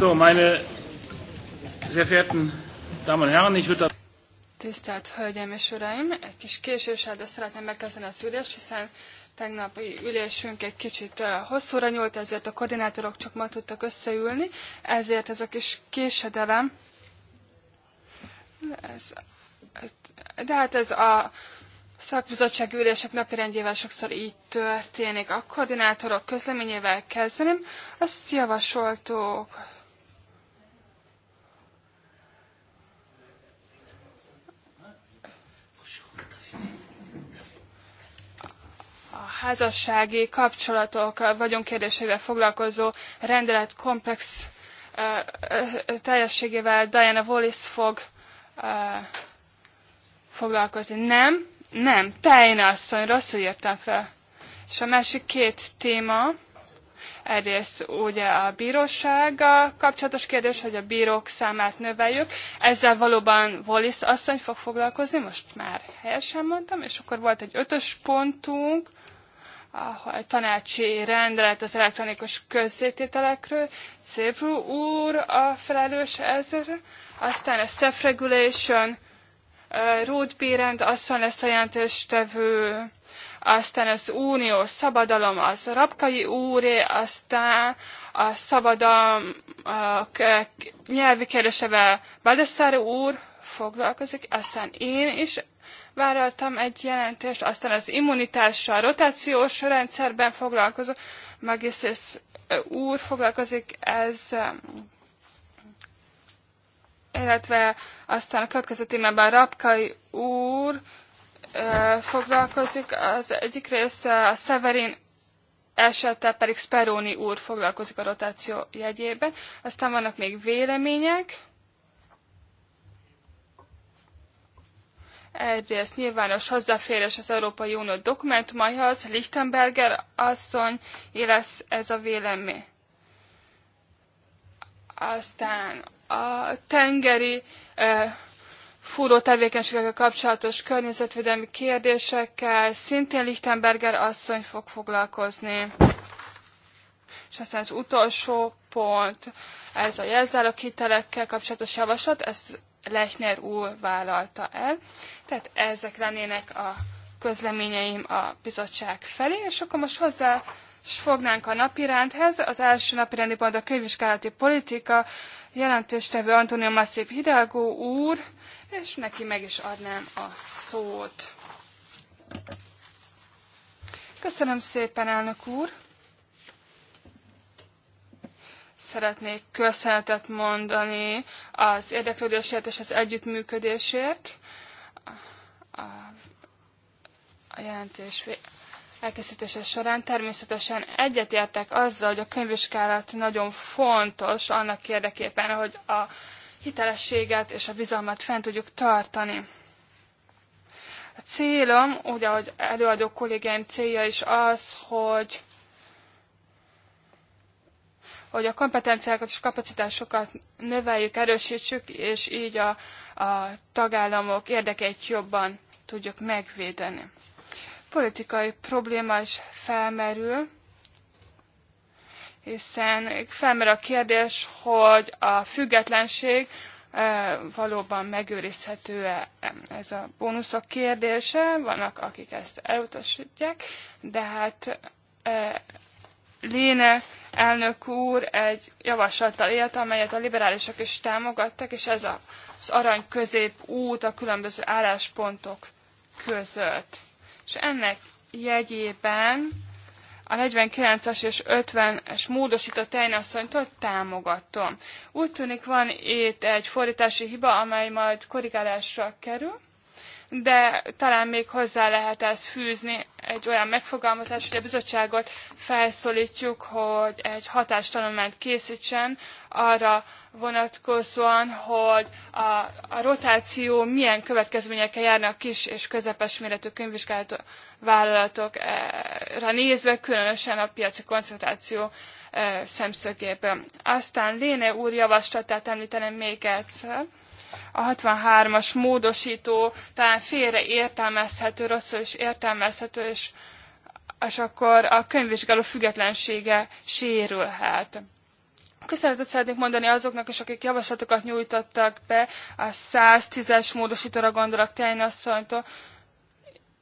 So, meine sehr verehrten Damen und Herren, ich würde... Tisztelt Hölgyeim és Uraim! Egy kis késéssel, de szeretném megkezdeni a ülést, hiszen tegnapi ülésünk egy kicsit hosszúra nyúlt, ezért a koordinátorok csak ma tudtak összeülni, ezért ez a kis késedelem. Ez, de hát ez a szakbizottság ülések napirendjével sokszor így történik. A koordinátorok közleményével kezdeném. Azt javasoltuk, házassági kapcsolatok vagyonkérdésével foglalkozó rendelet komplex teljességével Diana Wallis fog foglalkozni. Nem, nem, Tejne asszony, rosszul írtam fel. És a másik két téma, egyrészt ugye a bírósággal kapcsolatos kérdés, hogy a bírók számát növeljük. Ezzel valóban Wallis asszony fog foglalkozni, most már helyesen mondtam, és akkor volt egy ötös pontunk, a tanácsi rendelet az elektronikus közzétételekről. Cébrú úr a felelős ezerre. Aztán a staff regulation, Ruth Bérend aztán lesz a jelentéstevő, aztán az Unió szabadalom az rabkai úré, aztán a szabadalom a nyelvi kérdésevel Badeszári úr foglalkozik, aztán én is vállaltam egy jelentést, aztán az immunitással rotációs rendszerben foglalkozó, Magisztris úr foglalkozik ez illetve aztán a következő témában Rapkai úr foglalkozik, az egyik rész a Severin esettel pedig Speroni úr foglalkozik a rotáció jegyében. Aztán vannak még vélemények, egyrészt nyilvános hozzáférés az Európai Unió dokumentumaihoz, Lichtenberger asszony, lesz ez a vélemény. Aztán a tengeri eh, fúró tevékenységekkel kapcsolatos környezetvédelmi kérdésekkel szintén Lichtenberger asszony fog foglalkozni. És aztán az utolsó pont, ez a jelzálok hitelekkel kapcsolatos javaslat, ezt Lechner úr vállalta el. Tehát ezek lennének a közleményeim a bizottság felé, és akkor most hozzá és fognánk a napirendhez. Az első napirendi pont a könyvvizsgálati politika, jelentéstevő Antonio Massip Hidalgo úr, és neki meg is adnám a szót. Köszönöm szépen, elnök úr! szeretnék köszönetet mondani az érdeklődésért és az együttműködésért. A, a jelentés elkészítése során természetesen egyetértek azzal, hogy a könyvvizsgálat nagyon fontos annak érdekében, hogy a hitelességet és a bizalmat fent tudjuk tartani. A célom, ugye, ahogy előadó kollégáim célja is az, hogy hogy a kompetenciákat és kapacitásokat növeljük, erősítsük, és így a, a tagállamok érdekeit jobban tudjuk megvédeni. Politikai probléma is felmerül, hiszen felmerül a kérdés, hogy a függetlenség e, valóban megőrizhető-e ez a bónuszok kérdése, vannak akik ezt elutasítják, de hát e, Léne elnök úr egy javaslattal élt, amelyet a liberálisok is támogattak, és ez az arany közép út a különböző álláspontok között. És ennek jegyében a 49-es és 50-es módosított tejnasszonytól támogatom. Úgy tűnik van itt egy fordítási hiba, amely majd korrigálásra kerül de talán még hozzá lehet ezt fűzni egy olyan megfogalmazás, hogy a bizottságot felszólítjuk, hogy egy hatástanulmányt készítsen arra vonatkozóan, hogy a, a rotáció milyen következményekkel járnak kis és közepes méretű könyvvizsgálató vállalatokra nézve, különösen a piaci koncentráció szemszögéből. Aztán Léne úr javaslatát említeném még egyszer, a 63-as módosító talán félre értelmezhető, rosszul is értelmezhető, és, és akkor a könyvvizsgáló függetlensége sérülhet. Köszönetet szeretnék mondani azoknak is, akik javaslatokat nyújtottak be a 110-es módosítóra gondolok Tejnasszonytól.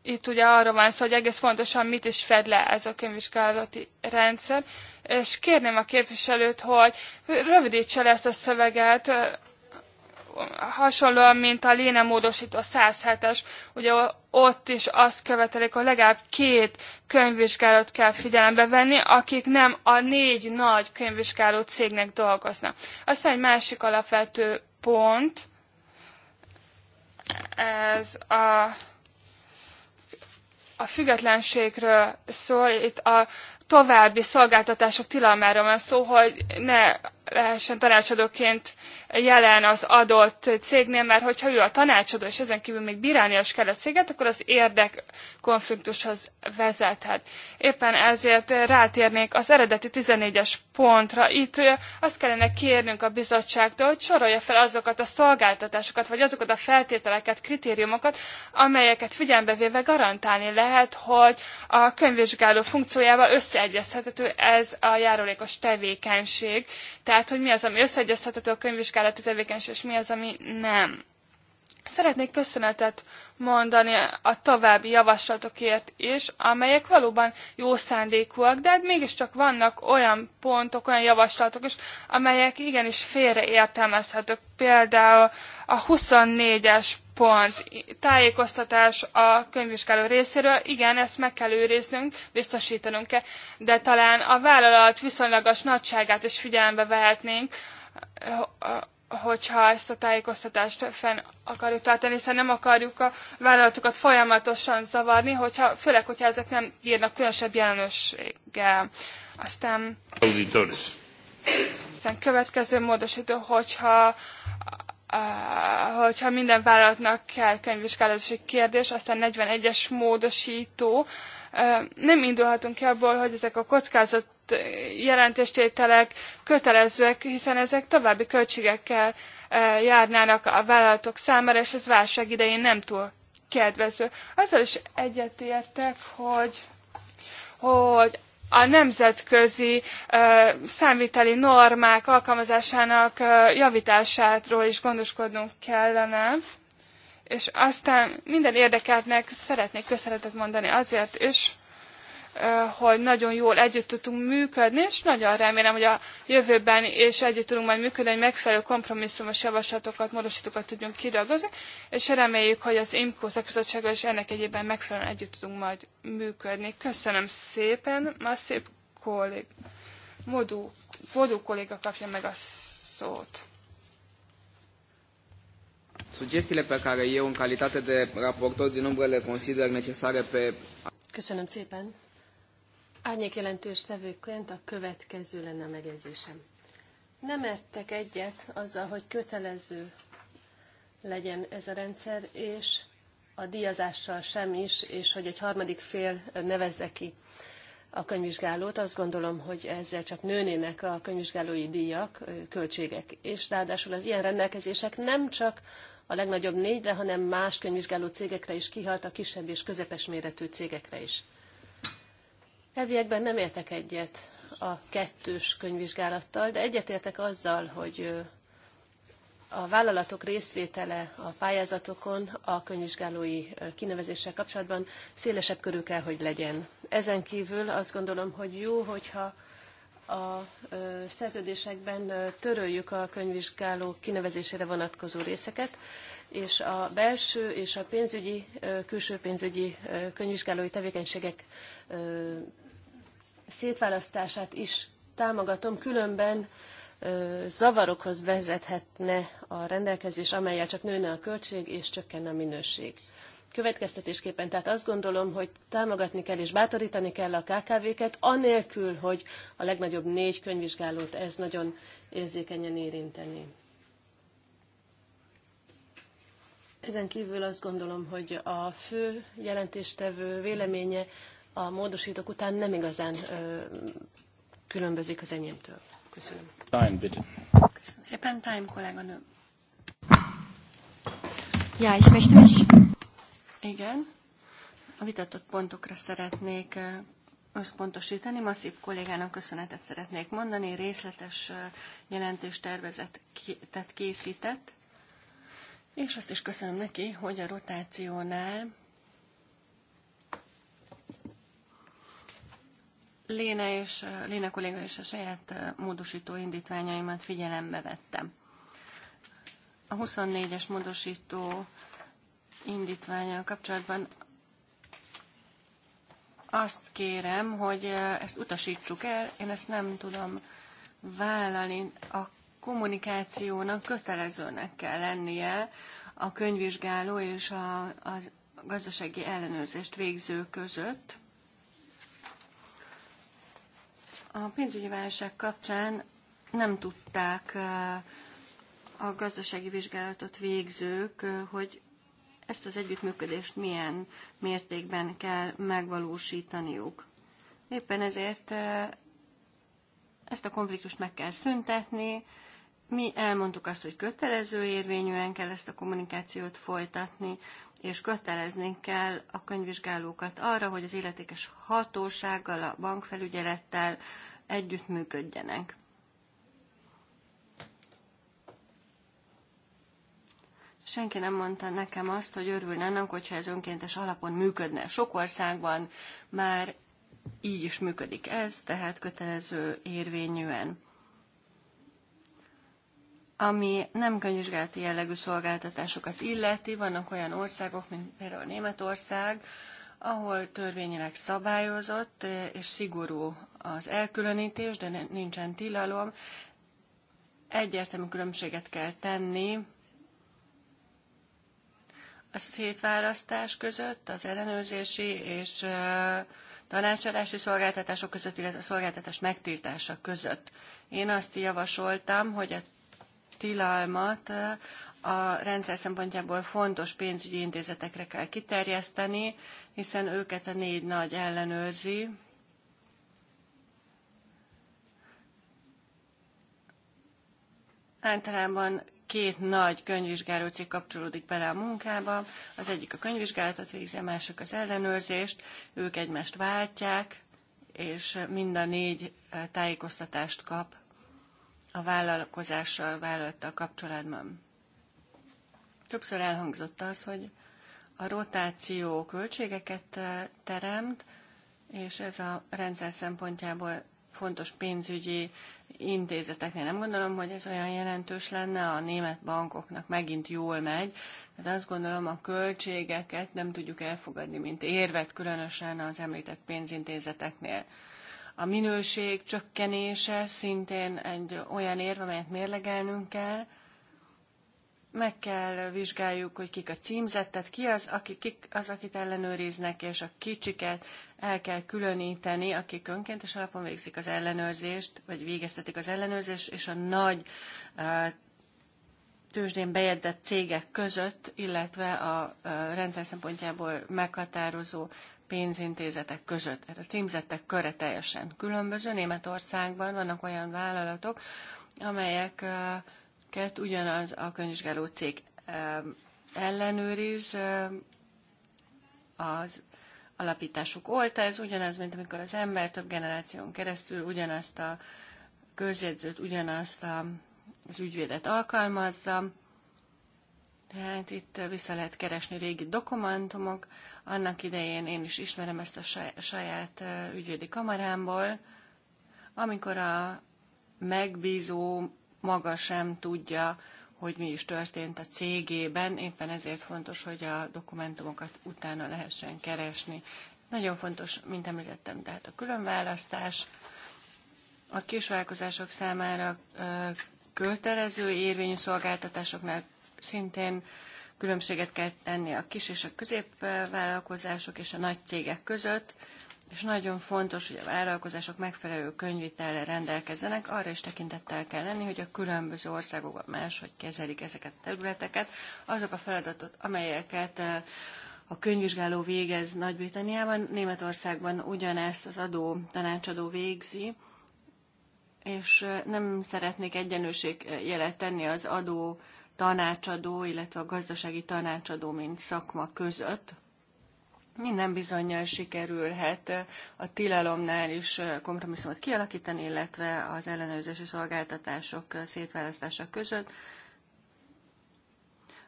Itt ugye arra van szó, hogy egész pontosan mit is fed le ez a könyvvizsgálati rendszer, és kérném a képviselőt, hogy rövidítse le ezt a szöveget, hasonlóan, mint a léne módosító 107-es, ugye ott is azt követelik, hogy legalább két könyvvizsgálót kell figyelembe venni, akik nem a négy nagy könyvvizsgáló cégnek dolgoznak. Aztán egy másik alapvető pont, ez a, a függetlenségről szól, itt a további szolgáltatások tilalmára van szó, hogy ne lehessen tanácsadóként jelen az adott cégnél, mert hogyha ő a tanácsadó, és ezen kívül még bírálni is kell a céget, akkor az érdek konfliktushoz vezethet. Éppen ezért rátérnék az eredeti 14-es pontra. Itt azt kellene kérnünk a bizottságtól, hogy sorolja fel azokat a szolgáltatásokat, vagy azokat a feltételeket, kritériumokat, amelyeket figyelembe véve garantálni lehet, hogy a könyvvizsgáló funkciójával összeegyeztethető ez a járólékos tevékenység. Tehát, hogy mi az, ami összeegyeztethető a könyvvizsgáló felülvizsgálati tevékenység, és mi az, ami nem. Szeretnék köszönetet mondani a további javaslatokért is, amelyek valóban jó szándékúak, de hát mégiscsak vannak olyan pontok, olyan javaslatok is, amelyek igenis félreértelmezhetők. Például a 24-es pont, tájékoztatás a könyvvizsgáló részéről, igen, ezt meg kell őriznünk, biztosítanunk kell, de talán a vállalat viszonylagos nagyságát is figyelembe vehetnénk, hogyha ezt a tájékoztatást fenn akarjuk tartani, hiszen nem akarjuk a vállalatokat folyamatosan zavarni, hogyha, főleg, hogyha ezek nem írnak különösebb jelenőséggel. Aztán... Auditores. Aztán következő módosító, hogyha hogyha minden vállalatnak kell könyvvizsgálatási kérdés, aztán 41-es módosító, nem indulhatunk ki abból, hogy ezek a kockázat jelentéstételek kötelezőek, hiszen ezek további költségekkel járnának a vállalatok számára, és ez válság idején nem túl kedvező. Azzal is egyetértek, hogy, hogy a nemzetközi ö, számviteli normák alkalmazásának ö, javításáról is gondoskodnunk kellene és aztán minden érdekeltnek szeretnék köszönetet mondani azért is, hogy nagyon jól együtt tudtunk működni, és nagyon remélem, hogy a jövőben és együtt tudunk majd működni, hogy megfelelő kompromisszumos javaslatokat, módosítókat tudjunk kidolgozni, és reméljük, hogy az IMCO szakbizottsággal és ennek egyében megfelelően együtt tudunk majd működni. Köszönöm szépen, ma szép kollég, modú, modú kolléga kapja meg a szót. Sugestiile pe care eu, în calitate de raportor din umbră, le consider necesare pe... Köszönöm szépen. Árnyék jelentős tevőként a következő lenne a megjegyzésem. Nem értek egyet azzal, hogy kötelező legyen ez a rendszer, és a díjazással sem is, és hogy egy harmadik fél nevezze ki a könyvvizsgálót. Azt gondolom, hogy ezzel csak nőnének a könyvvizsgálói díjak, költségek. És ráadásul az ilyen rendelkezések nem csak a legnagyobb négyre, hanem más könyvvizsgáló cégekre is kihalt, a kisebb és közepes méretű cégekre is. Elviekben nem értek egyet a kettős könyvvizsgálattal, de egyetértek azzal, hogy a vállalatok részvétele a pályázatokon a könyvvizsgálói kinevezéssel kapcsolatban szélesebb körül kell, hogy legyen. Ezen kívül azt gondolom, hogy jó, hogyha a szerződésekben töröljük a könyvvizsgálók kinevezésére vonatkozó részeket, és a belső és a pénzügyi, külső pénzügyi könyvvizsgálói tevékenységek szétválasztását is támogatom, különben zavarokhoz vezethetne a rendelkezés, amelyel csak nőne a költség és csökkenne a minőség. Következtetésképpen tehát azt gondolom, hogy támogatni kell és bátorítani kell a KKV-ket, anélkül, hogy a legnagyobb négy könyvvizsgálót ez nagyon érzékenyen érinteni. Ezen kívül azt gondolom, hogy a fő jelentéstevő véleménye a módosítók után nem igazán ö, különbözik az enyémtől. Köszönöm. Time, bitte. Köszönöm szépen, Time kolléganő. Ja, ich möchte mich igen. A vitatott pontokra szeretnék összpontosítani. Masszív kollégának köszönetet szeretnék mondani. Részletes jelentős tervezetet készített. És azt is köszönöm neki, hogy a rotációnál Léna és Léna kolléga és a saját módosító indítványaimat figyelembe vettem. A 24-es módosító indítványal kapcsolatban azt kérem, hogy ezt utasítsuk el, én ezt nem tudom vállalni. A kommunikációnak kötelezőnek kell lennie a könyvvizsgáló és a, a gazdasági ellenőrzést végző között. A pénzügyi válság kapcsán nem tudták a gazdasági vizsgálatot végzők, hogy ezt az együttműködést milyen mértékben kell megvalósítaniuk. Éppen ezért ezt a konfliktust meg kell szüntetni. Mi elmondtuk azt, hogy kötelező érvényűen kell ezt a kommunikációt folytatni, és kötelezni kell a könyvvizsgálókat arra, hogy az életékes hatósággal, a bankfelügyelettel együttműködjenek. senki nem mondta nekem azt, hogy örülne annak, hogyha ez önkéntes alapon működne. Sok országban már így is működik ez, tehát kötelező érvényűen. Ami nem könyvizsgálati jellegű szolgáltatásokat illeti, vannak olyan országok, mint például Németország, ahol törvényileg szabályozott és szigorú az elkülönítés, de nincsen tilalom. Egyértelmű különbséget kell tenni a szétválasztás között, az ellenőrzési és tanácsadási szolgáltatások között, illetve a szolgáltatás megtiltása között. Én azt javasoltam, hogy a tilalmat a rendszer szempontjából fontos pénzügyi intézetekre kell kiterjeszteni, hiszen őket a négy nagy ellenőrzi. Általában két nagy könyvvizsgáló cég kapcsolódik bele a munkába. Az egyik a könyvvizsgálatot végzi, a másik az ellenőrzést. Ők egymást váltják, és mind a négy eh, tájékoztatást kap a vállalkozással, vállalattal kapcsolatban. Többször elhangzott az, hogy a rotáció költségeket eh, teremt, és ez a rendszer szempontjából fontos pénzügyi intézeteknél nem gondolom, hogy ez olyan jelentős lenne, a német bankoknak megint jól megy, tehát azt gondolom a költségeket nem tudjuk elfogadni, mint érvet, különösen az említett pénzintézeteknél. A minőség csökkenése szintén egy olyan érv, amelyet mérlegelnünk kell, meg kell vizsgáljuk, hogy kik a címzettet, ki az, aki, kik az, akit ellenőriznek, és a kicsiket el kell különíteni, akik önkéntes alapon végzik az ellenőrzést, vagy végeztetik az ellenőrzést, és a nagy tőzsdén bejegyzett cégek között, illetve a rendszer szempontjából meghatározó pénzintézetek között. Tehát a címzettek köre teljesen különböző. Németországban vannak olyan vállalatok, amelyek uh, ket ugyanaz a könyvvizsgáló cég ellenőriz az alapításuk olta, ez ugyanaz, mint amikor az ember több generáción keresztül ugyanazt a közjegyzőt, ugyanazt a, az ügyvédet alkalmazza. Tehát itt vissza lehet keresni régi dokumentumok. Annak idején én is ismerem ezt a saját ügyvédi kamarámból, amikor a megbízó maga sem tudja, hogy mi is történt a cégében, éppen ezért fontos, hogy a dokumentumokat utána lehessen keresni. Nagyon fontos, mint említettem, tehát a különválasztás a kisvállalkozások számára kötelező érvényű szolgáltatásoknál szintén különbséget kell tenni a kis és a középvállalkozások és a nagy cégek között és nagyon fontos, hogy a vállalkozások megfelelő könyvitelre rendelkezzenek, arra is tekintettel kell lenni, hogy a különböző országokban máshogy kezelik ezeket a területeket, azok a feladatot, amelyeket a könyvvizsgáló végez Nagy-Britanniában, Németországban ugyanezt az adó tanácsadó végzi, és nem szeretnék jelet tenni az adó tanácsadó, illetve a gazdasági tanácsadó, mint szakma között, minden bizonyal sikerülhet a tilalomnál is kompromisszumot kialakítani, illetve az ellenőrzési szolgáltatások szétválasztása között.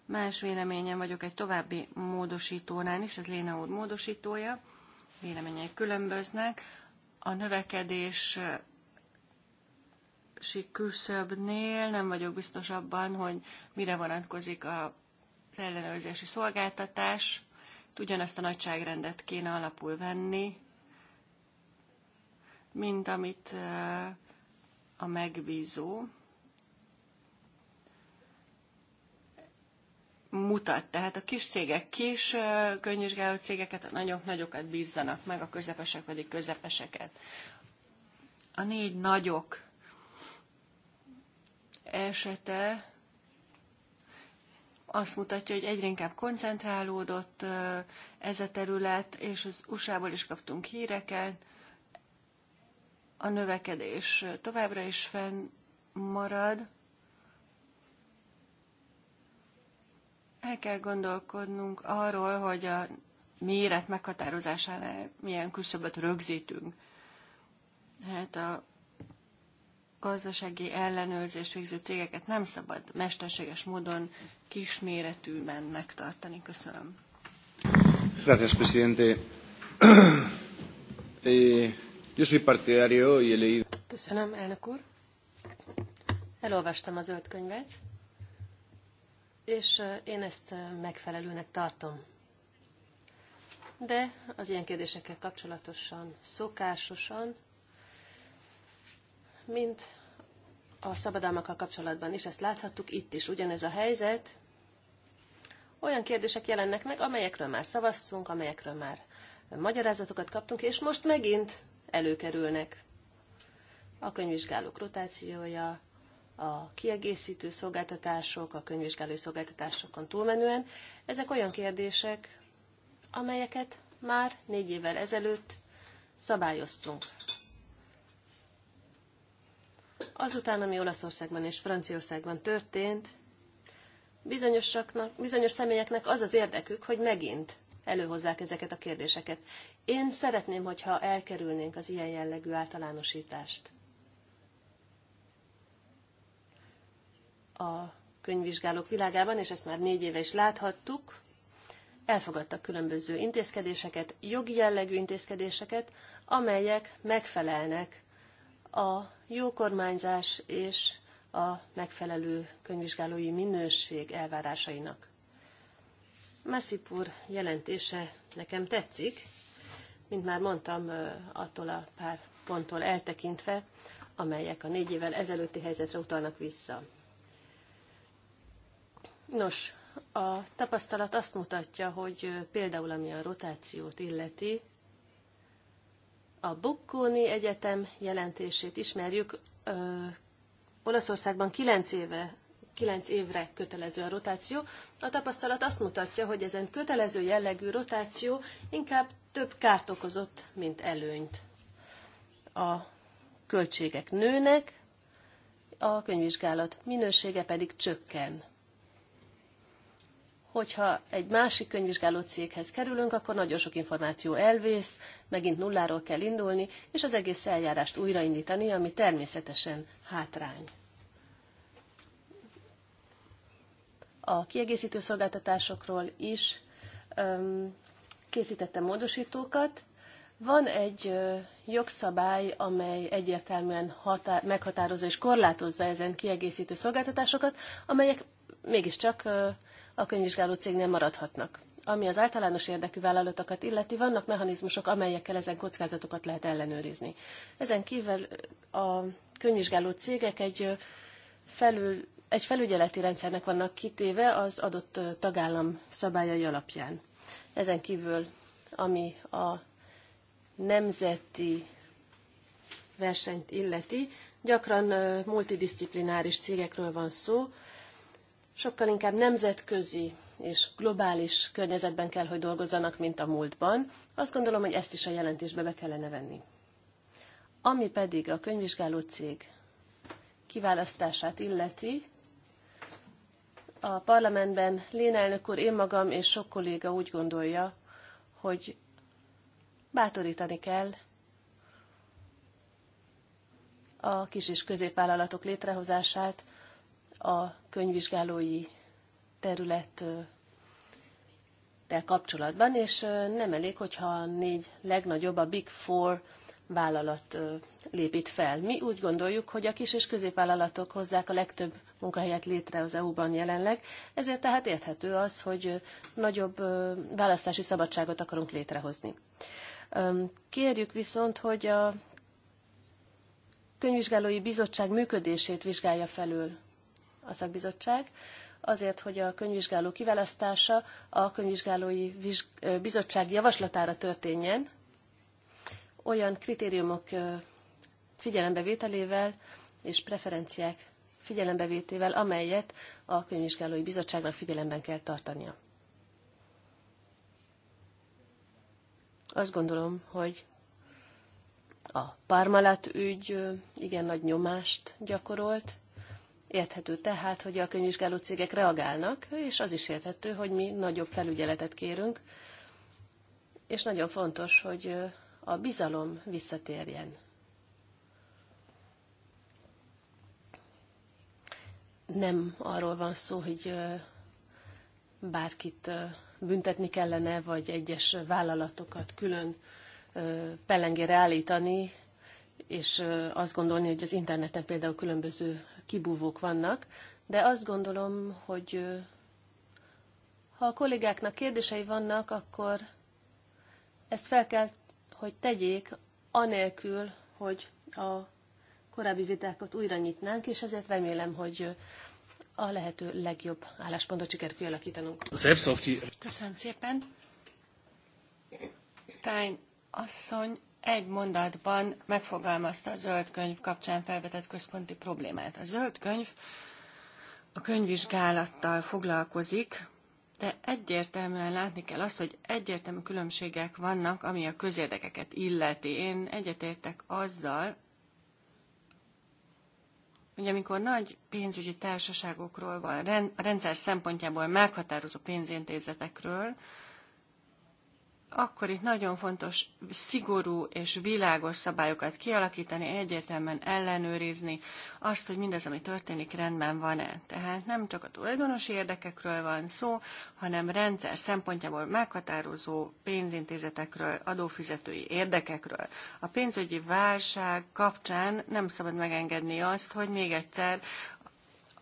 Más véleményen vagyok egy további módosítónál is, ez Léna úr módosítója, vélemények különböznek. A növekedés küszöbnél nem vagyok biztos abban, hogy mire vonatkozik az ellenőrzési szolgáltatás, ugyanezt a nagyságrendet kéne alapul venni, mint amit a megbízó mutat. Tehát a kis cégek kis könyvvizsgáló cégeket, a nagyok nagyokat bízzanak meg, a közepesek pedig közepeseket. A négy nagyok esete azt mutatja, hogy egyre inkább koncentrálódott ez a terület, és az USA-ból is kaptunk híreket. A növekedés továbbra is fennmarad. marad. El kell gondolkodnunk arról, hogy a méret meghatározásánál milyen küszöböt rögzítünk. Hát a gazdasági ellenőrzés végző cégeket nem szabad mesterséges módon kisméretűben megtartani. Köszönöm. Gracias, presidente. Eh, yo soy partidario y he leído... Köszönöm, elnök úr. Elolvastam az zöld könyvet, és eh, én ezt eh, megfelelőnek tartom. De az ilyen kérdésekkel kapcsolatosan, szokásosan mint a szabadalmakkal kapcsolatban is ezt láthattuk, itt is ugyanez a helyzet. Olyan kérdések jelennek meg, amelyekről már szavaztunk, amelyekről már magyarázatokat kaptunk, és most megint előkerülnek. A könyvvizsgálók rotációja, a kiegészítő szolgáltatások, a könyvvizsgáló szolgáltatásokon túlmenően. Ezek olyan kérdések, amelyeket már négy évvel ezelőtt szabályoztunk. Azután, ami Olaszországban és Franciaországban történt, bizonyosaknak, bizonyos személyeknek az az érdekük, hogy megint előhozzák ezeket a kérdéseket. Én szeretném, hogyha elkerülnénk az ilyen jellegű általánosítást. A könyvvizsgálók világában, és ezt már négy éve is láthattuk, elfogadtak különböző intézkedéseket, jogi jellegű intézkedéseket, amelyek megfelelnek a jó kormányzás és a megfelelő könyvvizsgálói minőség elvárásainak. Massipur jelentése nekem tetszik, mint már mondtam, attól a pár ponttól eltekintve, amelyek a négy évvel ezelőtti helyzetre utalnak vissza. Nos, a tapasztalat azt mutatja, hogy például ami a rotációt illeti, a Bokkóni Egyetem jelentését ismerjük. Ö, Olaszországban 9 éve 9 évre kötelező a rotáció. A tapasztalat azt mutatja, hogy ezen kötelező jellegű rotáció inkább több kárt okozott, mint előnyt. A költségek nőnek, a könyvvizsgálat minősége pedig csökken hogyha egy másik könyvvizsgáló céghez kerülünk, akkor nagyon sok információ elvész, megint nulláról kell indulni, és az egész eljárást újraindítani, ami természetesen hátrány. A kiegészítő szolgáltatásokról is öm, készítettem módosítókat. Van egy ö, jogszabály, amely egyértelműen határ, meghatározza és korlátozza ezen kiegészítő szolgáltatásokat, amelyek mégiscsak a könyvvizsgáló cégnél maradhatnak. Ami az általános érdekű vállalatokat illeti, vannak mechanizmusok, amelyekkel ezen kockázatokat lehet ellenőrizni. Ezen kívül a könyvvizsgáló cégek egy, felül, egy felügyeleti rendszernek vannak kitéve az adott tagállam szabályai alapján. Ezen kívül, ami a nemzeti versenyt illeti, gyakran multidisciplináris cégekről van szó, sokkal inkább nemzetközi és globális környezetben kell, hogy dolgozzanak, mint a múltban. Azt gondolom, hogy ezt is a jelentésbe be kellene venni. Ami pedig a könyvvizsgáló cég kiválasztását illeti, a parlamentben Lén elnök úr, én magam és sok kolléga úgy gondolja, hogy bátorítani kell a kis és középvállalatok létrehozását, a könyvvizsgálói terület kapcsolatban, és nem elég, hogyha a négy legnagyobb, a Big Four vállalat lépít fel. Mi úgy gondoljuk, hogy a kis és középvállalatok hozzák a legtöbb munkahelyet létre az EU-ban jelenleg, ezért tehát érthető az, hogy nagyobb választási szabadságot akarunk létrehozni. Kérjük viszont, hogy a könyvvizsgálói bizottság működését vizsgálja felül a szakbizottság, azért, hogy a könyvvizsgáló kiválasztása a könyvvizsgálói bizottság javaslatára történjen, olyan kritériumok figyelembevételével és preferenciák figyelembevételével, amelyet a könyvvizsgálói bizottságnak figyelemben kell tartania. Azt gondolom, hogy a Parmalat ügy igen nagy nyomást gyakorolt, Érthető tehát, hogy a könyvvizsgáló cégek reagálnak, és az is érthető, hogy mi nagyobb felügyeletet kérünk, és nagyon fontos, hogy a bizalom visszatérjen. Nem arról van szó, hogy bárkit büntetni kellene, vagy egyes vállalatokat külön pellengére állítani, és azt gondolni, hogy az interneten például különböző kibúvók vannak, de azt gondolom, hogy ha a kollégáknak kérdései vannak, akkor ezt fel kell, hogy tegyék, anélkül, hogy a korábbi vitákat újra nyitnánk, és ezért remélem, hogy a lehető legjobb álláspontot sikerül kialakítanunk. Köszönöm szépen. Tány asszony egy mondatban megfogalmazta a zöld könyv kapcsán felvetett központi problémát. A zöld könyv a könyvvizsgálattal foglalkozik, de egyértelműen látni kell azt, hogy egyértelmű különbségek vannak, ami a közérdekeket illeti. Én egyetértek azzal, hogy amikor nagy pénzügyi társaságokról van, a rendszer szempontjából meghatározó pénzintézetekről, akkor itt nagyon fontos szigorú és világos szabályokat kialakítani, egyértelműen ellenőrizni azt, hogy mindaz, ami történik, rendben van-e. Tehát nem csak a tulajdonosi érdekekről van szó, hanem rendszer szempontjából meghatározó pénzintézetekről, adófizetői érdekekről. A pénzügyi válság kapcsán nem szabad megengedni azt, hogy még egyszer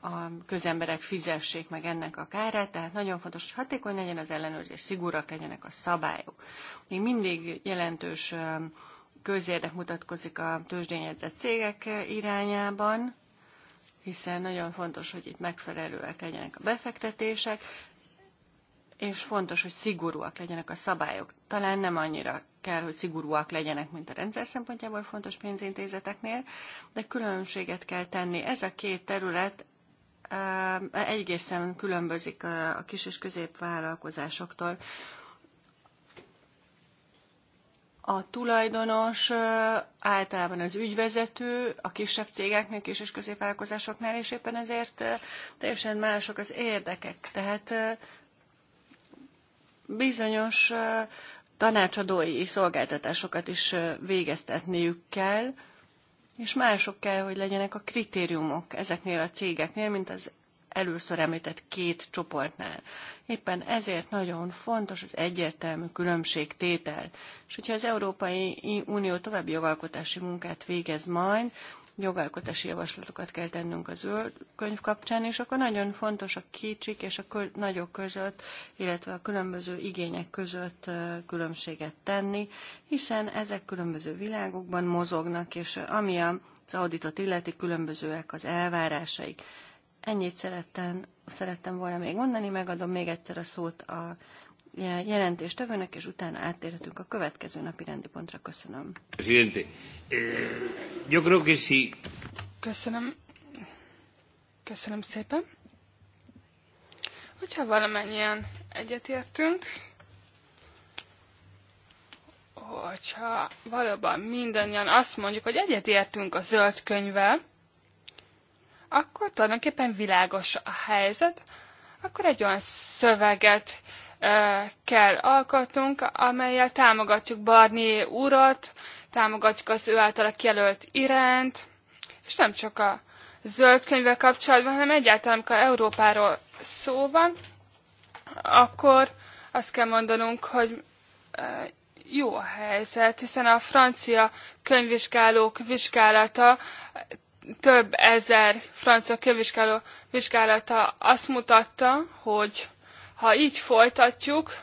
a közemberek fizessék meg ennek a kárát, tehát nagyon fontos, hogy hatékony legyen az ellenőrzés, szigorúak legyenek a szabályok. Még mindig jelentős közérdek mutatkozik a tőzsdényedzett cégek irányában, hiszen nagyon fontos, hogy itt megfelelőek legyenek a befektetések, és fontos, hogy szigorúak legyenek a szabályok. Talán nem annyira kell, hogy szigorúak legyenek, mint a rendszer szempontjából fontos pénzintézeteknél, de különbséget kell tenni. Ez a két terület egészen különbözik a kis és középvállalkozásoktól. A tulajdonos általában az ügyvezető a kisebb cégeknél kis és középvállalkozásoknál, és éppen ezért teljesen mások az érdekek. Tehát bizonyos tanácsadói szolgáltatásokat is végeztetniük kell, és mások kell, hogy legyenek a kritériumok ezeknél a cégeknél, mint az először említett két csoportnál. Éppen ezért nagyon fontos az egyértelmű különbségtétel. És hogyha az Európai Unió további jogalkotási munkát végez majd, jogalkotási javaslatokat kell tennünk a zöld könyv kapcsán, és akkor nagyon fontos a kicsik és a köl, nagyok között, illetve a különböző igények között különbséget tenni, hiszen ezek különböző világokban mozognak, és ami az auditot illeti, különbözőek az elvárásaik. Ennyit szerettem, szerettem volna még mondani, megadom még egyszer a szót a jelentéstevőnek, és utána áttérhetünk a következő napi rendi pontra. Köszönöm. Eh, Köszönöm. Köszönöm szépen. Hogyha valamennyien egyetértünk, hogyha valóban mindannyian azt mondjuk, hogy egyetértünk a zöld könyvvel, akkor tulajdonképpen világos a helyzet, akkor egy olyan szöveget kell alkotnunk, amelyel támogatjuk Barni urat, támogatjuk az ő általa kijelölt irányt, és nem csak a zöld könyvvel kapcsolatban, hanem egyáltalán, amikor Európáról szó van, akkor azt kell mondanunk, hogy jó a helyzet, hiszen a francia könyvvizsgálók vizsgálata, több ezer francia könyvvizsgáló vizsgálata azt mutatta, hogy ha így folytatjuk,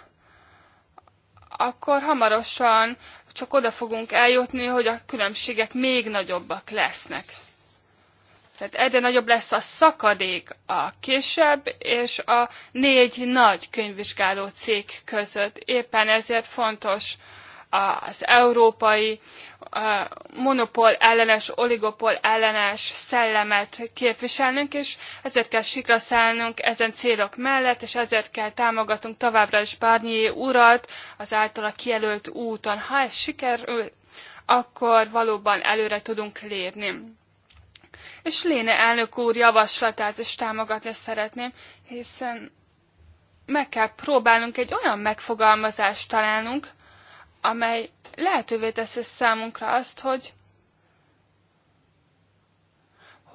akkor hamarosan csak oda fogunk eljutni, hogy a különbségek még nagyobbak lesznek. Tehát egyre nagyobb lesz a szakadék a kisebb és a négy nagy könyvvizsgáló cég között. Éppen ezért fontos az európai monopól ellenes, oligopol ellenes szellemet képviselnünk, és ezért kell sikra ezen célok mellett, és ezért kell támogatnunk továbbra is Barnier urat az általa kijelölt úton. Ha ez sikerül, akkor valóban előre tudunk lépni. És Léne elnök úr javaslatát is támogatni szeretném, hiszen meg kell próbálnunk egy olyan megfogalmazást találnunk, amely lehetővé teszi számunkra azt, hogy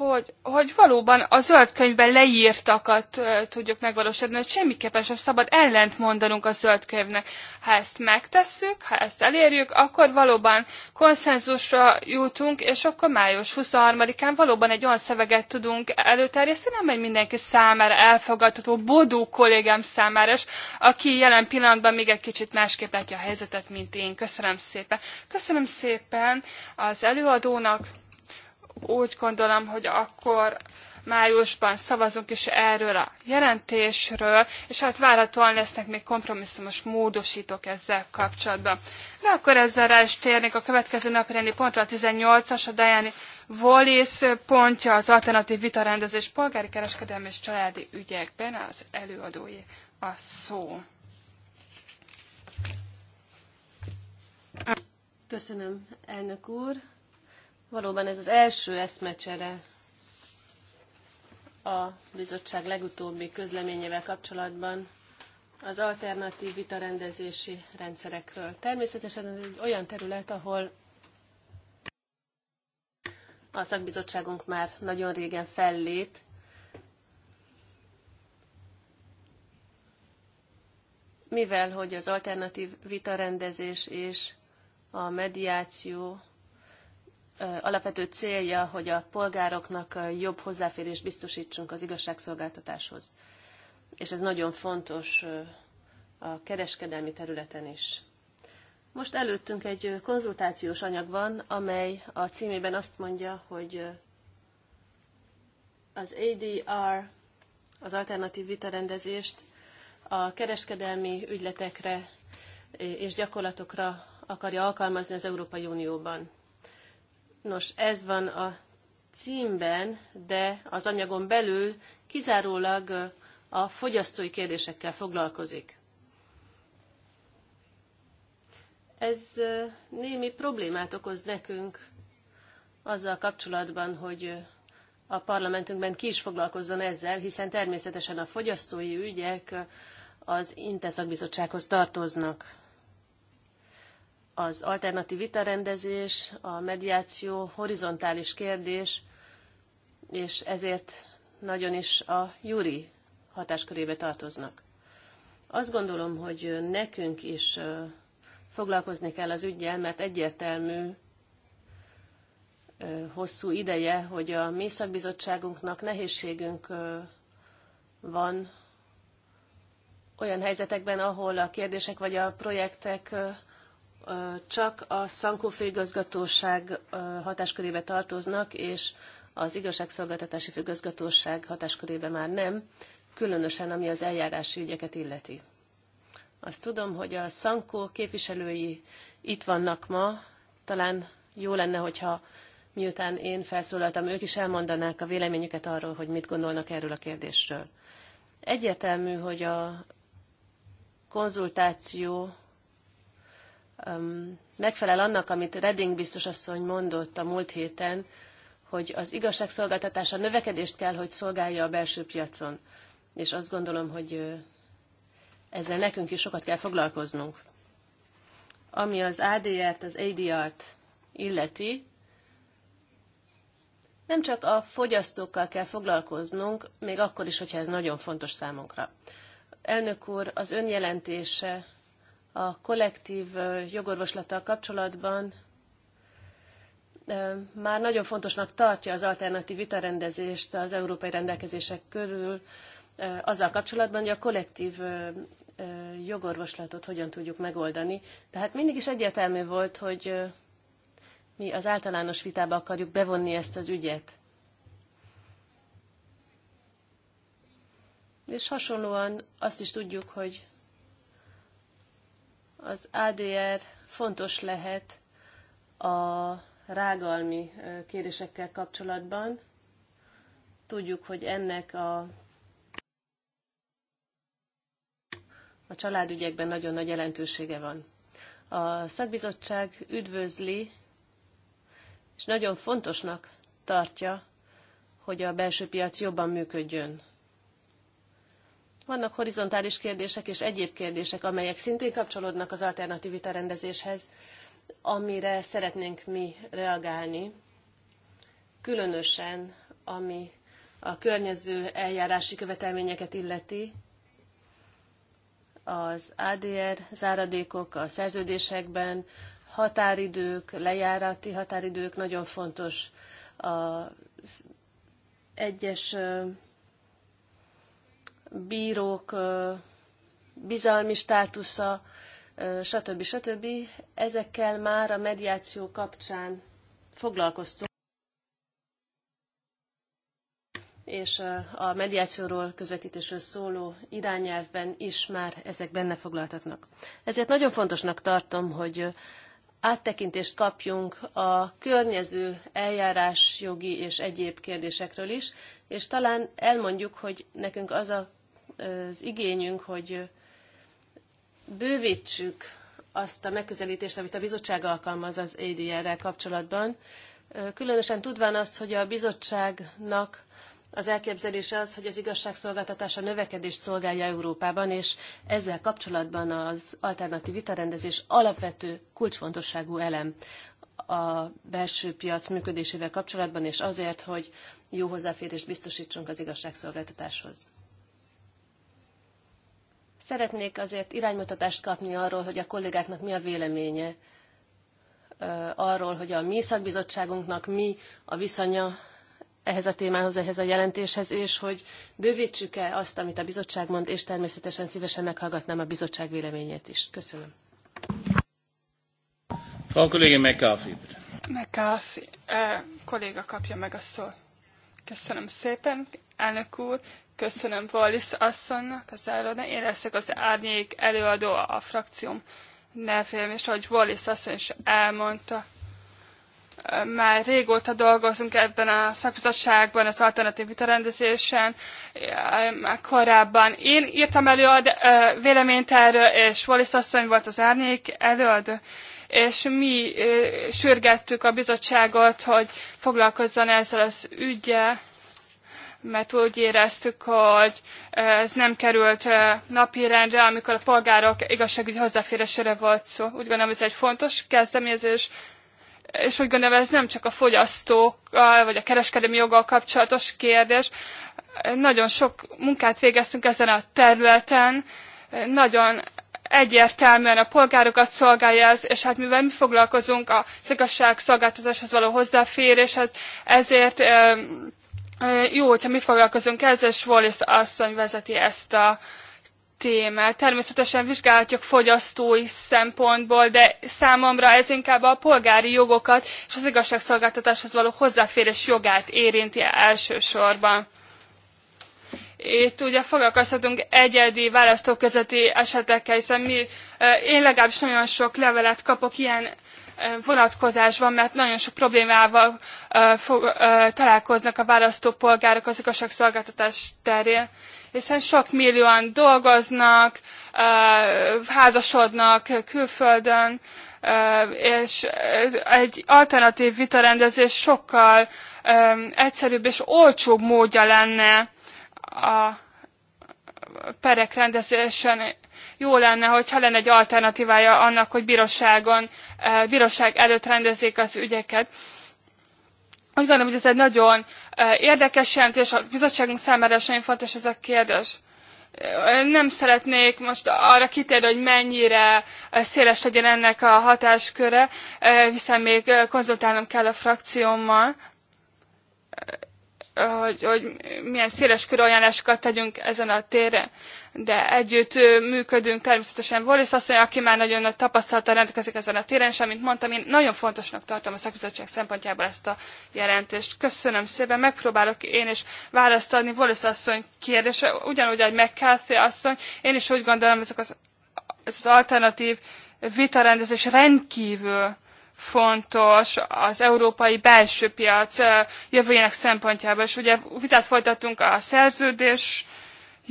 hogy, hogy valóban a zöld könyvben leírtakat tudjuk megvalósítani, hogy semmiképpen sem szabad ellent mondanunk a zöld könyvnek. Ha ezt megtesszük, ha ezt elérjük, akkor valóban konszenzusra jutunk, és akkor május 23-án valóban egy olyan szöveget tudunk előterjeszteni, amely mindenki számára elfogadható, Bodó kollégám számára is, aki jelen pillanatban még egy kicsit másképp látja a helyzetet, mint én. Köszönöm szépen. Köszönöm szépen az előadónak, úgy gondolom, hogy akkor májusban szavazunk is erről a jelentésről, és hát várhatóan lesznek még kompromisszumos módosítók ezzel kapcsolatban. De akkor ezzel rá is térnék a következő napirendi pontra, a 18-as, a dajani Wallis pontja az alternatív vitarendezés polgári kereskedelmi és családi ügyekben az előadói a szó. Köszönöm, elnök úr. Valóban ez az első eszmecsere a bizottság legutóbbi közleményével kapcsolatban az alternatív vitarendezési rendszerekről. Természetesen ez egy olyan terület, ahol a szakbizottságunk már nagyon régen fellép, mivel hogy az alternatív vitarendezés és a mediáció alapvető célja, hogy a polgároknak jobb hozzáférést biztosítsunk az igazságszolgáltatáshoz. És ez nagyon fontos a kereskedelmi területen is. Most előttünk egy konzultációs anyag van, amely a címében azt mondja, hogy az ADR, az alternatív vitarendezést a kereskedelmi ügyletekre és gyakorlatokra akarja alkalmazni az Európai Unióban. Nos, ez van a címben, de az anyagon belül kizárólag a fogyasztói kérdésekkel foglalkozik. Ez némi problémát okoz nekünk azzal kapcsolatban, hogy a parlamentünkben ki is foglalkozzon ezzel, hiszen természetesen a fogyasztói ügyek az Inteszakbizottsághoz tartoznak az alternatív vitarendezés, a mediáció horizontális kérdés, és ezért nagyon is a júri hatáskörébe tartoznak. Azt gondolom, hogy nekünk is foglalkozni kell az ügyel, mert egyértelmű hosszú ideje, hogy a mi szakbizottságunknak nehézségünk van olyan helyzetekben, ahol a kérdések vagy a projektek csak a Szankó főigazgatóság hatáskörébe tartoznak, és az igazságszolgáltatási főigazgatóság hatáskörébe már nem, különösen ami az eljárási ügyeket illeti. Azt tudom, hogy a Szankó képviselői itt vannak ma, talán jó lenne, hogyha miután én felszólaltam, ők is elmondanák a véleményüket arról, hogy mit gondolnak erről a kérdésről. Egyértelmű, hogy a konzultáció megfelel annak, amit Redding biztos asszony mondott a múlt héten, hogy az igazságszolgáltatás a növekedést kell, hogy szolgálja a belső piacon. És azt gondolom, hogy ezzel nekünk is sokat kell foglalkoznunk. Ami az ADR-t, az ADR-t illeti, nem csak a fogyasztókkal kell foglalkoznunk, még akkor is, hogyha ez nagyon fontos számunkra. Elnök úr, az önjelentése a kollektív jogorvoslattal kapcsolatban már nagyon fontosnak tartja az alternatív vitarendezést az európai rendelkezések körül, azzal kapcsolatban, hogy a kollektív jogorvoslatot hogyan tudjuk megoldani. Tehát mindig is egyértelmű volt, hogy mi az általános vitába akarjuk bevonni ezt az ügyet. És hasonlóan azt is tudjuk, hogy az ADR fontos lehet a rágalmi kérésekkel kapcsolatban. Tudjuk, hogy ennek a, a családügyekben nagyon nagy jelentősége van. A szakbizottság üdvözli, és nagyon fontosnak tartja, hogy a belső piac jobban működjön vannak horizontális kérdések és egyéb kérdések, amelyek szintén kapcsolódnak az alternatív vitarendezéshez, amire szeretnénk mi reagálni, különösen ami a környező eljárási követelményeket illeti, az ADR záradékok a szerződésekben, határidők, lejárati határidők nagyon fontos. Az egyes bírók bizalmi státusza, stb. stb. Ezekkel már a mediáció kapcsán foglalkoztunk, és a mediációról közvetítésről szóló irányelvben is már ezek benne foglaltatnak. Ezért nagyon fontosnak tartom, hogy áttekintést kapjunk a környező eljárásjogi és egyéb kérdésekről is, és talán elmondjuk, hogy nekünk az a az igényünk, hogy bővítsük azt a megközelítést, amit a bizottság alkalmaz az ADR-rel kapcsolatban, különösen tudván azt, hogy a bizottságnak az elképzelése az, hogy az igazságszolgáltatás a növekedést szolgálja Európában, és ezzel kapcsolatban az alternatív vitarendezés alapvető kulcsfontosságú elem a belső piac működésével kapcsolatban, és azért, hogy jó hozzáférést biztosítsunk az igazságszolgáltatáshoz. Szeretnék azért iránymutatást kapni arról, hogy a kollégáknak mi a véleménye arról, hogy a mi szakbizottságunknak mi a viszonya ehhez a témához, ehhez a jelentéshez, és hogy bővítsük-e azt, amit a bizottság mond, és természetesen szívesen meghallgatnám a bizottság véleményét is. Köszönöm. Frau Kollegin McCarthy. McCarthy, eh, kolléga kapja meg a szót. Köszönöm szépen, elnök úr, Köszönöm Wallis asszonynak az előadó. Én leszek az árnyék előadó a frakcióm nevém, és ahogy Wallis asszony is elmondta, már régóta dolgozunk ebben a szakbizottságban, az alternatív vitarendezésen, már korábban. Én írtam elő a véleményt erről, és Wallis asszony volt az árnyék előadó, és mi sürgettük a bizottságot, hogy foglalkozzon ezzel az ügyel, mert úgy éreztük, hogy ez nem került napirendre, amikor a polgárok igazságügyi hozzáférésére volt szó. Úgy gondolom, ez egy fontos kezdeményezés, és úgy gondolom, ez nem csak a fogyasztókkal, vagy a kereskedelmi joggal kapcsolatos kérdés. Nagyon sok munkát végeztünk ezen a területen, nagyon egyértelműen a polgárokat szolgálja ez, és hát mivel mi foglalkozunk az igazságszolgáltatáshoz való hozzáféréshez, ezért jó, hogyha mi foglalkozunk ezzel, és Wallis asszony vezeti ezt a témát. Természetesen vizsgálhatjuk fogyasztói szempontból, de számomra ez inkább a polgári jogokat és az igazságszolgáltatáshoz való hozzáférés jogát érinti elsősorban. Itt ugye foglalkozhatunk egyedi választóközeti esetekkel, hiszen mi, én legalábbis nagyon sok levelet kapok ilyen vonatkozásban, mert nagyon sok problémával fog, találkoznak a választópolgárok az igazságszolgáltatás terén, hiszen sok millióan dolgoznak, házasodnak külföldön, és egy alternatív vitarendezés sokkal egyszerűbb és olcsóbb módja lenne a perek rendezésen, jó lenne, hogyha lenne egy alternatívája annak, hogy bíróságon, eh, bíróság előtt rendezzék az ügyeket. Úgy gondolom, hogy ez egy nagyon eh, érdekes jelentés, a bizottságunk számára is nagyon fontos ez a kérdés eh, nem szeretnék most arra kitérni, hogy mennyire széles legyen ennek a hatásköre, hiszen még konzultálnom kell a frakciómmal hogy, hogy milyen széles körű ajánlásokat tegyünk ezen a téren. De együtt működünk természetesen Wallis asszony, aki már nagyon nagy tapasztalattal rendelkezik ezen a téren, és amint mondtam, én nagyon fontosnak tartom a szakbizottság szempontjából ezt a jelentést. Köszönöm szépen, megpróbálok én is választ adni Wallis asszony kérdése, ugyanúgy, ahogy McCarthy asszony, én is úgy gondolom, ezek az, ez az alternatív vitarendezés rendkívül fontos az európai belső piac jövőjének szempontjából. És ugye vitát folytattunk a szerződés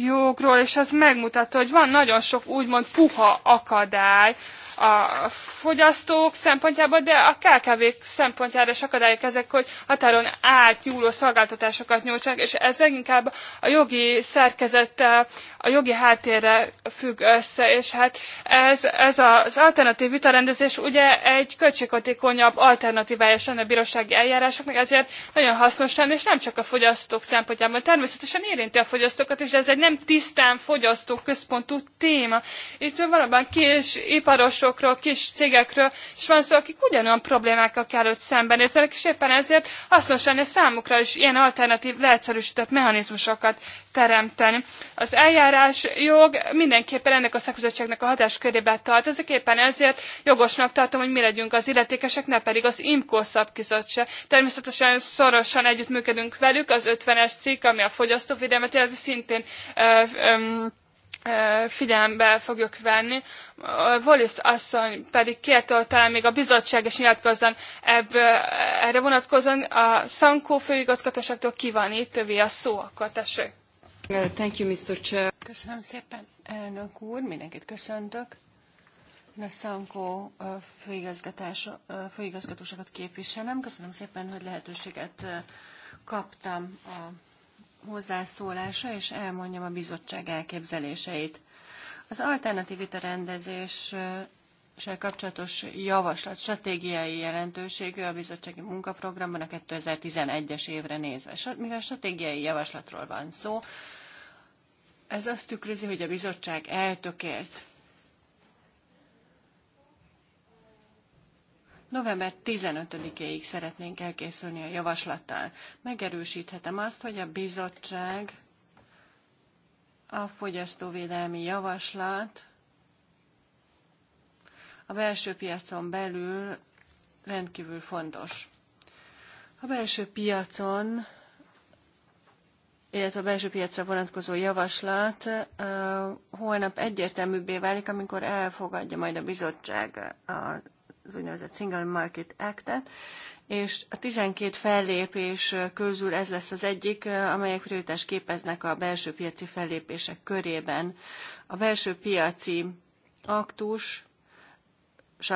jogról, és ez megmutatta, hogy van nagyon sok úgymond puha akadály a fogyasztók szempontjából, de a kkv szempontjára is akadályok ezek, hogy határon átnyúló szolgáltatásokat nyújtsanak, és ez leginkább a jogi szerkezettel, a jogi háttérre függ össze, és hát ez, ez az alternatív vitarendezés ugye egy költséghatékonyabb alternatívája is lenne a bírósági eljárásoknak, ezért nagyon hasznos lenne, és nem csak a fogyasztók szempontjából. Természetesen érinti a fogyasztókat, is, de ez egy nem tisztán fogyasztóközpontú téma. Itt valóban kis iparosokról, kis cégekről és van szó, akik ugyanolyan problémákkal kell, hogy szembenézzenek, és éppen ezért hasznos lenne számukra is ilyen alternatív, leegyszerűsített mechanizmusokat teremteni. Az eljárás jog mindenképpen ennek a szakbizottságnak a hatáskörébe tartozik, éppen ezért jogosnak tartom, hogy mi legyünk az illetékesek, ne pedig az IMCO szakbizottság. Természetesen szorosan együttműködünk velük, az 50-es cikk, ami a fogyasztóvédelmet illeti szintén figyelembe fogjuk venni. Wallis asszony pedig kérte, hogy talán még a bizottság is nyilatkozzon ebből, erre vonatkozóan. A Szankó főigazgatóságtól ki van itt, többi a szó, akkor tessék. Thank you, Mr. Chair. Köszönöm szépen, elnök úr, mindenkit köszöntök. Én a Szankó főigazgatóságot képviselem. Köszönöm szépen, hogy lehetőséget kaptam a hozzászólása, és elmondjam a bizottság elképzeléseit. Az alternatív vitarendezés kérdéssel kapcsolatos javaslat stratégiai jelentőségű a bizottsági munkaprogramban a 2011-es évre nézve. Mivel stratégiai javaslatról van szó, ez azt tükrözi, hogy a bizottság eltökélt November 15-éig szeretnénk elkészülni a javaslattal. Megerősíthetem azt, hogy a bizottság a fogyasztóvédelmi javaslat a belső piacon belül rendkívül fontos. A belső piacon, illetve a belső piacra vonatkozó javaslat holnap egyértelműbbé válik, amikor elfogadja majd a bizottság a az úgynevezett Single Market Act-et, és a 12 fellépés közül ez lesz az egyik, amelyek prioritást képeznek a belső piaci fellépések körében. A belső piaci aktus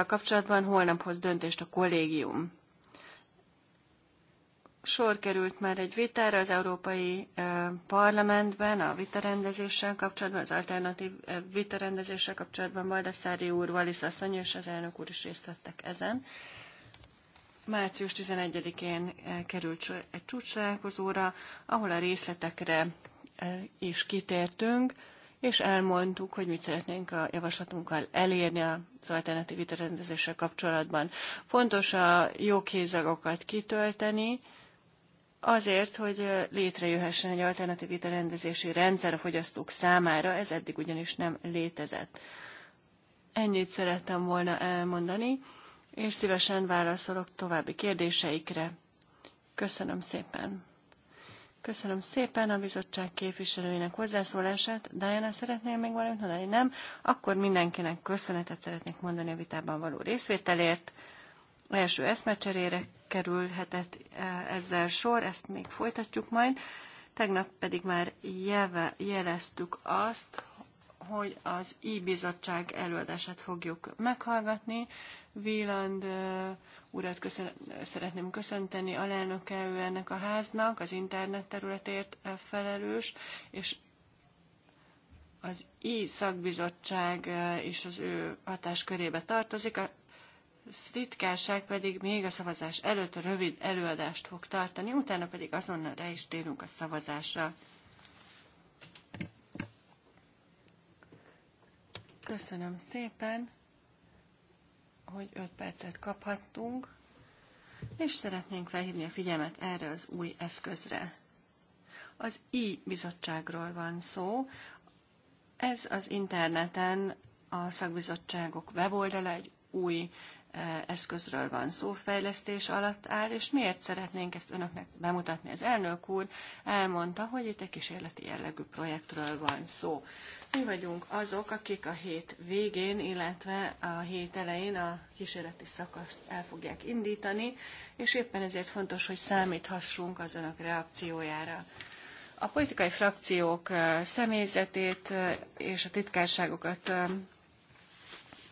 kapcsolatban holnap hoz döntést a kollégium sor került már egy vitára az Európai Parlamentben a vitarendezéssel kapcsolatban, az alternatív vitarendezéssel kapcsolatban Baldassári úr, Valisz asszony és az elnök úr is részt vettek ezen. Március 11-én került egy csúcsrálkozóra, ahol a részletekre is kitértünk, és elmondtuk, hogy mit szeretnénk a javaslatunkkal elérni az alternatív vitarendezéssel kapcsolatban. Fontos a jó kézagokat kitölteni, azért, hogy létrejöhessen egy alternatív rendezési rendszer a fogyasztók számára, ez eddig ugyanis nem létezett. Ennyit szerettem volna elmondani, és szívesen válaszolok további kérdéseikre. Köszönöm szépen! Köszönöm szépen a bizottság képviselőinek hozzászólását. Diana, szeretnél még valamit mondani? Nem? Akkor mindenkinek köszönetet szeretnék mondani a vitában való részvételért. első eszmecserére kerülhetett e, ezzel sor, ezt még folytatjuk majd. Tegnap pedig már jeve, jeleztük azt, hogy az I-bizottság előadását fogjuk meghallgatni. uh, urat köszön, szeretném köszönteni, alelnöke ő ennek a háznak, az internet területért e, felelős, és az I szakbizottság is az ő hatáskörébe tartozik. A titkárság pedig még a szavazás előtt rövid előadást fog tartani, utána pedig azonnal rá is térünk a szavazásra. Köszönöm szépen, hogy 5 percet kaphattunk, és szeretnénk felhívni a figyelmet erre az új eszközre. Az i-bizottságról van szó. Ez az interneten a szakbizottságok weboldala egy új Eh, eszközről van szó, fejlesztés alatt áll, és miért szeretnénk ezt önöknek bemutatni? Az elnök úr elmondta, hogy itt egy kísérleti jellegű projektről van szó. Mi vagyunk azok, akik a hét végén, illetve a hét elején a kísérleti szakaszt el fogják indítani, és éppen ezért fontos, hogy számíthassunk az önök reakciójára. A politikai frakciók eh, személyzetét eh, és a titkárságokat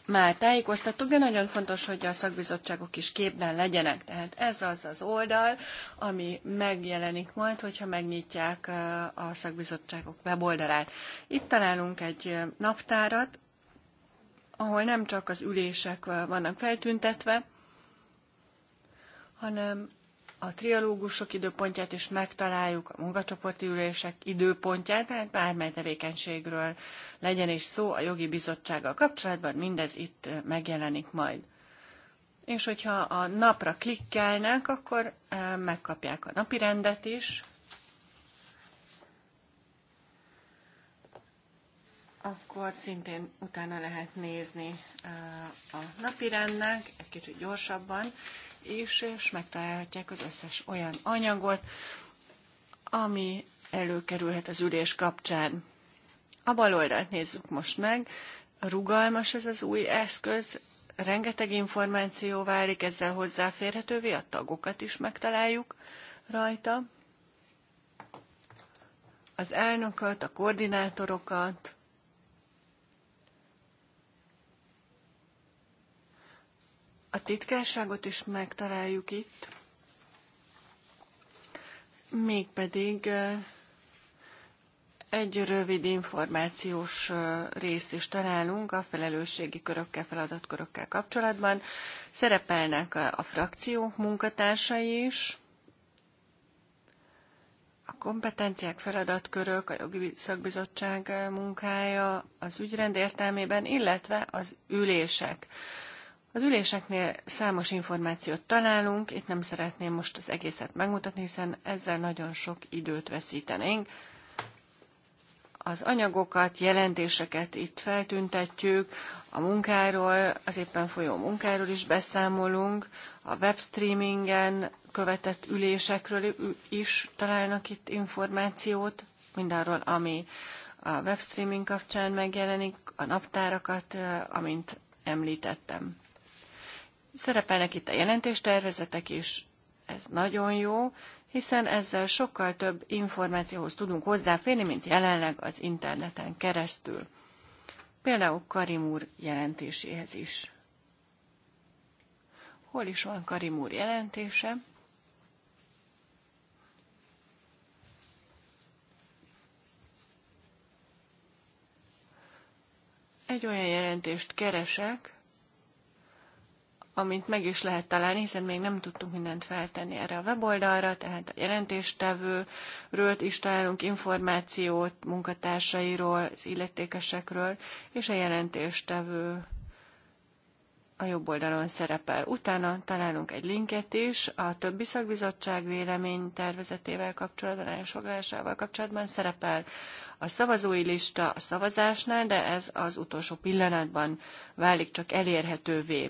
már tájékoztattuk, de nagyon fontos, hogy a szakbizottságok is képben legyenek. Tehát ez az az oldal, ami megjelenik majd, hogyha megnyitják a szakbizottságok weboldalát. Itt találunk egy naptárat, ahol nem csak az ülések vannak feltüntetve, hanem a trialógusok időpontját is megtaláljuk, a munkacsoporti ülések időpontját, tehát bármely tevékenységről legyen is szó a jogi bizottsággal kapcsolatban, mindez itt megjelenik majd. És hogyha a napra klikkelnek, akkor e, megkapják a napi rendet is. Akkor szintén utána lehet nézni e, a napirendnek egy kicsit gyorsabban, is, és megtalálhatják az összes olyan anyagot, ami előkerülhet az ülés kapcsán. A bal oldalt nézzük most meg. Rugalmas ez az új eszköz, rengeteg információ válik ezzel hozzáférhetővé, a tagokat is megtaláljuk rajta. Az elnököt, a koordinátorokat, A titkárságot is megtaláljuk itt, mégpedig egy rövid információs részt is találunk a felelősségi körökkel, feladatkörökkel kapcsolatban. Szerepelnek a frakciók munkatársai is, a kompetenciák, feladatkörök, a jogi szakbizottság munkája az ügyrend értelmében, illetve az ülések. Az üléseknél számos információt találunk, itt nem szeretném most az egészet megmutatni, hiszen ezzel nagyon sok időt veszítenénk. Az anyagokat, jelentéseket itt feltüntetjük, a munkáról, az éppen folyó munkáról is beszámolunk, a webstreamingen követett ülésekről is találnak itt információt, mindarról, ami a webstreaming kapcsán megjelenik, a naptárakat, eh, amint említettem. Szerepelnek itt a jelentéstervezetek is, ez nagyon jó, hiszen ezzel sokkal több információhoz tudunk hozzáférni, mint jelenleg az interneten keresztül. Például Karim úr jelentéséhez is. Hol is van Karim úr jelentése? Egy olyan jelentést keresek, amit meg is lehet találni, hiszen még nem tudtunk mindent feltenni erre a weboldalra, tehát a jelentéstevőről is találunk információt, munkatársairól, az illetékesekről, és a jelentéstevő a jobb oldalon szerepel. Utána találunk egy linket is, a többi szakbizottság vélemény tervezetével kapcsolatban, elsoglásával kapcsolatban szerepel a szavazói lista a szavazásnál, de ez az utolsó pillanatban válik csak elérhetővé.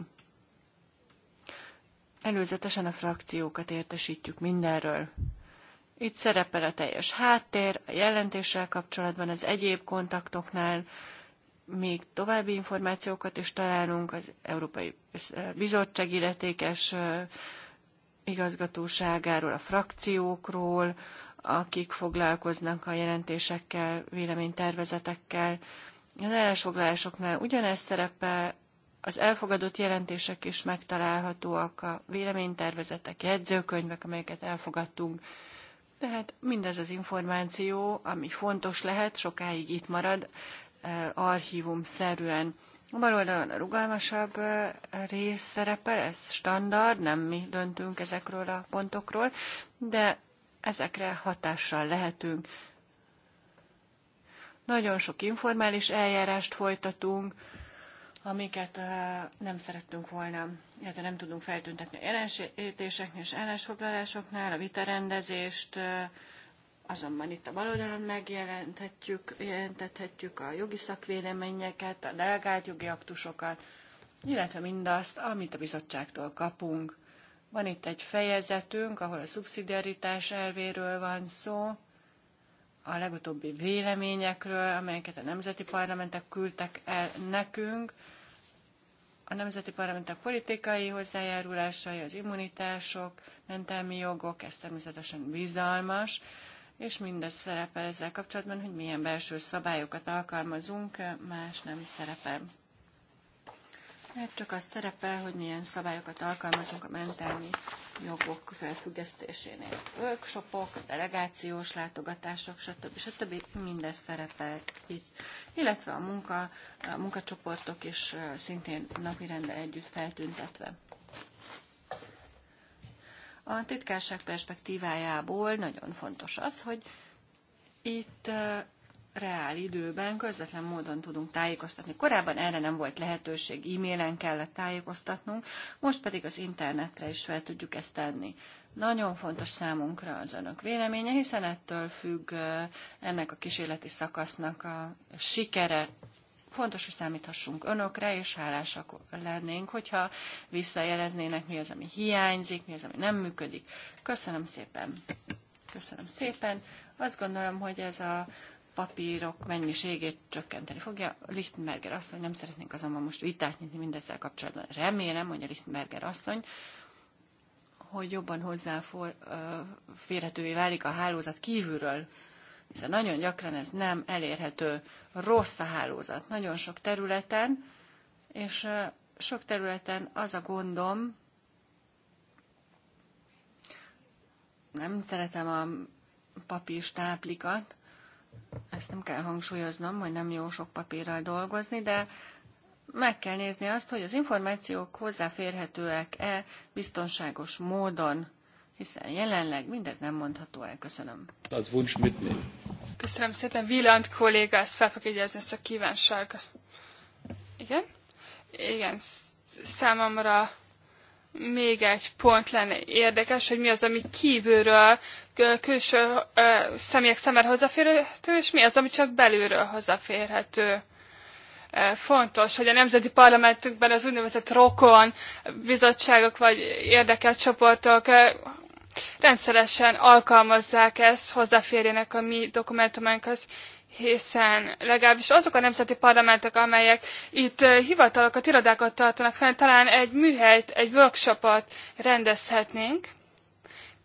Előzetesen a frakciókat értesítjük mindenről. Itt szerepel a teljes háttér, a jelentéssel kapcsolatban az egyéb kontaktoknál még további információkat is találunk az Európai Bizottság illetékes igazgatóságáról, a frakciókról, akik foglalkoznak a jelentésekkel, véleménytervezetekkel. Az állásfoglalásoknál ugyanezt szerepel, az elfogadott jelentések is megtalálhatóak, a véleménytervezetek, jegyzőkönyvek, amelyeket elfogadtunk. Tehát mindez az információ, ami fontos lehet, sokáig itt marad, eh, archívum szerűen. A bal oldalon a rugalmasabb eh, rész szerepel, ez standard, nem mi döntünk ezekről a pontokról, de ezekre hatással lehetünk. Nagyon sok informális eljárást folytatunk, amiket nem szerettünk volna, illetve nem tudunk feltüntetni a jelentéseknél és állásfoglalásoknál, a vitarendezést, azonban itt a baloldalon megjelenthetjük jelentethetjük a jogi szakvéleményeket, a delegált jogi aktusokat, illetve mindazt, amit a bizottságtól kapunk. Van itt egy fejezetünk, ahol a szubszidiaritás elvéről van szó, a legutóbbi véleményekről, amelyeket a nemzeti parlamentek küldtek el nekünk. A nemzeti parlamentek politikai hozzájárulásai, az immunitások, mentelmi jogok, ez természetesen bizalmas, és mindez szerepel ezzel kapcsolatban, hogy milyen belső szabályokat alkalmazunk, más nem szerepel. Mert hát csak az szerepel, hogy milyen szabályokat alkalmazunk a mentelmi jogok felfüggesztésénél. Workshopok, delegációs látogatások, stb. stb. minden szerepel itt. Illetve a, munka, a munkacsoportok is szintén rende együtt feltüntetve. A titkárság perspektívájából nagyon fontos az, hogy itt reál időben közvetlen módon tudunk tájékoztatni. Korábban erre nem volt lehetőség, e-mailen kellett tájékoztatnunk, most pedig az internetre is fel tudjuk ezt tenni. Nagyon fontos számunkra az önök véleménye, hiszen ettől függ ennek a kísérleti szakasznak a sikere. Fontos, hogy számíthassunk önökre, és hálásak lennénk, hogyha visszajeleznének, mi az, ami hiányzik, mi az, ami nem működik. Köszönöm szépen! Köszönöm szépen! Azt gondolom, hogy ez a papírok mennyiségét csökkenteni fogja. Lichtenberger asszony, nem szeretnénk azonban most vitát nyitni mindezzel kapcsolatban. Remélem, hogy a Lichtenberger asszony, hogy jobban hozzáférhetővé válik a hálózat kívülről, hiszen nagyon gyakran ez nem elérhető. Rossz a hálózat nagyon sok területen, és sok területen az a gondom, nem szeretem a papírstáplikat, ezt nem kell hangsúlyoznom, hogy nem jó sok papírral dolgozni, de meg kell nézni azt, hogy az információk hozzáférhetőek-e biztonságos módon, hiszen jelenleg mindez nem mondható el. Köszönöm. Az wunsch Köszönöm szépen. Willand kolléga ezt fel fog jegyezni, ezt a kívánság. Igen? Igen, számomra még egy pont lenne érdekes, hogy mi az, ami kívülről külső személyek szemmel hozzáférhető, és mi az, ami csak belülről hozzáférhető. Fontos, hogy a nemzeti parlamentünkben az úgynevezett rokon bizottságok vagy érdekelt csoportok rendszeresen alkalmazzák ezt, hozzáférjenek a mi dokumentumánkhoz, hiszen legalábbis azok a nemzeti parlamentek, amelyek itt hivatalokat, irodákat tartanak fenn, talán egy műhelyt, egy workshopot rendezhetnénk.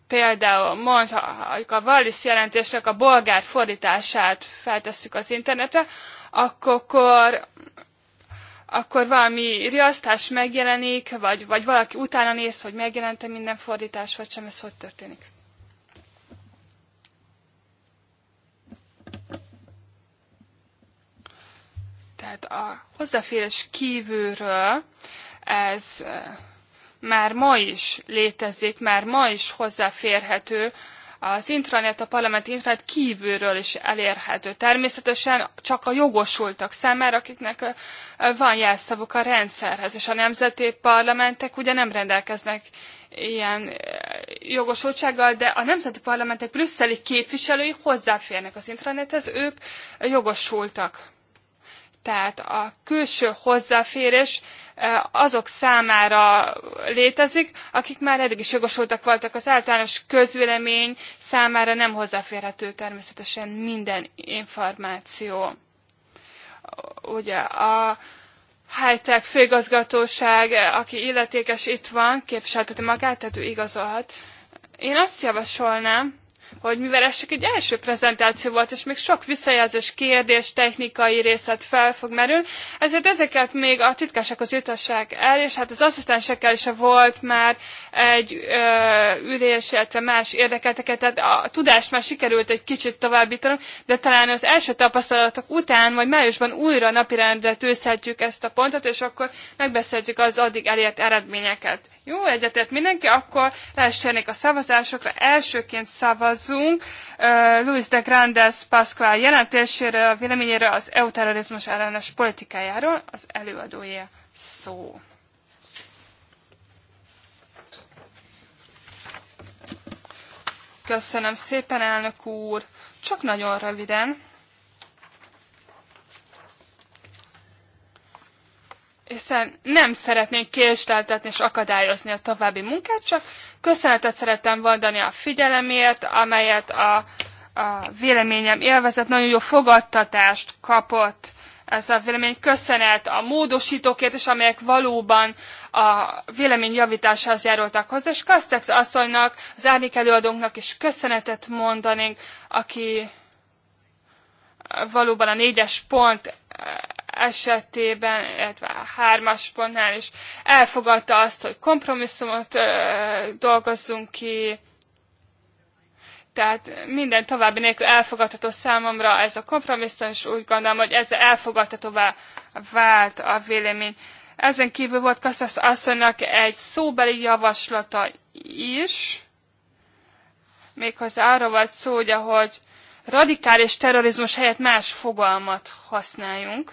Például mondjuk a Wallis jelentésnek a bolgár fordítását feltesszük az internetre, akkor, akkor valami riasztás megjelenik, vagy, vagy valaki utána néz, hogy megjelente minden fordítás, vagy sem, ez hogy történik. Tehát a hozzáférés kívülről ez már ma is létezik, már ma is hozzáférhető, az intranet, a parlament intranet kívülről is elérhető. Természetesen csak a jogosultak számára, akiknek van jelszavuk a rendszerhez, és a nemzeti parlamentek ugye nem rendelkeznek ilyen jogosultsággal, de a nemzeti parlamentek brüsszeli képviselői hozzáférnek az intranethez, ők jogosultak. Tehát a külső hozzáférés azok számára létezik, akik már eddig is jogosultak voltak az általános közvélemény számára nem hozzáférhető természetesen minden információ. Ugye a high-tech főigazgatóság, aki illetékes itt van, képviselteti magát, tehát ő igazolhat. Én azt javasolnám, hogy mivel ez csak egy első prezentáció volt, és még sok visszajelzős kérdés, technikai részlet fel fog merülni, ezért ezeket még a titkásokhoz jutassák el, és hát az asszisztensekkel is volt már egy ö, ülés, illetve más érdekelteket, tehát a tudást már sikerült egy kicsit továbbítanunk, de talán az első tapasztalatok után, vagy májusban újra napirendre tűzhetjük ezt a pontot, és akkor megbeszéljük az addig elért eredményeket. Jó, egyetért mindenki, akkor rá a szavazásokra, elsőként szavaz szavazzunk. Luis de Grandes Pascual jelentésére, a véleményére az EU terrorizmus ellenes politikájáról az előadója szó. Köszönöm szépen, elnök úr. Csak nagyon röviden. hiszen nem szeretnénk késleltetni és akadályozni a további munkát, csak köszönetet szerettem mondani a figyelemért, amelyet a, a véleményem élvezett, nagyon jó fogadtatást kapott ez a vélemény köszönet a módosítókért is, amelyek valóban a vélemény javításához járultak hozzá, és Kastex asszonynak, az árnyék előadónknak is köszönetet mondanénk, aki valóban a négyes pont esetében, illetve a hármas pontnál is elfogadta azt, hogy kompromisszumot ö, dolgozzunk ki, tehát minden további nélkül elfogadható számomra ez a kompromisszum, és úgy gondolom, hogy ez elfogadhatóvá vált a vélemény. Ezen kívül volt Kasszasz asszonynak egy szóbeli javaslata is, méghozzá arra volt szó, hogy ahogy radikális terrorizmus helyett más fogalmat használjunk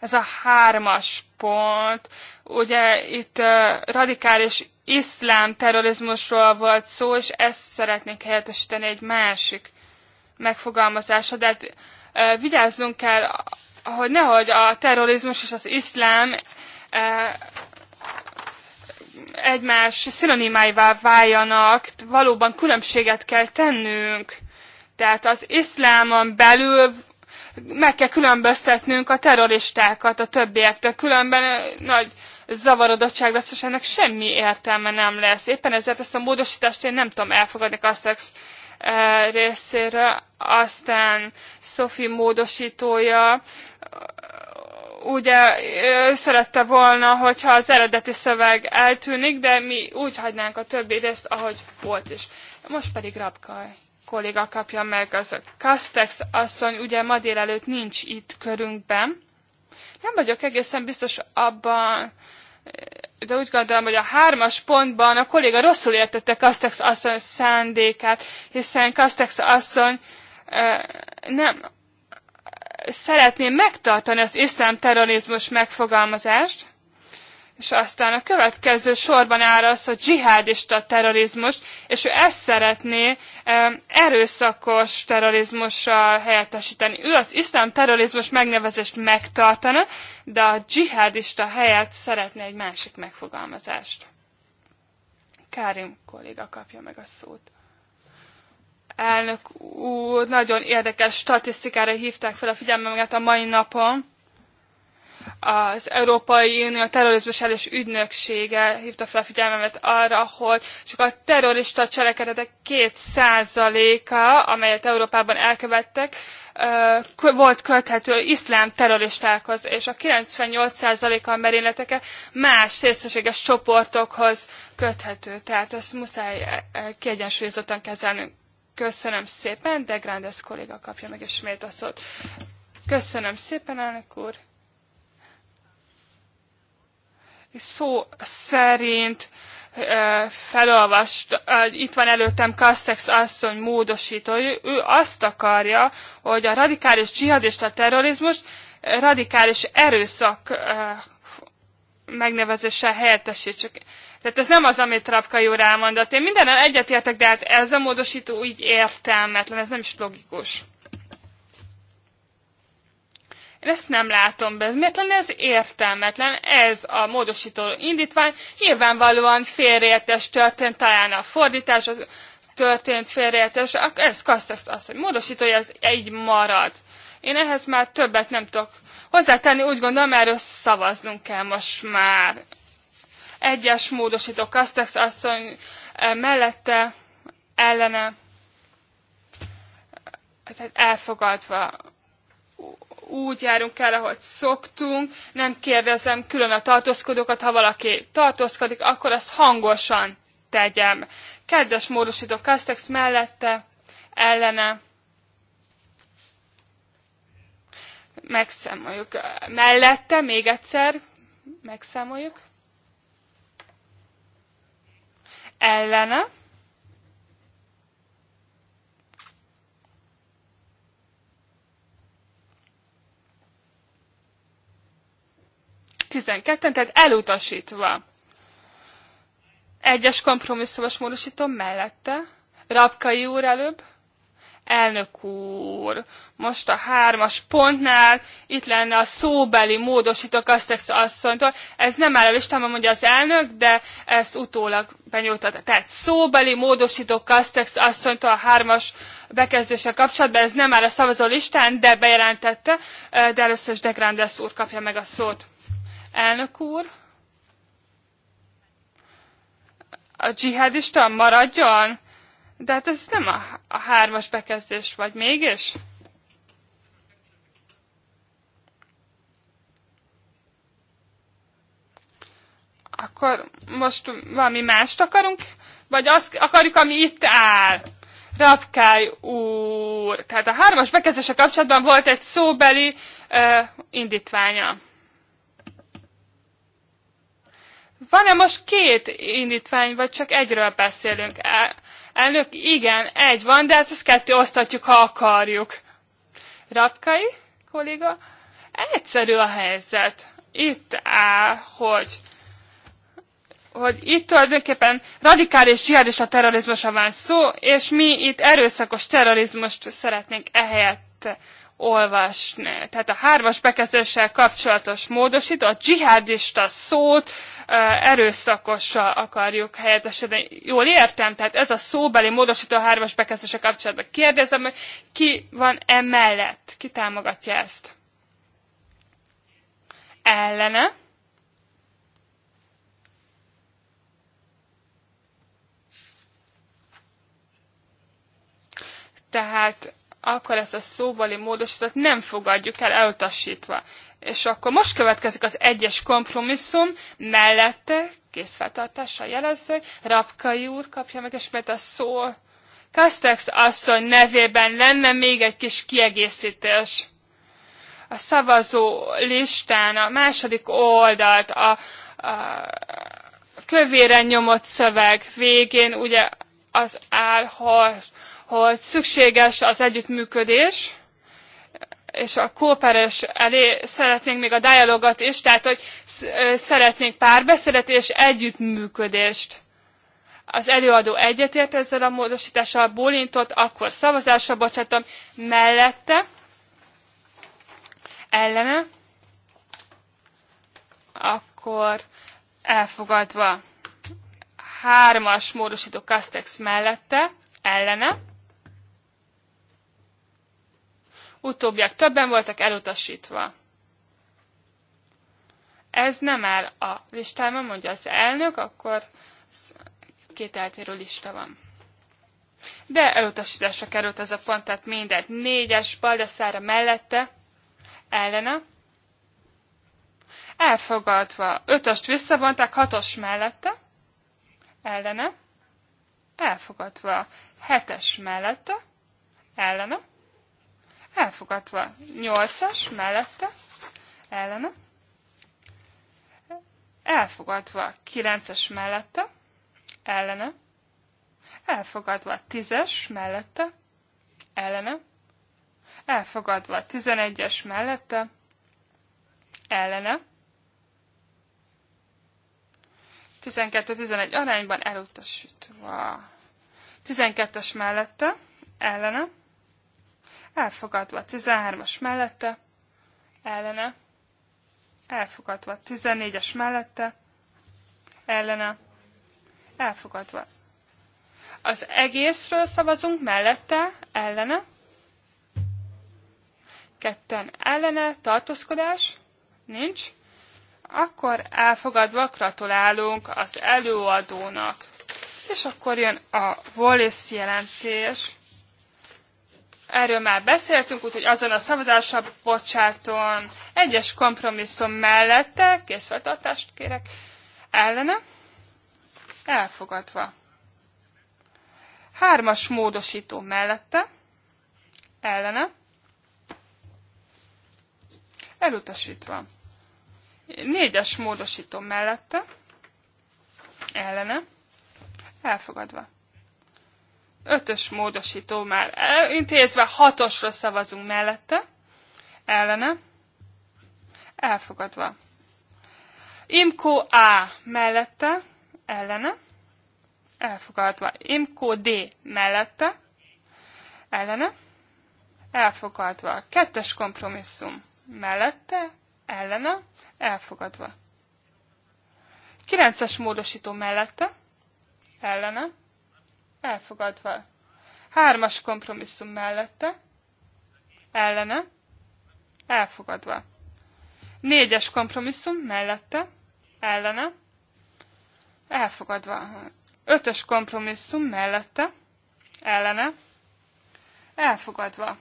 ez a hármas pont. Ugye itt radikális iszlám terrorizmusról volt szó, és ezt szeretnék helyettesíteni egy másik megfogalmazásra, de hát, vigyáznunk kell, hogy nehogy a terrorizmus és az iszlám egymás szinonimáivá váljanak, valóban különbséget kell tennünk. Tehát az iszlámon belül meg kell különböztetnünk a terroristákat a többiektől, különben nagy zavarodottság lesz, és ennek semmi értelme nem lesz. Éppen ezért ezt a módosítást én nem tudom elfogadni Kastex részéről. Aztán Sophie módosítója ugye szerette volna, hogyha az eredeti szöveg eltűnik, de mi úgy hagynánk a többi részt, ahogy volt is. Most pedig Rabkaj kolléga kapja meg az a Castex asszony, ugye ma délelőtt nincs itt körünkben. Nem vagyok egészen biztos abban, de úgy gondolom, hogy a hármas pontban a kolléga rosszul értette Castex asszony szándékát, hiszen Castex asszony nem szeretné megtartani az iszlám terrorizmus megfogalmazást, és aztán a következő sorban áll az hogy dzsihádista terrorizmus, és ő ezt szeretné erőszakos terrorizmussal helyettesíteni. Ő az iszlám terrorizmus megnevezést megtartana, de a dzsihádista helyett szeretne egy másik megfogalmazást. Kárim kolléga kapja meg a szót. Elnök úr, nagyon érdekes statisztikára hívták fel a figyelmemet a mai napon az Európai Unió terrorizmus ellenes ügynöksége hívta fel a figyelmemet arra, hogy csak a terrorista cselekedetek két százaléka, amelyet Európában elkövettek, volt köthető iszlám terroristákhoz, és a 98%-a a más szélsőséges csoportokhoz köthető. Tehát ezt muszáj e, e, kiegyensúlyozottan kezelnünk. Köszönöm szépen, de Grandes kolléga kapja meg ismét a szót. Köszönöm szépen, elnök úr! szó szerint felolvast, itt van előttem Castex asszony hogy ő azt akarja, hogy a radikális dzsihadista terrorizmus radikális erőszak megnevezéssel helyettesítsük. Tehát ez nem az, amit Rapkai úr elmondott. Én mindennel egyetértek, de hát ez a módosító úgy értelmetlen, ez nem is logikus. Ezt nem látom be. Miért lenne ez értelmetlen? Ez a módosító indítvány nyilvánvalóan félreértés történt, talán a fordítás történt félreértés. Ez kasztak az, hogy módosítója, ez egy marad. Én ehhez már többet nem tudok hozzátenni, úgy gondolom, erről szavaznunk kell most már. Egyes módosító Kastex asszony e, mellette, ellene, tehát elfogadva úgy járunk el, ahogy szoktunk, nem kérdezem külön a tartózkodókat, ha valaki tartózkodik, akkor azt hangosan tegyem. Kedves módosító Kastex mellette, ellene, megszámoljuk. Mellette, még egyszer, megszámoljuk. Ellene, 12-en, tehát elutasítva. Egyes kompromisszumos módosító mellette. Rabkai úr előbb. Elnök úr, most a hármas pontnál itt lenne a szóbeli módosító Kastex asszonytól. Ez nem áll a listámon, mondja az elnök, de ezt utólag benyújtotta. Tehát szóbeli módosító Kastex asszonytól a hármas bekezdése kapcsolatban, ez nem áll a szavazó listán, de bejelentette, de először is Grandes úr kapja meg a szót. Elnök úr, a dzsihadista maradjon? De hát ez nem a, a hármas bekezdés, vagy mégis? Akkor most valami mást akarunk? Vagy azt akarjuk, ami itt áll? Rapkály úr. Tehát a hármas bekezdése kapcsolatban volt egy szóbeli uh, indítványa. van-e most két indítvány, vagy csak egyről beszélünk? E, elnök, igen, egy van, de hát ezt kettő osztatjuk, ha akarjuk. Rapkai kolléga, egyszerű a helyzet. Itt áll, hogy hogy itt tulajdonképpen radikális zsihadista terrorizmusra van szó, és mi itt erőszakos terrorizmust szeretnénk ehelyett olvasni. Tehát a hármas bekezdéssel kapcsolatos módosító, a dzsihádista szót erőszakossal akarjuk helyettesíteni. Jól értem, tehát ez a szóbeli módosító a hármas bekezdéssel kapcsolatban. Kérdezem, hogy ki van emellett? Ki támogatja ezt? Ellene? Tehát akkor ezt a szóbali módosítást nem fogadjuk el elutasítva. És akkor most következik az egyes kompromisszum, mellette, készfeltartással jelezzük, Rapkai úr kapja meg ismét a szó. Kastex asszony nevében lenne még egy kis kiegészítés. A szavazó listán a második oldalt, a, a kövéren nyomott szöveg végén ugye az áll, hogy szükséges az együttműködés, és a kóperes elé szeretnénk még a dialogot is, tehát hogy szeretnénk párbeszédet és együttműködést. Az előadó egyetért ezzel a módosítással bólintott, akkor szavazásra bocsátom mellette, ellene, akkor elfogadva hármas módosító kastex mellette, ellene, utóbbiak többen voltak elutasítva. Ez nem áll a listámon, mondja az elnök, akkor két eltérő lista van. De elutasításra került ez a pont, tehát mindent négyes baldaszára mellette, ellene. Elfogadva, ötöst visszavonták, hatos mellette, ellene. Elfogadva, hetes mellette, ellene elfogadva. nyolcas mellette, ellene, elfogadva. kilences mellette, ellene, elfogadva. tízes mellette, ellene, elfogadva. tizenegyes mellette, ellene, 12-11 arányban elutasítva. 12-es mellette, ellene, elfogadva 13-as mellette, ellene, elfogadva 14-es mellette, ellene, elfogadva. Az egészről szavazunk mellette, ellene, ketten ellene, tartózkodás, nincs, akkor elfogadva gratulálunk az előadónak. És akkor jön a Wallace jelentés erről már beszéltünk, úgyhogy azon a szavazással bocsáton egyes kompromisszum mellette, készfeltartást kérek, ellene, elfogadva. Hármas módosító mellette, ellene, elutasítva. Négyes módosító mellette, ellene, elfogadva. Ötös módosító már intézve, hatosra szavazunk mellette, ellene, elfogadva. Imko A mellette, ellene, elfogadva. Imko D mellette, ellene, elfogadva. Kettes kompromisszum mellette, ellene, elfogadva. Kilences módosító mellette, ellene, elfogadva. Hármas kompromisszum mellette, ellene, elfogadva. Négyes kompromisszum mellette, ellene, elfogadva. Ötös kompromisszum mellette, ellene, elfogadva.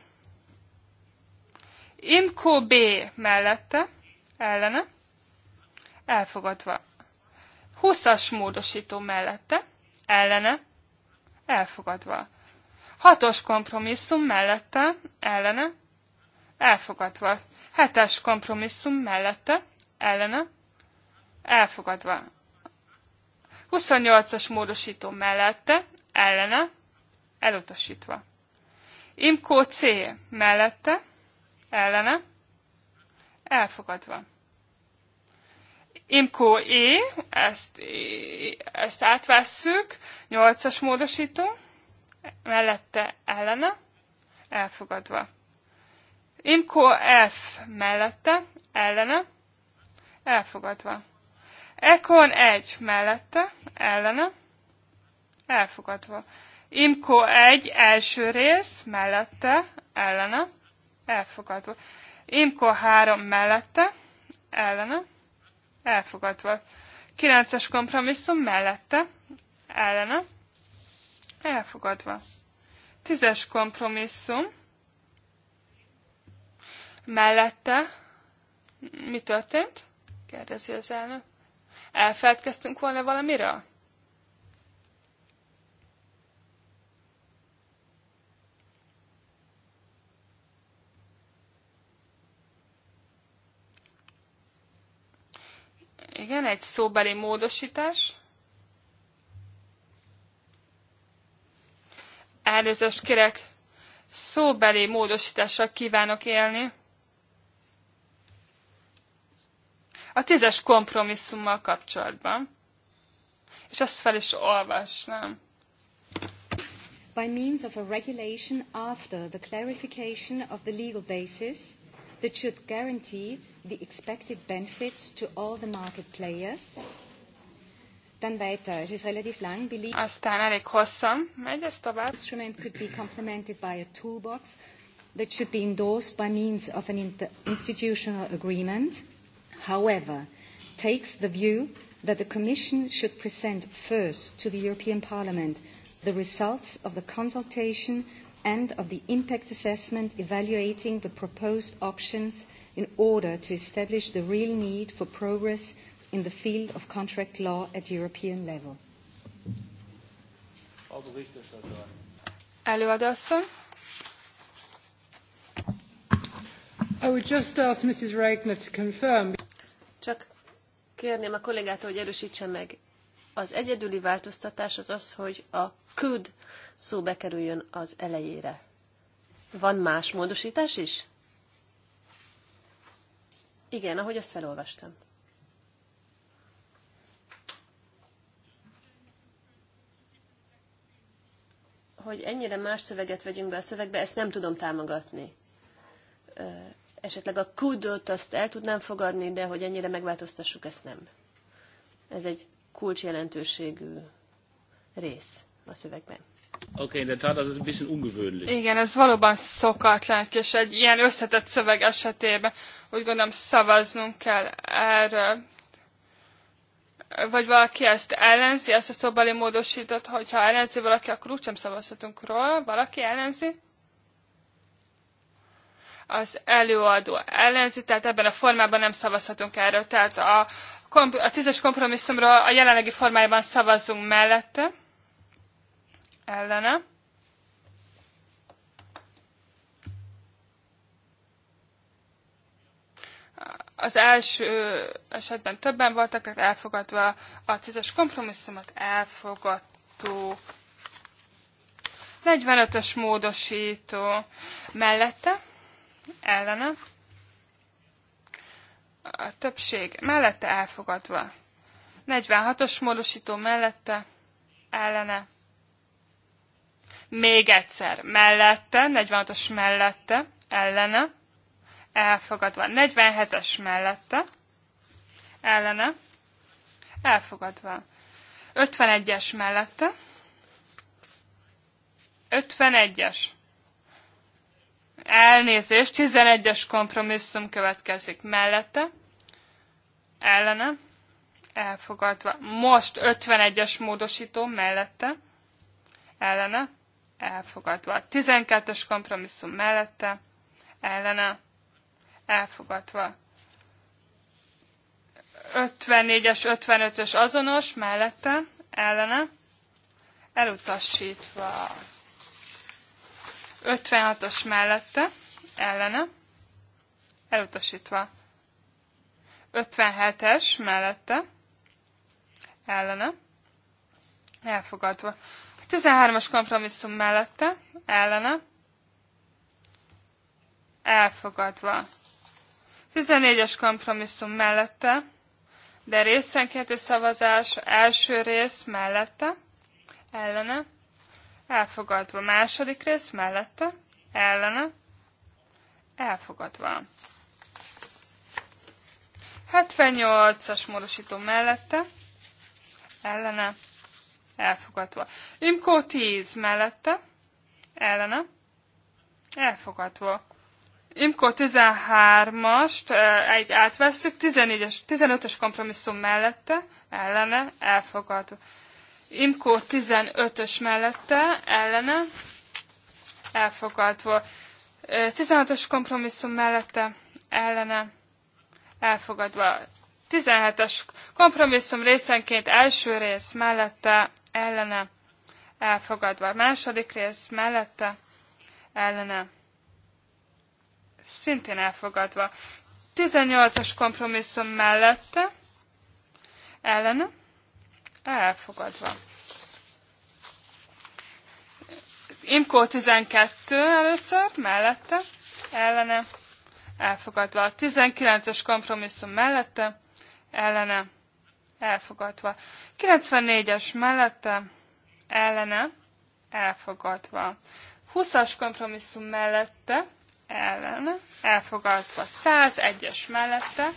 Imko B mellette, ellene, elfogadva. huszas módosító mellette, ellene, elfogadva. Hatos kompromisszum mellette, ellene, elfogadva. Hetes kompromisszum mellette, ellene, elfogadva. 28-as módosító mellette, ellene, elutasítva. Imkó C mellette, ellene, elfogadva. IMCO-E, ezt, ezt átvesszük, 8-as módosító, mellette ellene, elfogadva. Imko F mellette, ellene, elfogadva. Ekon 1 mellette, ellene, elfogadva. Imko 1 első rész, mellette, ellene, elfogadva. Imko 3 mellette, ellene, elfogadva. 9-es kompromisszum mellette, ellene, elfogadva. 10-es kompromisszum mellette, mi történt? kérdezi az elnök. Elfeledkeztünk volna valamiről? Igen, egy szóbeli módosítás. Elnézést kérek, szóbeli módosítással kívánok élni. A tízes kompromisszummal kapcsolatban. És ezt fel is olvasnám. By means of a regulation after the clarification of the legal basis, that should guarantee the expected benefits to all the market players. Dann weiter, es ist relativ lang, Aztán elég hosszan, megy ez tovább. Instrument could be complemented by a toolbox that should be endorsed by means of an institutional agreement. However, takes the view that the Commission should present first to the European Parliament the results of the consultation and of the impact assessment evaluating the proposed options in order to establish the real need for progress in the field of contract law at European level. I would just ask Mrs. Regner to confirm. Csak kérném a kollégától, hogy erősítse meg. Az egyedüli változtatás az az, hogy a could szó bekerüljön az elejére. Van más módosítás is? Igen, ahogy azt felolvastam. Hogy ennyire más szöveget vegyünk be a szövegbe, ezt nem tudom támogatni. Esetleg a kudot azt el tudnám fogadni, de hogy ennyire megváltoztassuk, ezt nem. Ez egy kulcsjelentőségű rész a szövegben. Oké, de tehát az egy bisschen ungewöhnlich. Igen, ez valóban szokatlan, és egy ilyen összetett szöveg esetében úgy gondolom szavaznunk kell erről. Vagy valaki ezt ellenzi, ezt a szobali módosított, hogyha ellenzi valaki, akkor úgysem szavazhatunk róla. Valaki ellenzi? Az előadó ellenzi, tehát ebben a formában nem szavazhatunk erről. Tehát a, a tízes kompromisszumról a jelenlegi formájában szavazzunk mellette ellene. Az első esetben többen voltak, tehát elfogadva a tízes kompromisszumot elfogadtuk. 45-ös módosító mellette, ellene, a többség mellette elfogadva. 46-os módosító mellette, ellene, még egyszer, mellette, 46-os mellette, ellene, elfogadva. 47-es mellette, ellene, elfogadva. 51-es mellette, 51-es. Elnézést, 11-es kompromisszum következik mellette, ellene, elfogadva. Most 51-es módosító mellette, ellene, elfogadva. A 12-es kompromisszum mellette, ellene, elfogadva. 54-es, 55-ös azonos, mellette, ellene, elutasítva. 56-os mellette, ellene, elutasítva. 57-es mellette, ellene, elfogadva. 13-as kompromisszum mellette, ellene, elfogadva. 14-es kompromisszum mellette, de részenkéti szavazás első rész mellette, ellene, elfogadva. Második rész mellette, ellene, elfogadva. 78-as morosító mellette, ellene, elfogadva. Imkó 10 mellette, ellene, elfogadva. Imkó 13-ast egy átveszük, 14-es, 15-ös kompromisszum mellette, ellene, elfogadva. Imkó 15-ös mellette, ellene, elfogadva. 16-os kompromisszum mellette, ellene, elfogadva. 17-es kompromisszum részenként első rész mellette, ellene elfogadva. A második rész mellette ellene szintén elfogadva. 18-as kompromisszum mellette ellene elfogadva. Imkó 12 először, mellette, ellene, elfogadva. 19-es kompromisszum mellette, ellene, elfogadva. 94-es mellette ellene elfogadva. 20-as kompromisszum mellette ellene elfogadva. 101-es mellette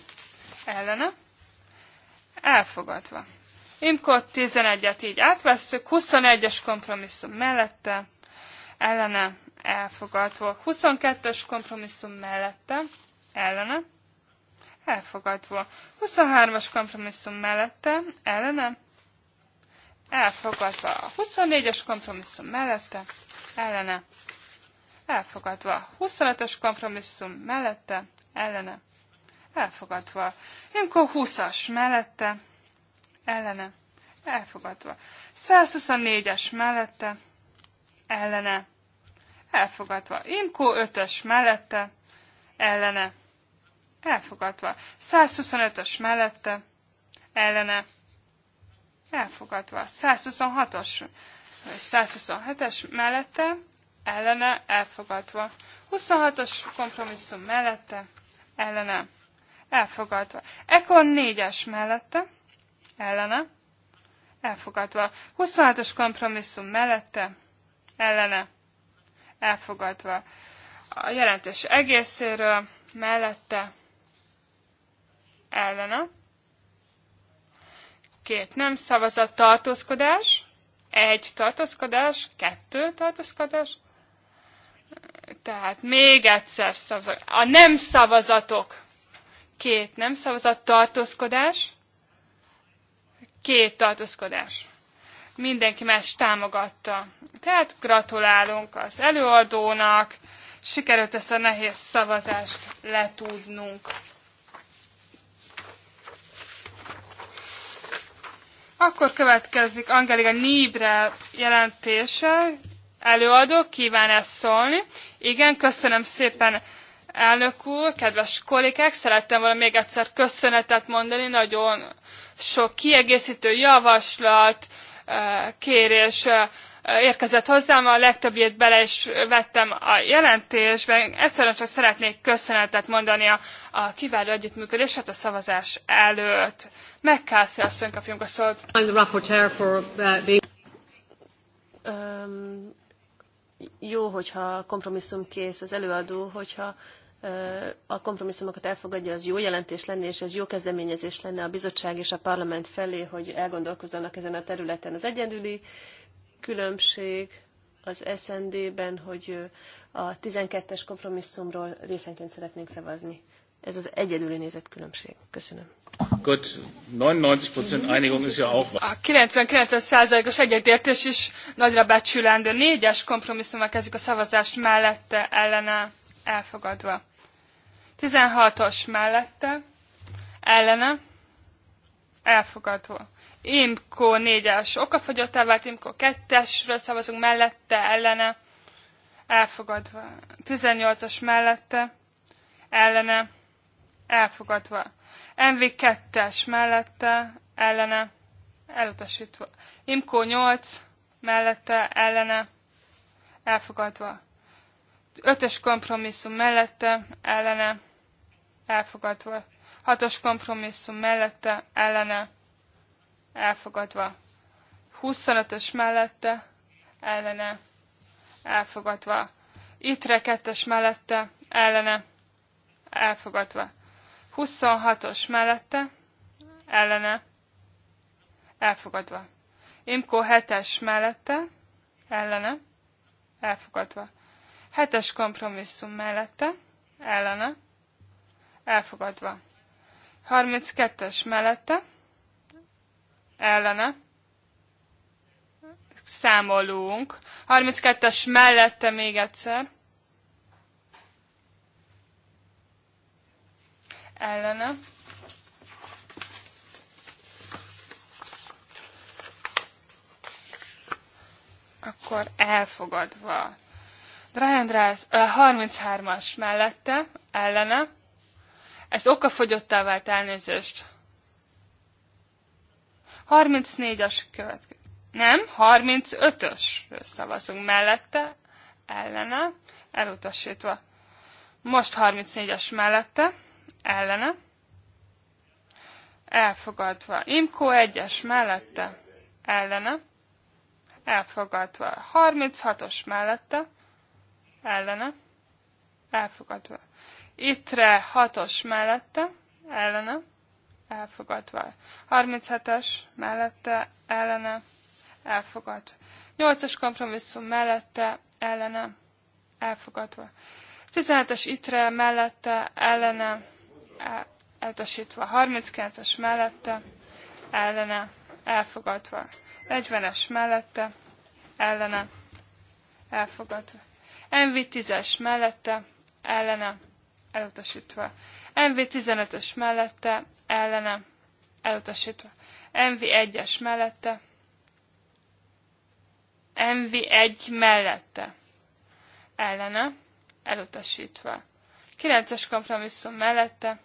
ellene elfogadva. Imkor 11-et így átvesztük, 21-es kompromisszum mellette ellene elfogadva. 22-es kompromisszum mellette ellene elfogadva. 23-as kompromisszum mellette, ellene, elfogadva. 24-es kompromisszum mellette, ellene, elfogadva. 25-ös kompromisszum mellette, ellene, elfogadva. Imkó 20-as mellette, ellene, elfogadva. 124-es mellette, ellene, elfogadva. Imkó 5-ös mellette, ellene, Elfogadva. 125-ös mellette. Ellene. Elfogadva. 126-os. 127-es mellette. Ellene. Elfogadva. 26-os kompromisszum mellette. Ellene. Elfogadva. Ekon 4-es mellette. Ellene. Elfogadva. 26-os kompromisszum mellette. Ellene. Elfogadva. A jelentés egészéről mellette ellene. Két nem szavazat tartózkodás, egy tartózkodás, kettő tartózkodás. Tehát még egyszer szavazat. A nem szavazatok. Két nem szavazat tartózkodás, két tartózkodás. Mindenki más támogatta. Tehát gratulálunk az előadónak, sikerült ezt a nehéz szavazást letudnunk. Akkor következik Angelika Nibre jelentése. Előadó, kíván ezt szólni. Igen, köszönöm szépen elnök úr, kedves kollégák, szerettem volna még egyszer köszönetet mondani, nagyon sok kiegészítő javaslat, eh, kérés eh, érkezett hozzám, a legtöbbjét bele is vettem a jelentésben. Egyszerűen csak szeretnék köszönetet mondani a, a kiváló együttműködéset hát a szavazás előtt. Megkászi asszony kapjunk a szót. I'm the rapporteur for being... Uh, um, jó, hogyha kompromisszum kész az előadó, hogyha a kompromisszumokat elfogadja, az jó jelentés lenne, és ez jó kezdeményezés lenne a bizottság és a parlament felé, hogy elgondolkozzanak ezen a területen. Az egyedüli különbség az SND-ben, hogy a 12-es kompromisszumról részenként szeretnénk szavazni. Ez az egyedüli különbség. Köszönöm. Gut, 99% Einigung ist ja auch A 99%-os egyetértés is nagyra becsülendő. Négyes kompromisszummal kezdjük a szavazást mellette, ellene elfogadva. 16-os mellette, ellene elfogadva. IMKO 4-es okafogyottá vált, IMKO 2-esről szavazunk mellette, ellene, elfogadva. 18-as mellette, ellene, elfogadva. MV 2-es mellette, ellene, elutasítva. IMKO 8 mellette, ellene, elfogadva. 5-ös kompromisszum mellette, ellene, elfogadva. 6-os kompromisszum mellette, ellene, elfogadva. 25-ös mellette, ellene, elfogadva. Itre kettes mellette, ellene, elfogadva. 26-os mellette, ellene, elfogadva. Imkó 7-es mellette, ellene, elfogadva. 7-es kompromisszum mellette, ellene, elfogadva. 32-es mellette, ellene. Számolunk. 32-es mellette még egyszer. Ellene. Akkor elfogadva. Drahendrász 33-as mellette, ellene. Ez okafogyottá vált elnézést. 34-as következik. Nem, 35 ös szavazunk mellette, ellene, elutasítva. Most 34-es mellette, ellene, elfogadva. Imkó 1-es mellette, ellene, elfogadva. 36-os mellette, ellene, elfogadva. Ittre 6-os mellette, ellene, elfogadva. 37-es mellette ellene elfogadva. 8 es kompromisszum mellette ellene elfogadva. 17-es itre mellette ellene e, elutasítva. 39-es mellette ellene elfogadva. 40-es mellette ellene elfogadva. MV 10-es mellette ellene elfogadva elutasítva. MV15-ös mellette, ellene, elutasítva. MV1-es mellette, MV1 mellette, ellene, elutasítva. 9-es kompromisszum mellette,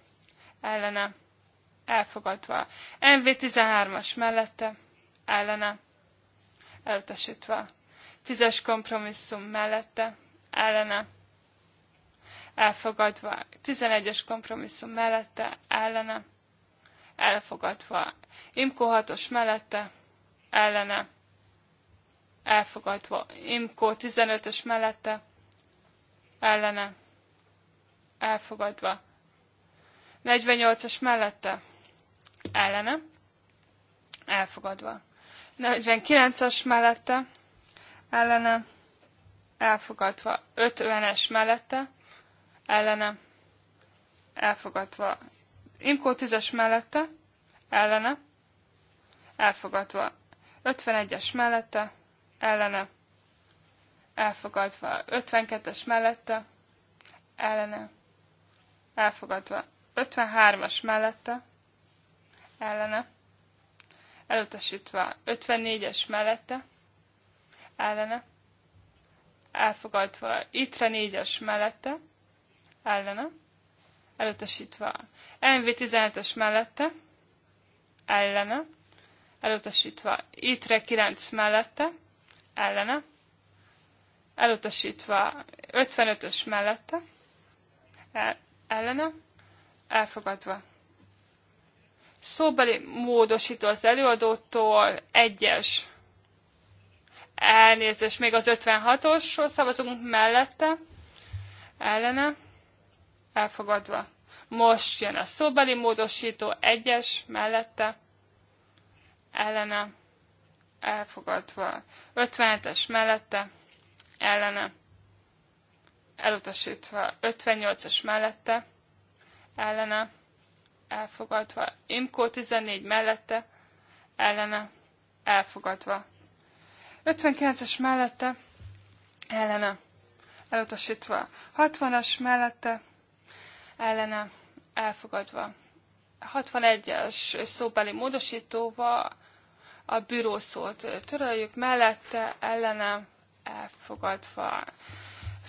ellene, elfogadva. MV13-as mellette, ellene, elutasítva. 10-es kompromisszum mellette, ellene, elfogadva. 11-es kompromisszum mellette, ellene, elfogadva. Imko 6-os mellette, ellene, elfogadva. Imko 15-ös mellette, ellene, elfogadva. 48-as mellette, ellene, elfogadva. 49-as mellette, ellene, elfogadva. 50-es mellette, ellene, elfogadva. Imkó tízes mellette, ellene, elfogadva. 51-es mellette, ellene, elfogadva. 52-es mellette, ellene, elfogadva. 53-as mellette, ellene, elutasítva. 54-es mellette, ellene, elfogadva. Itre 4-es mellette, ellene, elutasítva. MV17-es mellette, ellene, elutasítva. ITRE 9 mellette, ellene, elutasítva. 55-ös mellette, e, ellene, elfogadva. Szóbeli módosító az előadótól egyes elnézést, még az 56-osról szavazunk mellette, ellene, elfogadva. Most jön a szóbeli módosító, egyes mellette, ellene, elfogadva. 57-es mellette, ellene, elutasítva. 58-es mellette, ellene, elfogadva. Imkó 14 mellette, ellene, elfogadva. 59-es mellette, ellene, elutasítva. 60-as mellette, ellene elfogadva. 61-es szóbeli módosítóval a bűró szót töröljük, mellette ellene elfogadva.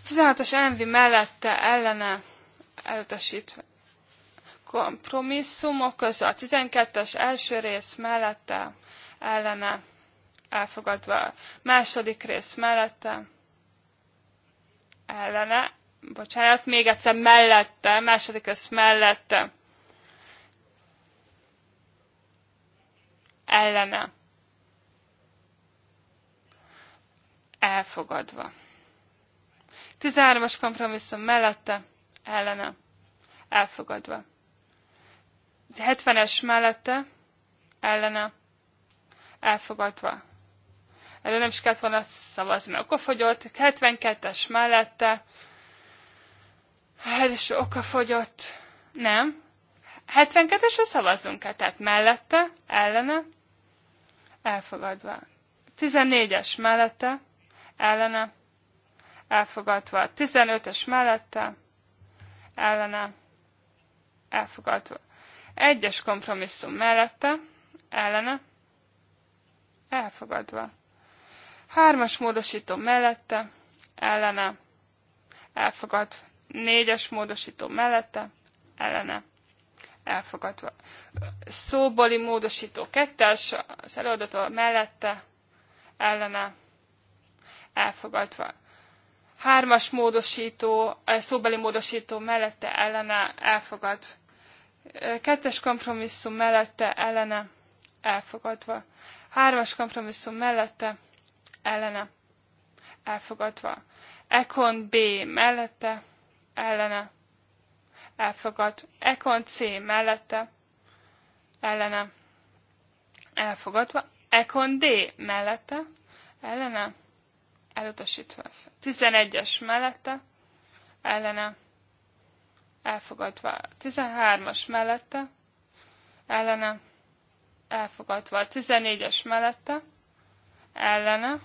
16-os envi mellette ellene elutasítva. Kompromisszumok között a 12-es első rész mellette ellene elfogadva. Második rész mellette ellene bocsánat, még egyszer mellette, második össz mellette. Ellene. Elfogadva. 13-as kompromisszum mellette, ellene. Elfogadva. 70-es mellette, ellene. Elfogadva. Erről nem is kellett volna szavazni, mert akkor fogyott. 72-es mellette, Hát is oka fogyott. Nem. 72-esre szavazzunk el, tehát mellette, ellene, elfogadva. 14-es mellette, ellene, elfogadva. 15-ös mellette, ellene, elfogadva. 1-es kompromisszum mellette, ellene, elfogadva. 3-as módosító mellette, ellene, elfogadva. Négyes módosító mellette, ellene elfogadva. Szóbeli módosító kettes, az előadató mellette, ellene elfogadva. Hármas módosító, szóbeli módosító mellette, ellene elfogadva. Kettes kompromisszum mellette, ellene elfogadva. Hármas kompromisszum mellette, ellene elfogadva. Ekon B mellette, ellene elfogad. Ekon C mellette ellene elfogadva. Ekon D mellette ellene elutasítva. 11-es mellette ellene elfogadva. 13-as mellette ellene elfogadva. 14-es mellette ellene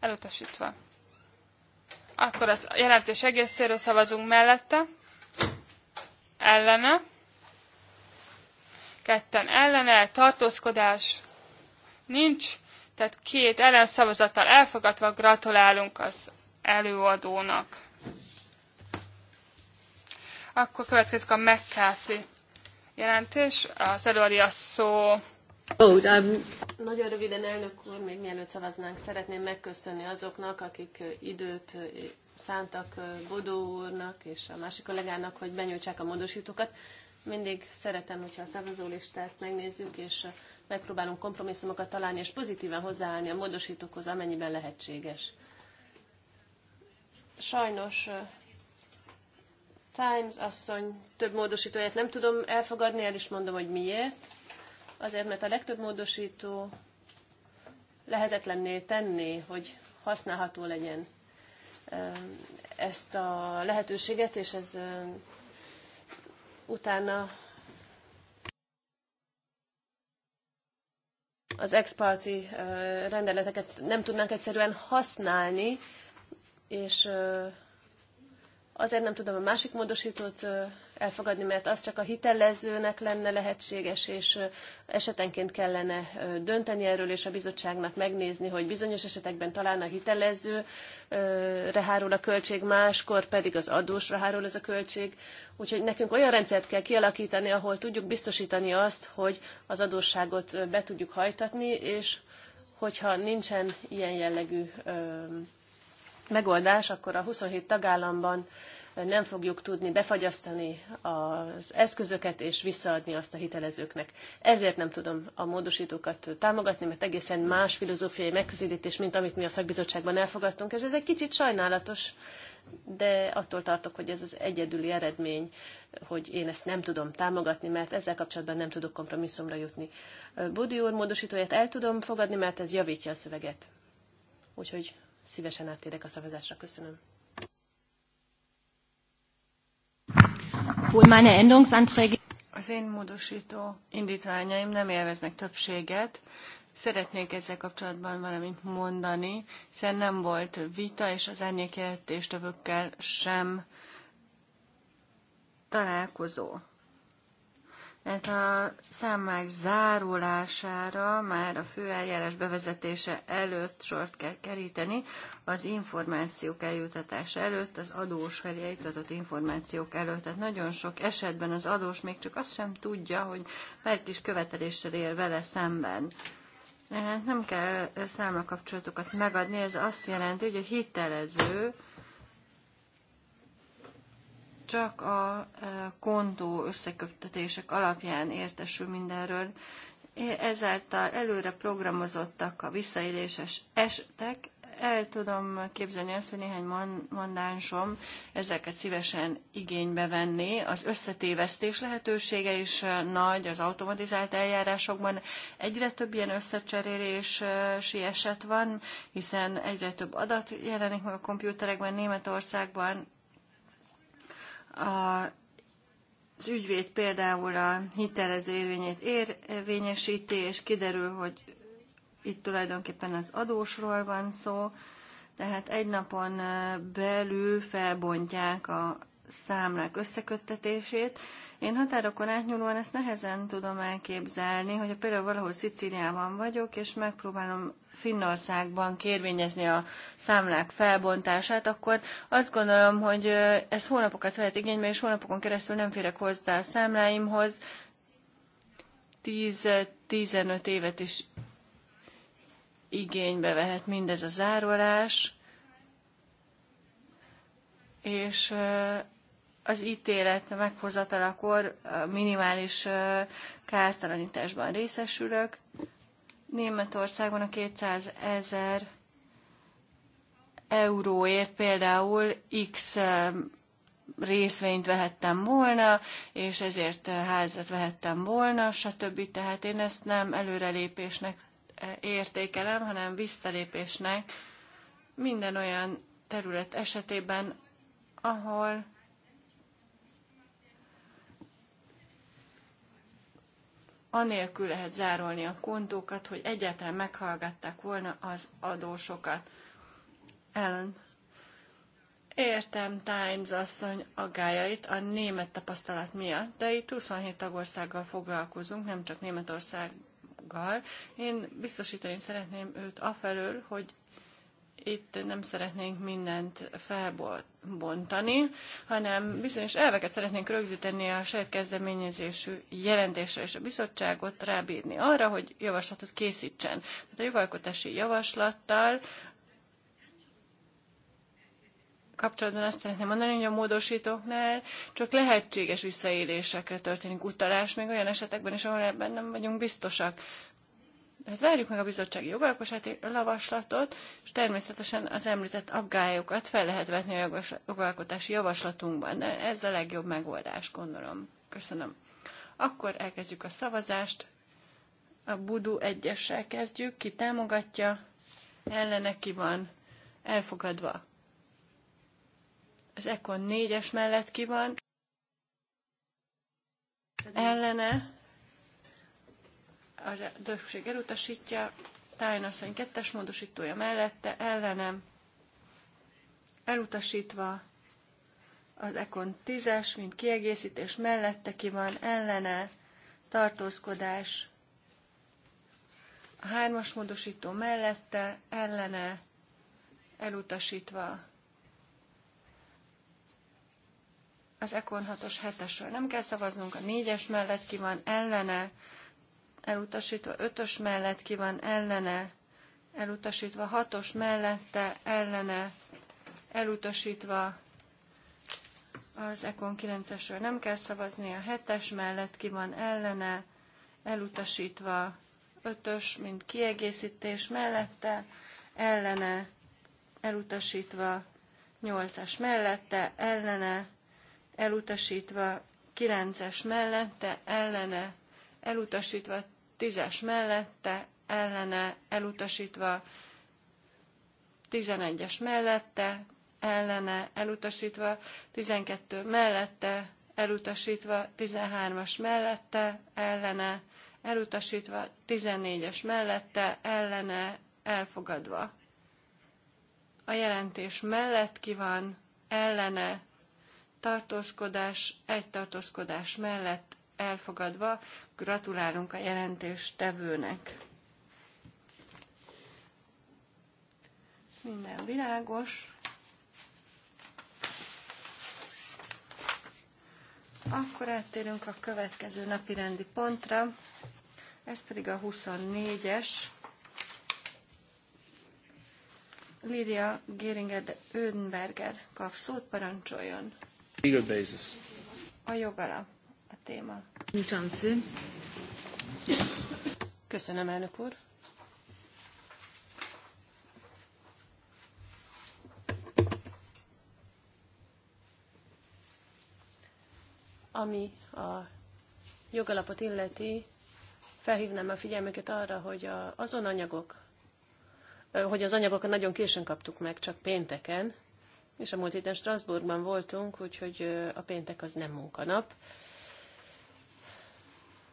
elutasítva. Akkor az jelentés egészéről szavazunk mellette. Ellene. Ketten ellene, tartózkodás nincs, tehát két ellenszavazattal elfogadva gratulálunk az előadónak. Akkor következik a McCarthy jelentés, az előadja szó nagyon röviden, elnök úr, még mielőtt szavaznánk, szeretném megköszönni azoknak, akik időt szántak Bodó úrnak és a másik kollégának, hogy benyújtsák a módosítókat. Mindig szeretem, hogyha a szavazólistát megnézzük, és megpróbálunk kompromisszumokat találni, és pozitívan hozzáállni a módosítókhoz, amennyiben lehetséges. Sajnos Times asszony több módosítóját nem tudom elfogadni, el is mondom, hogy miért azért mert a legtöbb módosító lehetetlenné tenni, hogy használható legyen ezt a lehetőséget, és ez utána az exparti rendeleteket nem tudnánk egyszerűen használni, és azért nem tudom a másik módosítót elfogadni, mert az csak a hitelezőnek lenne lehetséges, és esetenként kellene dönteni erről, és a bizottságnak megnézni, hogy bizonyos esetekben talán a hitelező hárul a költség, máskor pedig az adósra hárul ez a költség. Úgyhogy nekünk olyan rendszert kell kialakítani, ahol tudjuk biztosítani azt, hogy az adósságot be tudjuk hajtatni, és hogyha nincsen ilyen jellegű megoldás, akkor a 27 tagállamban nem fogjuk tudni befagyasztani az eszközöket és visszaadni azt a hitelezőknek. Ezért nem tudom a módosítókat támogatni, mert egészen más filozófiai megközelítés, mint amit mi a szakbizottságban elfogadtunk, és ez egy kicsit sajnálatos, de attól tartok, hogy ez az egyedüli eredmény, hogy én ezt nem tudom támogatni, mert ezzel kapcsolatban nem tudok kompromisszumra jutni. Budi úr módosítóját el tudom fogadni, mert ez javítja a szöveget. Úgyhogy szívesen áttérek a szavazásra. Köszönöm. Az én módosító indítványaim nem élveznek többséget. Szeretnék ezzel kapcsolatban valamit mondani, hiszen nem volt vita, és az árnyékjelentéstevőkkel sem találkozó. Tehát a számlák zárulására már a főeljárás bevezetése előtt sort kell keríteni, az információk eljutatása előtt, az adós felé eljutatott információk előtt. Tehát nagyon sok esetben az adós még csak azt sem tudja, hogy mert is követeléssel él vele szemben. nem kell számlakapcsolatokat megadni, ez azt jelenti, hogy a hitelező csak a e, kontó összeköptetések alapján értesül mindenről. Ezáltal előre programozottak a visszaéléses esetek, el tudom képzelni azt, hogy néhány mondánsom ezeket szívesen igénybe venni. Az összetévesztés lehetősége is e, nagy az automatizált eljárásokban. Egyre több ilyen összecserélési e, eset van, hiszen egyre több adat jelenik meg a kompjúterekben Németországban, a az ügyvéd például a hitelező érvényét érvényesíti, és kiderül, hogy itt tulajdonképpen az adósról van szó, tehát egy napon belül felbontják a számlák összeköttetését. Én határokon átnyúlóan ezt nehezen tudom elképzelni, hogy például valahol Szicíliában vagyok, és megpróbálom Finnországban kérvényezni a számlák felbontását, akkor azt gondolom, hogy ez hónapokat vehet igénybe, és hónapokon keresztül nem férek hozzá a számláimhoz. 10-15 évet is igénybe vehet mindez a zárolás, és az ítélet meghozatalakor minimális kártalanításban részesülök, Németországban a 200 ezer euróért például X részvényt vehettem volna, és ezért házat vehettem volna, stb. Tehát én ezt nem előrelépésnek értékelem, hanem visszalépésnek minden olyan terület esetében, ahol anélkül lehet zárolni a kontókat, hogy egyáltalán meghallgatták volna az adósokat. Ellen. Értem, Times asszony aggájait a német tapasztalat miatt, de itt 27 tagországgal foglalkozunk, nem csak Németországgal. Én biztosítani szeretném őt afelől, hogy itt nem szeretnénk mindent felbontani, hanem bizonyos elveket szeretnénk rögzíteni a saját kezdeményezésű jelentésre, és a bizottságot rábírni arra, hogy javaslatot készítsen. Tehát a jogalkotási javaslattal kapcsolatban azt szeretném mondani, hogy a módosítóknál csak lehetséges visszaélésekre történik utalás, még olyan esetekben is, ahol ebben nem vagyunk biztosak. Tehát várjuk meg a bizottsági jogalkosáti javaslatot, és természetesen az említett aggályokat fel lehet vetni a jogalkotási javaslatunkban, de ez a legjobb megoldás, gondolom. Köszönöm. Akkor elkezdjük a szavazást. A Budu egyessel kezdjük. Ki támogatja, ellene ki van, elfogadva. Az Ekon négyes mellett ki van, ellene, a többség elutasítja, Tájnasszony kettes módosítója mellette, ellenem, elutasítva, az Ekon 10-es, mint kiegészítés mellette ki van, ellene, tartózkodás, a hármas módosító mellette, ellene, elutasítva. Az Ekon 6-os 7 nem kell szavaznunk, a 4-es mellett ki van, ellene, elutasítva, ötös mellett ki van ellene, elutasítva, hatos mellette ellene, elutasítva, az Ekon 9-esről nem kell szavazni, a 7-es mellett ki van ellene, elutasítva 5-ös, mint kiegészítés mellette, ellene, elutasítva 8-as mellette, ellene, elutasítva 9-es mellette, ellene, elutasítva 10 mellette, ellene, elutasítva, tizenegyes mellette, ellene, elutasítva, tizenkettő mellette, elutasítva, tizenhármas mellette, ellene, elutasítva, tizennégyes mellette, ellene, elfogadva. A jelentés mellett ki van, ellene, tartózkodás, egy tartózkodás mellett elfogadva. Gratulálunk a tevőnek. Minden világos. Akkor áttérünk a következő napi rendi pontra, ez pedig a 24-es. Lidia Geringer de Ödenberger kap szót, parancsoljon. A jogalap téma. Köszönöm, elnök úr. Ami a jogalapot illeti, felhívnám a figyelmüket arra, hogy azon anyagok, hogy az anyagokat nagyon későn kaptuk meg, csak pénteken, és a múlt héten Strasbourgban voltunk, úgyhogy a péntek az nem munkanap,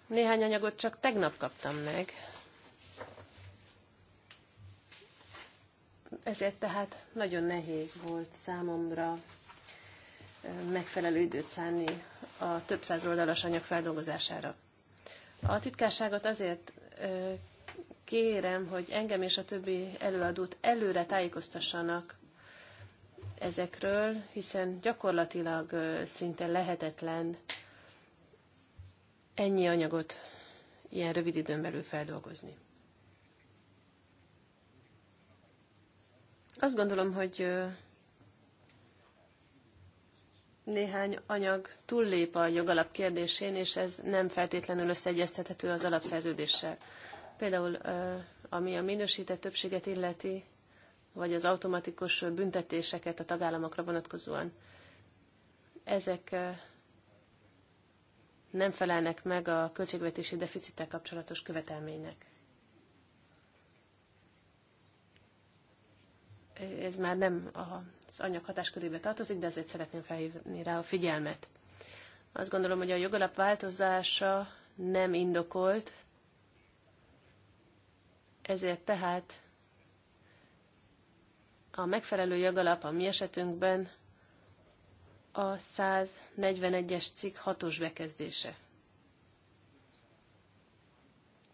néhány anyagot csak tegnap kaptam meg. Ezért tehát nagyon nehéz volt számomra megfelelő időt szánni a több száz oldalas anyag feldolgozására. A titkárságot azért kérem, hogy engem és a többi előadót előre tájékoztassanak ezekről, hiszen gyakorlatilag szinte lehetetlen ennyi anyagot ilyen rövid időn belül feldolgozni. Azt gondolom, hogy néhány anyag túllép a jogalap kérdésén, és ez nem feltétlenül összeegyeztethető az alapszerződéssel. Például ami a minősített többséget illeti, vagy az automatikus büntetéseket a tagállamokra vonatkozóan. Ezek nem felelnek meg a költségvetési deficittel kapcsolatos követelménynek. Ez már nem az anyag hatáskörébe tartozik, de azért szeretném felhívni rá a figyelmet. Azt gondolom, hogy a jogalap változása nem indokolt, ezért tehát a megfelelő jogalap a mi esetünkben a 141-es cikk hatos bekezdése.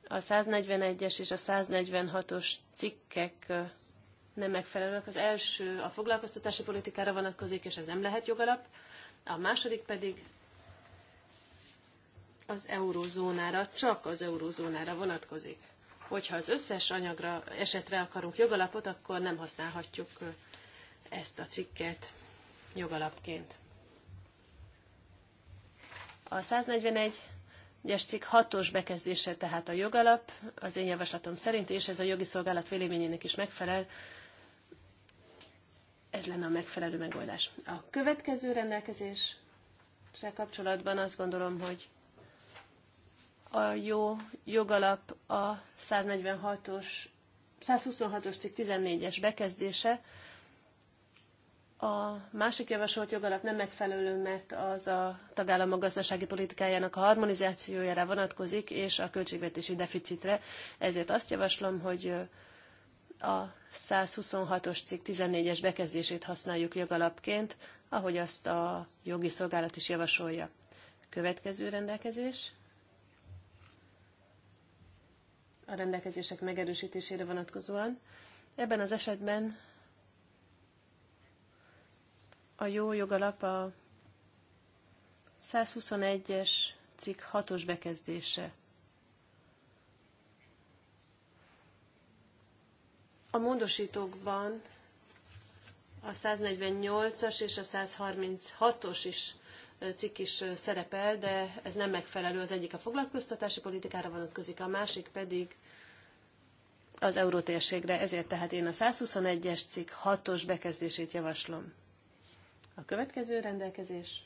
A 141-es és a 146-os cikkek nem megfelelőek. Az első a foglalkoztatási politikára vonatkozik, és ez nem lehet jogalap. A második pedig az eurózónára, csak az eurózónára vonatkozik. Hogyha az összes anyagra, esetre akarunk jogalapot, akkor nem használhatjuk ezt a cikket jogalapként. A 141-es cikk 6-os bekezdése tehát a jogalap, az én javaslatom szerint, és ez a jogi szolgálat véleményének is megfelel, ez lenne a megfelelő megoldás. A következő rendelkezéssel kapcsolatban azt gondolom, hogy a jó jogalap a 146-os, 126-os cikk 14-es bekezdése, a másik javasolt jogalap nem megfelelő, mert az a tagállamok gazdasági politikájának a harmonizációjára vonatkozik, és a költségvetési deficitre. Ezért azt javaslom, hogy a 126-os cikk 14-es bekezdését használjuk jogalapként, ahogy azt a jogi szolgálat is javasolja. Következő rendelkezés. A rendelkezések megerősítésére vonatkozóan. Ebben az esetben a jó jogalap a 121-es cikk 6-os bekezdése. A módosítókban a 148-as és a 136-os is cikk is szerepel, de ez nem megfelelő. Az egyik a foglalkoztatási politikára vonatkozik, a másik pedig az eurótérségre. Ezért tehát én a 121-es cikk 6-os bekezdését javaslom. A következő rendelkezés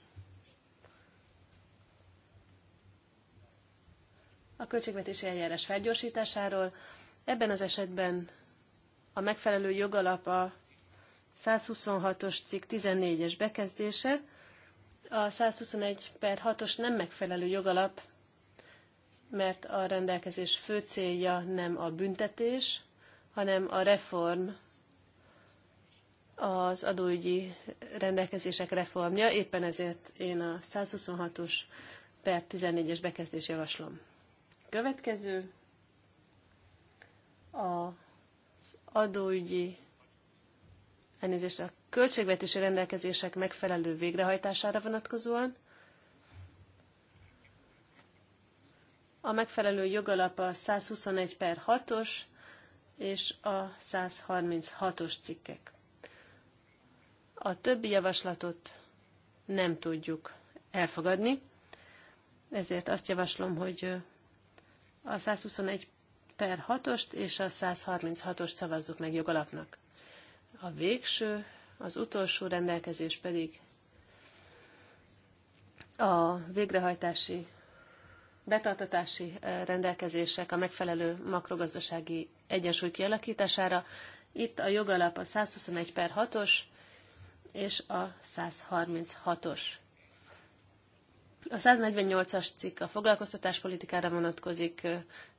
a költségvetési eljárás felgyorsításáról. Ebben az esetben a megfelelő jogalap a 126-os cikk 14-es bekezdése, a 121 per 6-os nem megfelelő jogalap, mert a rendelkezés fő célja nem a büntetés, hanem a reform az adóügyi rendelkezések reformja, éppen ezért én a 126-os per 14-es bekezdés javaslom. Következő az adóügyi elnézést a költségvetési rendelkezések megfelelő végrehajtására vonatkozóan, a megfelelő jogalap a 121 per 6-os és a 136-os cikkek. A többi javaslatot nem tudjuk elfogadni, ezért azt javaslom, hogy a 121 per 6-ost és a 136-ost szavazzuk meg jogalapnak. A végső, az utolsó rendelkezés pedig a végrehajtási, betartatási eh, rendelkezések a megfelelő makrogazdasági egyensúly kialakítására. Itt a jogalap a 121 per 6-os, és a 136-os. A 148-as cikk a foglalkoztatás politikára vonatkozik,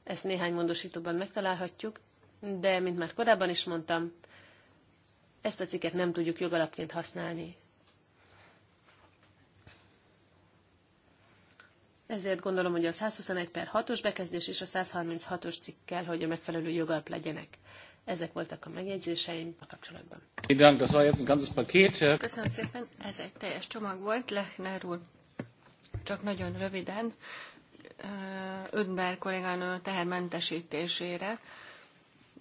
ezt néhány módosítóban megtalálhatjuk, de, mint már korábban is mondtam, ezt a cikket nem tudjuk jogalapként használni. Ezért gondolom, hogy a 121 per 6-os bekezdés és a 136-os cikk kell, hogy a megfelelő jogalap legyenek. Ezek voltak a megjegyzéseim a kapcsolatban. Köszönöm szépen, ez egy teljes csomag volt, Lechner úr. Csak nagyon röviden, Ödber kolléganő tehermentesítésére.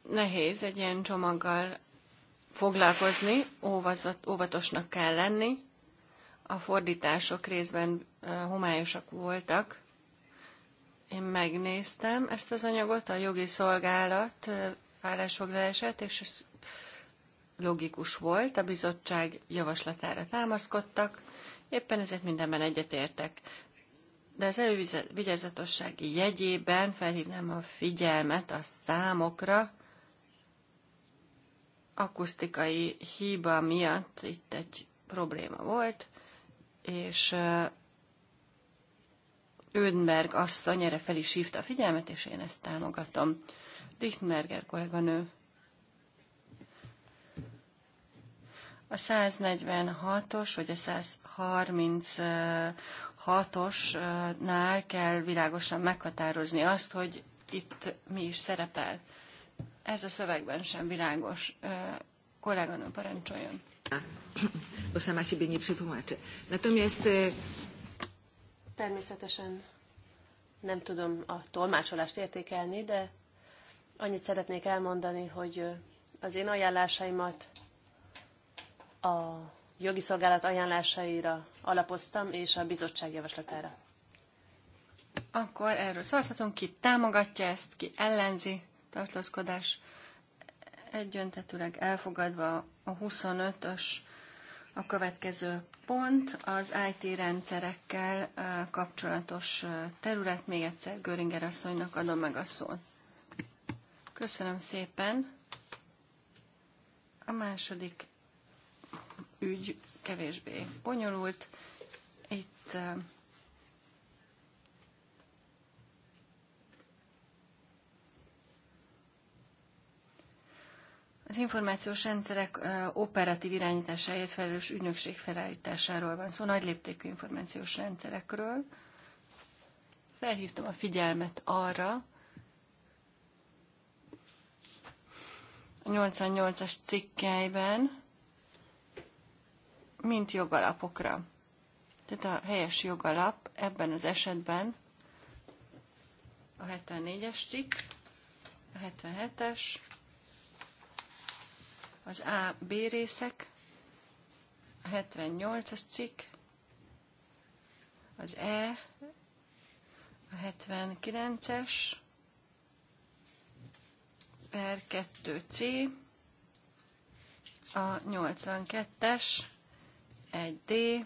Nehéz egy ilyen csomaggal foglalkozni, óvazat, óvatosnak kell lenni. A fordítások részben homályosak voltak. Én megnéztem ezt az anyagot, a jogi szolgálat állásfoglalását, és ez logikus volt, a bizottság javaslatára támaszkodtak, éppen ezért mindenben egyetértek. De az elővigyázatossági jegyében felhívnám a figyelmet a számokra, akusztikai hiba miatt itt egy probléma volt, és Ödberg asszony erre fel is hívta a figyelmet, és én ezt támogatom. Lichtenberger kolléganő. A 146-os vagy a 136-osnál kell világosan meghatározni azt, hogy itt mi is szerepel. Ez a szövegben sem világos. Kolléganő, parancsoljon. Natomiast... E, Természetesen nem tudom a tolmácsolást értékelni, de Annyit szeretnék elmondani, hogy az én ajánlásaimat a jogi szolgálat ajánlásaira alapoztam, és a bizottság javaslatára. Akkor erről szavazhatunk, ki támogatja ezt, ki ellenzi tartózkodás egyöntetőleg elfogadva a 25-ös a következő pont az IT rendszerekkel kapcsolatos terület. Még egyszer Göringer asszonynak adom meg a szót. Köszönöm szépen. A második ügy kevésbé bonyolult. Itt Az információs rendszerek operatív irányításáért felelős ügynökség felállításáról van szó, szóval nagy léptékű információs rendszerekről. Felhívtam a figyelmet arra, 88-as cikkelyben, mint jogalapokra. Tehát a helyes jogalap ebben az esetben a 74-es cikk, a 77-es, az A, B részek, a 78-as cikk, az E, a 79-es, per 2C, a 82-es, 1D,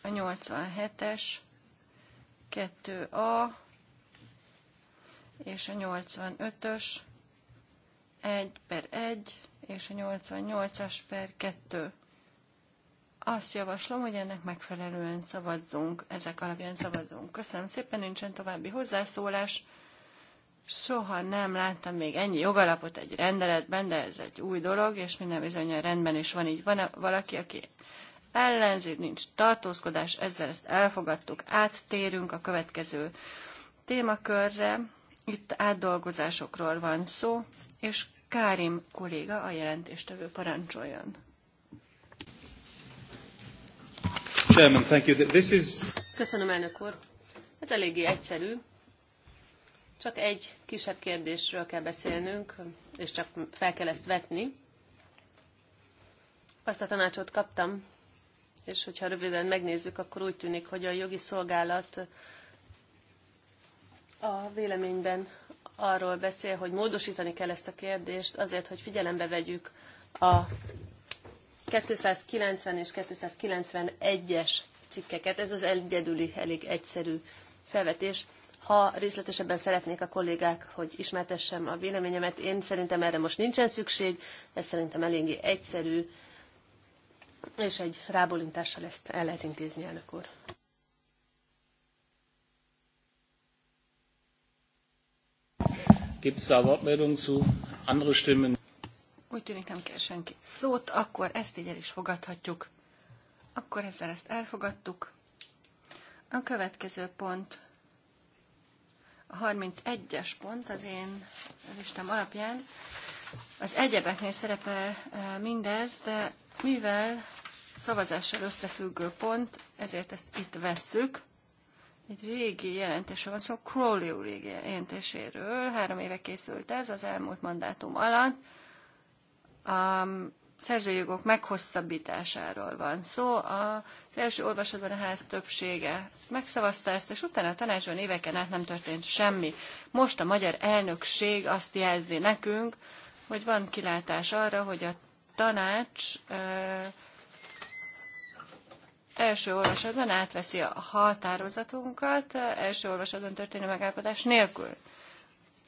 a 87-es, 2A és a 85-ös, 1 per 1 és a 88-as per 2. Azt javaslom, hogy ennek megfelelően szavazzunk, ezek alapján szavazzunk. Köszönöm szépen, nincsen további hozzászólás. Soha nem láttam még ennyi jogalapot egy rendeletben, de ez egy új dolog, és minden bizony rendben is van így. Van -e valaki, aki ellenzi, nincs tartózkodás, ezzel ezt elfogadtuk, áttérünk a következő témakörre. Itt átdolgozásokról van szó, és Kárim kolléga a jelentéstevő parancsoljon. Chairman, thank you. This is... Köszönöm, elnök úr. Ez eléggé egyszerű. Csak egy kisebb kérdésről kell beszélnünk, és csak fel kell ezt vetni. Azt a tanácsot kaptam, és hogyha röviden megnézzük, akkor úgy tűnik, hogy a jogi szolgálat a véleményben arról beszél, hogy módosítani kell ezt a kérdést azért, hogy figyelembe vegyük a 290 és 291-es cikkeket. Ez az egyedüli, elég egyszerű felvetés. Ha részletesebben szeretnék a kollégák, hogy ismertessem a véleményemet, én szerintem erre most nincsen szükség, ez szerintem eléggé egyszerű, és egy rábólintással ezt el lehet intézni, elnök úr. Gibt es zu? Stimmen? Úgy tűnik nem kér senki szót, akkor ezt így el is fogadhatjuk. Akkor ezzel ezt elfogadtuk. A következő pont 31-es pont az én listám alapján. Az egyebeknél szerepel e, mindez, de mivel szavazással összefüggő pont, ezért ezt itt vesszük. Egy régi jelentésről van szóval Crowley úr régi jelentéséről. Három éve készült ez az elmúlt mandátum alatt. Um, szerzőjogok meghosszabbításáról van szó. Az első olvasatban a ház többsége megszavazta ezt, és utána a tanácsban éveken át nem történt semmi. Most a magyar elnökség azt jelzi nekünk, hogy van kilátás arra, hogy a tanács első olvasatban átveszi a határozatunkat, első olvasatban történő megállapodás nélkül.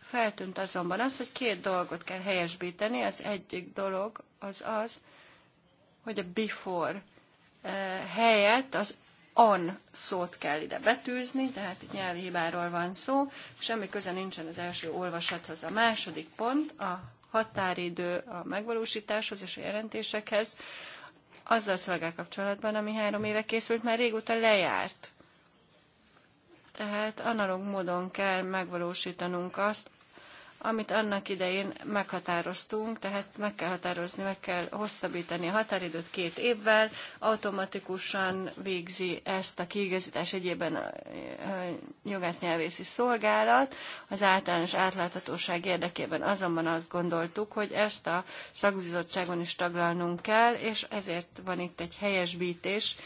Feltűnt azonban az, hogy két dolgot kell helyesbíteni. Az egyik dolog az az, hogy a before eh, helyett az on szót kell ide betűzni, tehát itt nyelvi hibáról van szó, semmi köze nincsen az első olvasathoz. A második pont a határidő a megvalósításhoz és a jelentésekhez, azzal szolgál kapcsolatban, ami három éve készült, már régóta lejárt. Tehát analóg módon kell megvalósítanunk azt, amit annak idején meghatároztunk, tehát meg kell határozni, meg kell hosszabbítani a határidőt két évvel, automatikusan végzi ezt a kiigazítás egyében a jogásznyelvészi szolgálat. Az általános átláthatóság érdekében azonban azt gondoltuk, hogy ezt a szakbizottságon is taglalnunk kell, és ezért van itt egy helyesbítés.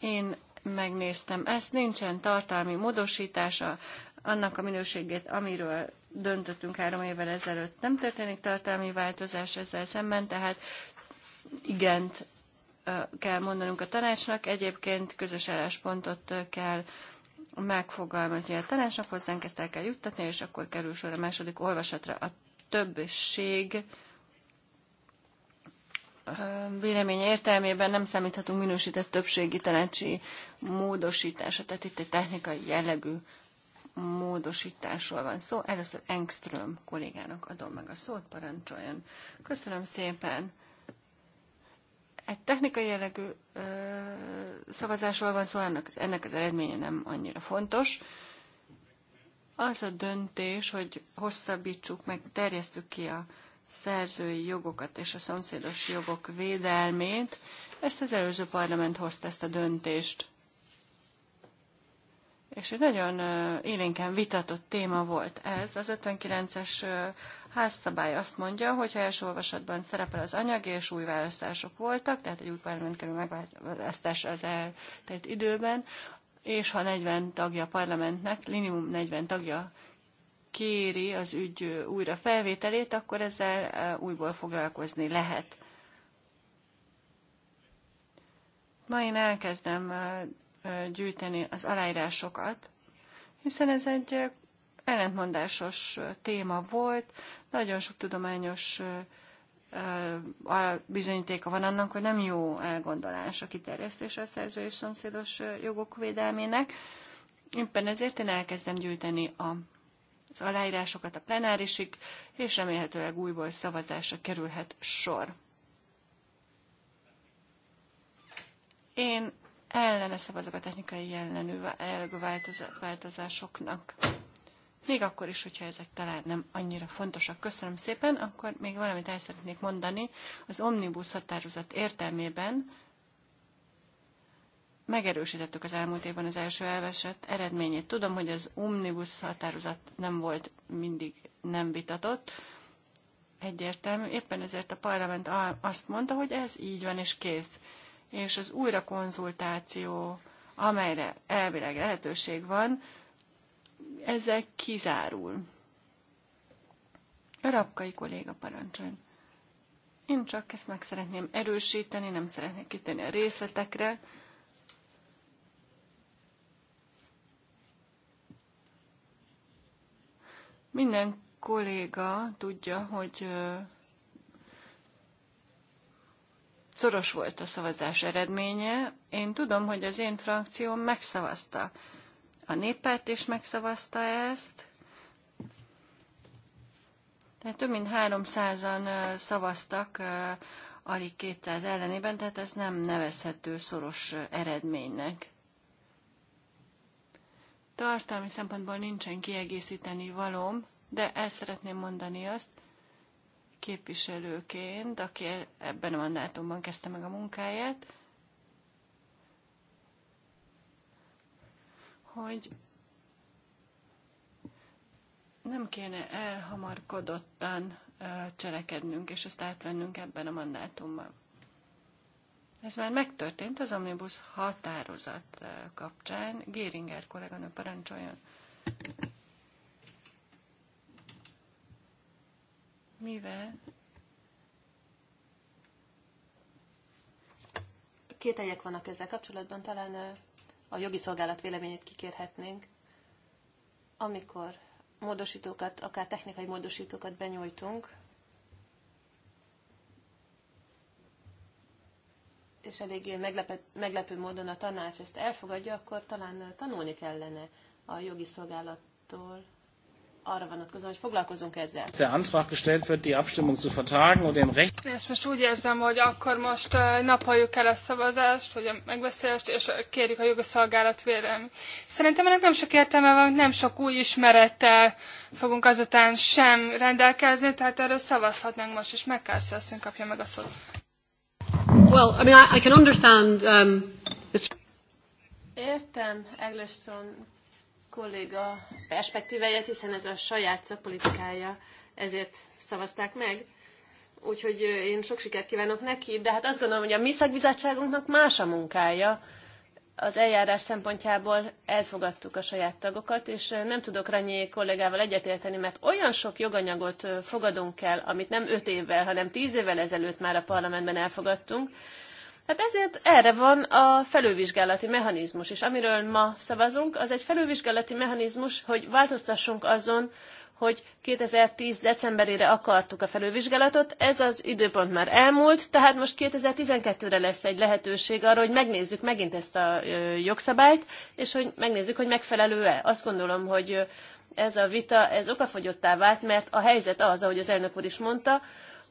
Én megnéztem ezt, nincsen tartalmi módosítása annak a minőségét, amiről döntöttünk három évvel ezelőtt. Nem történik tartalmi változás ezzel szemben, tehát igent kell mondanunk a tanácsnak, egyébként közös álláspontot kell megfogalmazni a tanácsnak, hozzánk ezt el kell juttatni, és akkor kerül sor a második olvasatra. A többség vélemény értelmében nem számíthatunk minősített többségi tanácsi módosítása, tehát itt egy technikai jellegű módosításról van szó. Először Engström kollégának adom meg a szót, parancsoljon. Köszönöm szépen. Egy technikai jellegű ö, szavazásról van szó, ennek, ennek az eredménye nem annyira fontos. Az a döntés, hogy hosszabbítsuk meg, terjesztjük ki a szerzői jogokat és a szomszédos jogok védelmét, ezt az előző parlament hozta ezt a döntést. És egy nagyon élénken vitatott téma volt ez. Az 59-es házszabály azt mondja, hogy ha első olvasatban szerepel az anyag, és új választások voltak, tehát egy új parlament kerül megválasztás az eltelt időben, és ha 40 tagja a parlamentnek, minimum 40 tagja kéri az ügy újra felvételét, akkor ezzel újból foglalkozni lehet. Ma én elkezdem gyűjteni az aláírásokat, hiszen ez egy ellentmondásos téma volt, nagyon sok tudományos bizonyítéka van annak, hogy nem jó elgondolás a kiterjesztése a szerző és szomszédos jogok védelmének. Éppen ezért én elkezdem gyűjteni a, az aláírásokat a plenárisig, és remélhetőleg újból szavazásra kerülhet sor. Én ellene szavazok a technikai jellenű változásoknak. Még akkor is, hogyha ezek talán nem annyira fontosak. Köszönöm szépen, akkor még valamit el szeretnék mondani. Az Omnibus határozat értelmében megerősítettük az elmúlt évben az első elveset eredményét. Tudom, hogy az Omnibus határozat nem volt mindig nem vitatott, egyértelmű. Éppen ezért a parlament azt mondta, hogy ez így van és kész és az konzultáció, amelyre elvileg lehetőség van, ezzel kizárul. A rabkai kolléga parancsoljon. Én csak ezt meg szeretném erősíteni, nem szeretnék kitenni a részletekre. Minden kolléga tudja, hogy szoros volt a szavazás eredménye. Én tudom, hogy az én frakcióm megszavazta. A néppárt is megszavazta ezt. Tehát több mint 300-an szavaztak alig 200 ellenében, tehát ez nem nevezhető szoros eredménynek. Tartalmi szempontból nincsen kiegészíteni valóm, de el szeretném mondani azt, képviselőként, aki ebben a mandátumban kezdte meg a munkáját, hogy nem kéne elhamarkodottan cselekednünk, és ezt átvennünk ebben a mandátumban. Ez már megtörtént az Omnibus határozat kapcsán. Géringer kolléganő parancsoljon. mivel két egyek vannak ezzel kapcsolatban, talán a jogi szolgálat véleményét kikérhetnénk, amikor módosítókat, akár technikai módosítókat benyújtunk, és eléggé meglepő, meglepő módon a tanács ezt elfogadja, akkor talán tanulni kellene a jogi szolgálattól arra vonatkozóan, hogy foglalkozunk ezzel. Der Antrag gestellt wird, die Abstimmung zu vertagen und im Recht... Ezt most úgy érzem, hogy akkor most eh, napoljuk el a szavazást, vagy a megbeszélést, és eh, kérjük a jogi vélem. Szerintem ennek nem sok értelme van, nem sok új ismerettel fogunk azután sem rendelkezni, tehát erről szavazhatnánk most, és meg kell szeszünk, kapja meg a szót. Well, I mean, I, I can understand um, Értem Egliston kolléga perspektíváját, hiszen ez a saját szakpolitikája, ezért szavazták meg. Úgyhogy én sok sikert kívánok neki, de hát azt gondolom, hogy a mi szakbizottságunknak más a munkája. Az eljárás szempontjából elfogadtuk a saját tagokat, és nem tudok Ranyé kollégával egyetérteni, mert olyan sok joganyagot fogadunk el, amit nem öt évvel, hanem tíz évvel ezelőtt már a parlamentben elfogadtunk, Hát ezért erre van a felülvizsgálati mechanizmus, és amiről ma szavazunk, az egy felülvizsgálati mechanizmus, hogy változtassunk azon, hogy 2010. decemberére akartuk a felülvizsgálatot, ez az időpont már elmúlt, tehát most 2012-re lesz egy lehetőség arra, hogy megnézzük megint ezt a jogszabályt, és hogy megnézzük, hogy megfelelő-e. Azt gondolom, hogy ez a vita, ez okafogyottá vált, mert a helyzet az, ahogy az elnök úr is mondta,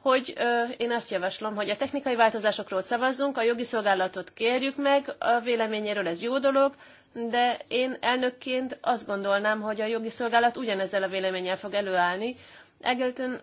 hogy ö, én azt javaslom, hogy a technikai változásokról szavazzunk, a jogi szolgálatot kérjük meg, a véleményéről ez jó dolog, de én elnökként azt gondolnám, hogy a jogi szolgálat ugyanezzel a véleménnyel fog előállni. Egelton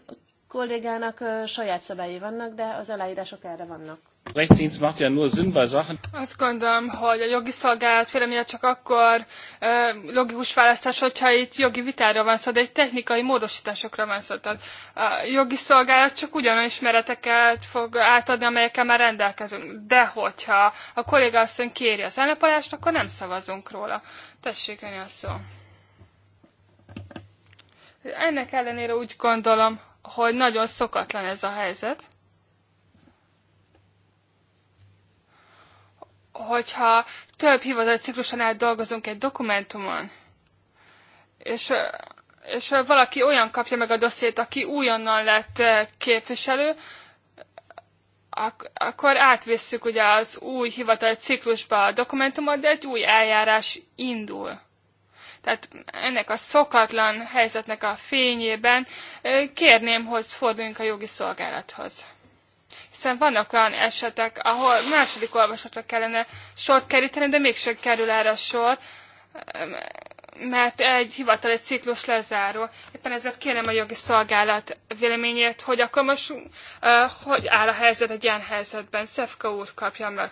kollégának ö, saját szabályi vannak, de az aláírások erre vannak. Rechtsdienst macht ja nur Sinn bei Sachen. Azt gondolom, hogy a jogi szolgálat véleménye csak akkor e, logikus választás, hogyha itt jogi vitára van szó, de egy technikai módosításokra van szó. Tehát a jogi szolgálat csak ugyanolyan ismereteket fog átadni, amelyekkel már rendelkezünk. De hogyha a kolléga asszony kéri az elnapolást, akkor nem szavazunk róla. Tessék, ennyi a szó. Ennek ellenére úgy gondolom, hogy nagyon szokatlan ez a helyzet. hogyha több hivatalt cikluson át dolgozunk egy dokumentumon, és, és valaki olyan kapja meg a dossziét, aki újonnan lett eh, képviselő, ak- akkor átvisszük ugye az új hivatal ciklusba a dokumentumot, de egy új eljárás indul. Tehát ennek a szokatlan helyzetnek a fényében eh, kérném, hogy forduljunk a jogi szolgálathoz hiszen vannak olyan esetek, ahol második olvasatra kellene sort keríteni, de mégsem kerül erre sor, mert egy hivatal, egy ciklus lezárul. Éppen ezért kérem a jogi szolgálat véleményét, hogy akkor most uh, hogy áll a helyzet egy ilyen helyzetben. Szefka úr kapja meg.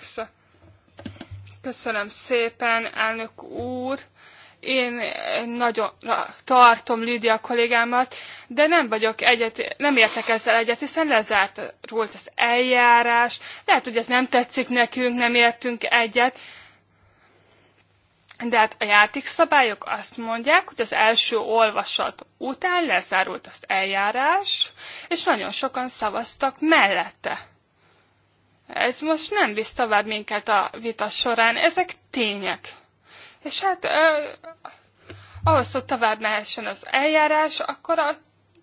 Köszönöm szépen, elnök úr én nagyon tartom Lydia kollégámat, de nem vagyok egyet, nem értek ezzel egyet, hiszen lezárt rólt az eljárás, lehet, hogy ez nem tetszik nekünk, nem értünk egyet, de hát a játékszabályok azt mondják, hogy az első olvasat után lezárult az eljárás, és nagyon sokan szavaztak mellette. Ez most nem visz tovább minket a vita során, ezek tények és hát eh, ahhoz, hogy tovább mehessen az eljárás, akkor a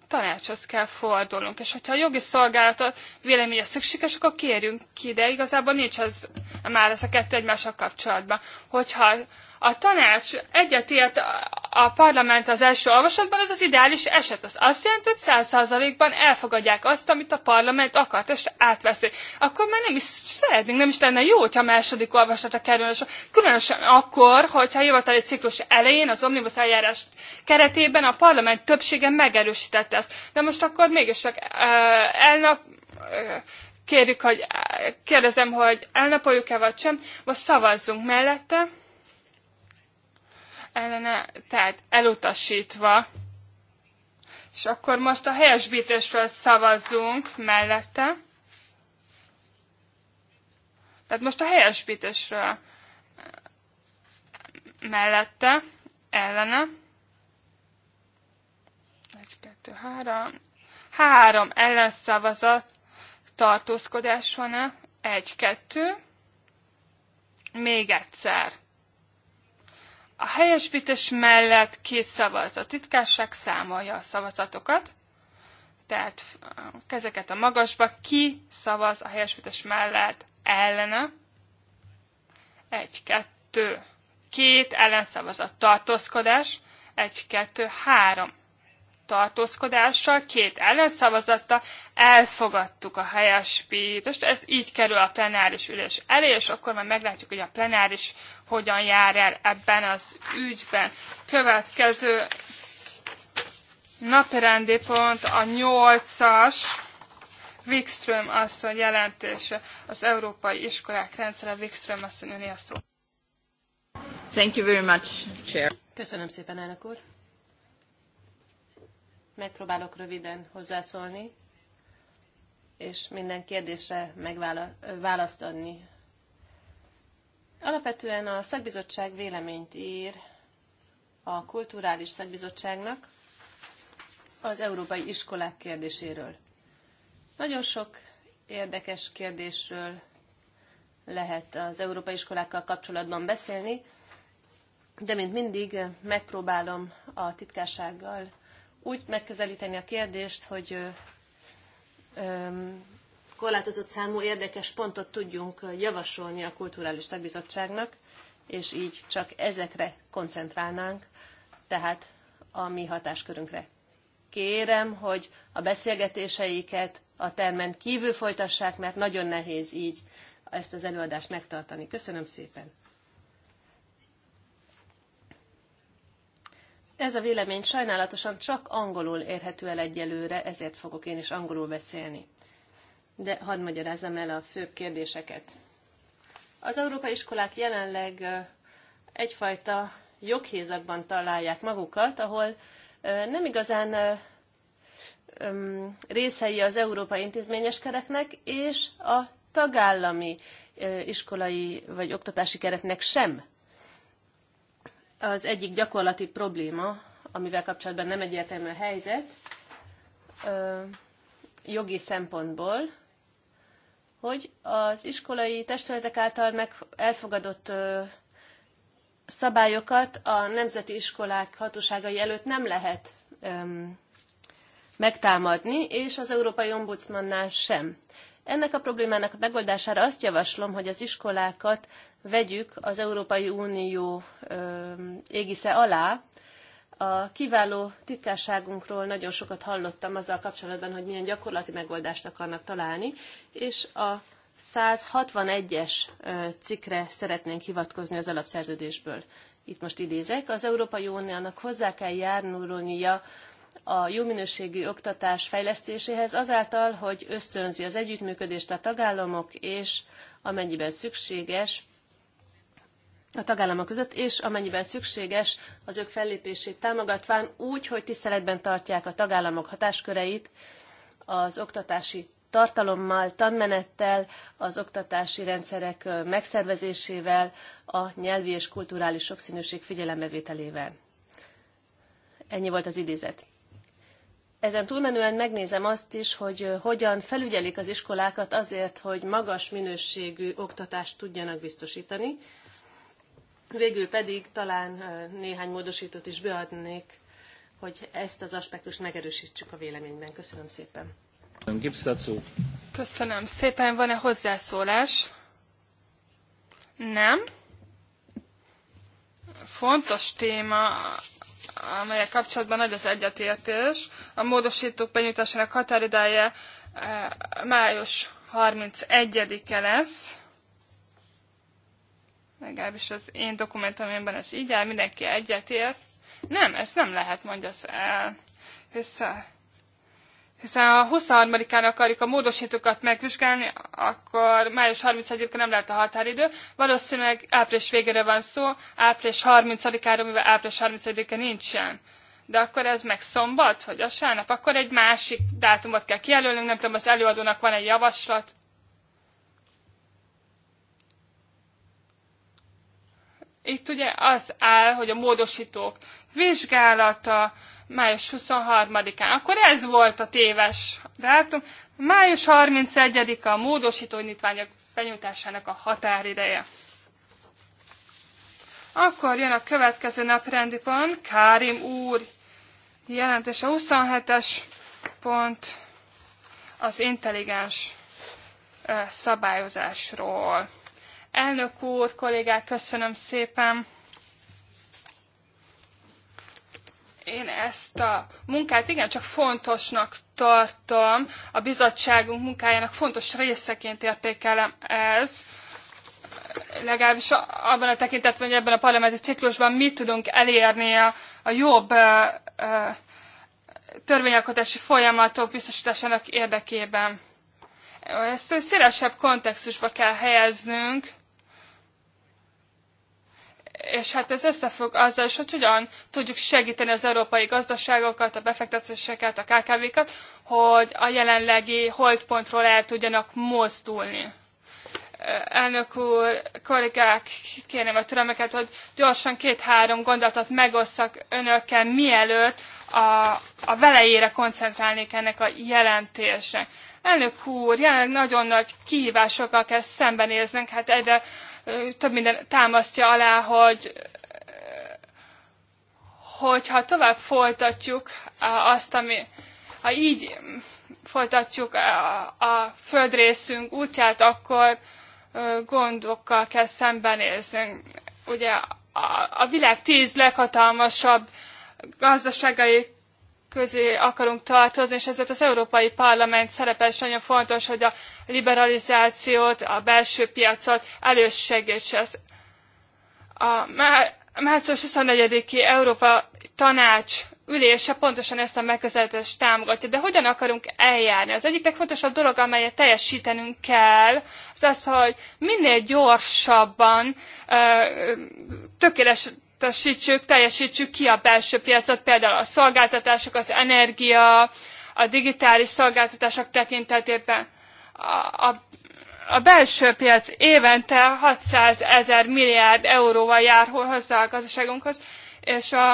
tanácshoz kell fordulnunk. És hogyha a jogi szolgálatot véleménye szükséges, akkor kérjünk ki, de igazából nincs az már ez a kettő egymással kapcsolatban. Hogyha a tanács egyetért a parlament az első olvasatban, ez az ideális eset. Az azt jelenti, hogy száz ban elfogadják azt, amit a parlament akart, és átveszi. Akkor már nem is szeretnénk, nem is lenne jó, hogyha második olvasatra kerülne. Különösen akkor, hogyha a hivatali ciklus elején az omnibus eljárás keretében a parlament többsége megerősítette ezt. De most akkor mégis csak uh, elnap uh, kérjük, hogy kérdezem, hogy elnapoljuk-e vagy sem, most szavazzunk mellette ellene, tehát elutasítva. És akkor most a helyesbítésről szavazzunk mellette. Tehát most a helyesbítésről mellette, ellene. egy-kettő-három, Három ellenszavazat tartózkodás van-e? Egy, kettő. Még egyszer helyesbítés mellett két szavaz. A titkárság számolja a szavazatokat, tehát kezeket a magasba, ki szavaz a helyesbítés mellett ellene. Egy, kettő, két ellenszavazat tartózkodás, egy, kettő, három tartózkodással, két ellenszavazattal elfogadtuk a helyesbítést, Ez így kerül a plenáris ülés elé, és akkor már meglátjuk, hogy a plenáris hogyan jár el ebben az ügyben. Következő napirendi pont a nyolcas. Wikström asszony jelentése, az európai iskolák rendszere. Wikström asszony, a szó. Thank you very much, Chair. Köszönöm szépen, elnök úr. Megpróbálok röviden hozzászólni, és minden kérdésre választ adni. Alapvetően a szakbizottság véleményt ír a kulturális szakbizottságnak az európai iskolák kérdéséről. Nagyon sok érdekes kérdésről lehet az európai iskolákkal kapcsolatban beszélni, de mint mindig megpróbálom a titkársággal úgy megközelíteni a kérdést, hogy korlátozott számú érdekes pontot tudjunk javasolni a Kulturális Szakbizottságnak, és így csak ezekre koncentrálnánk, tehát a mi hatáskörünkre. Kérem, hogy a beszélgetéseiket a termen kívül folytassák, mert nagyon nehéz így ezt az előadást megtartani. Köszönöm szépen! Ez a vélemény sajnálatosan csak angolul érhető el egyelőre, ezért fogok én is angolul beszélni. De hadd magyarázzam el a fő kérdéseket. Az európai iskolák jelenleg egyfajta joghézakban találják magukat, ahol nem igazán részei az európai intézményes kereknek, és a tagállami iskolai vagy oktatási keretnek sem az egyik gyakorlati probléma, amivel kapcsolatban nem egyértelmű a helyzet, jogi szempontból, hogy az iskolai testületek által meg elfogadott szabályokat a nemzeti iskolák hatóságai előtt nem lehet megtámadni, és az Európai Ombudsmannál sem. Ennek a problémának a megoldására azt javaslom, hogy az iskolákat vegyük az Európai Unió égisze alá. A kiváló titkárságunkról nagyon sokat hallottam azzal kapcsolatban, hogy milyen gyakorlati megoldást akarnak találni, és a 161-es cikkre szeretnénk hivatkozni az alapszerződésből. Itt most idézek, az Európai Uniónak hozzá kell járulnia a jó minőségű oktatás fejlesztéséhez azáltal, hogy ösztönzi az együttműködést a tagállamok, és amennyiben szükséges, a tagállamok között, és amennyiben szükséges, az ők fellépését támogatván úgy, hogy tiszteletben tartják a tagállamok hatásköreit az oktatási tartalommal, tanmenettel, az oktatási rendszerek megszervezésével, a nyelvi és kulturális sokszínűség figyelembevételével. Ennyi volt az idézet. Ezen túlmenően megnézem azt is, hogy hogyan felügyelik az iskolákat azért, hogy magas minőségű oktatást tudjanak biztosítani, Végül pedig talán néhány módosítót is beadnék, hogy ezt az aspektust megerősítsük a véleményben. Köszönöm szépen. Köszönöm szépen. Van-e hozzászólás? Nem. Fontos téma, amelyek kapcsolatban nagy az egyetértés. A módosítók benyújtásának határidája május 31-e lesz legalábbis az én dokumentumomban ez így áll, mindenki egyetért. Nem, ez nem lehet, mondja az el. Hiszen, hiszen ha a 23-án akarjuk a módosítókat megvizsgálni, akkor május 31-e nem lehet a határidő. Valószínűleg április végére van szó, április 30-ára, mivel április 31-e nincsen de akkor ez meg szombat, a sárnap, akkor egy másik dátumot kell kijelölnünk, nem tudom, az előadónak van egy javaslat Itt ugye az áll, hogy a módosítók vizsgálata május 23-án. Akkor ez volt a téves dátum. Május 31-a a módosító indítványok benyújtásának a határideje. Akkor jön a következő naprendi pont, Kárim úr jelentés a 27-es pont az intelligens szabályozásról. Elnök úr, kollégák, köszönöm szépen! Én ezt a munkát igencsak fontosnak tartom, a bizottságunk munkájának fontos részeként értékelem ez legalábbis abban a tekintetben, hogy ebben a parlamenti ciklusban mit tudunk elérni a, a jobb ö, törvényalkotási folyamatok biztosításának érdekében. Ezt szélesebb kontextusba kell helyeznünk, és hát ez összefügg azzal is, hogy hogyan tudjuk segíteni az európai gazdaságokat, a befektetéseket, a KKV-kat, hogy a jelenlegi holdpontról el tudjanak mozdulni. Elnök úr, kollégák, kérném a türelmeket, hogy gyorsan két-három gondolatot megosszak önökkel, mielőtt a, a velejére koncentrálnék ennek a jelentésnek. Elnök úr, jelenleg nagyon nagy kihívásokkal kell szembenéznünk, hát egyre több minden támasztja alá, hogy hogyha tovább folytatjuk azt, ami, ha így folytatjuk a, a földrészünk útját, akkor gondokkal kell szembenéznünk. Ugye a, a világ tíz leghatalmasabb gazdaságai közé akarunk tartozni, és ezért az Európai Parlament szerepe is nagyon fontos, hogy a liberalizációt, a belső piacot elősegítse. A március 24-i Európa Tanács ülése pontosan ezt a megközelítést támogatja. De hogyan akarunk eljárni? Az egyik legfontosabb dolog, amelyet teljesítenünk kell, az az, hogy minél gyorsabban, tökéletes teljesítsük, teljesítsük ki a belső piacot, például a szolgáltatások, az energia, a digitális szolgáltatások tekintetében. A, a, a belső piac évente 600 ezer milliárd euróval jár hozzá a gazdaságunkhoz, és a,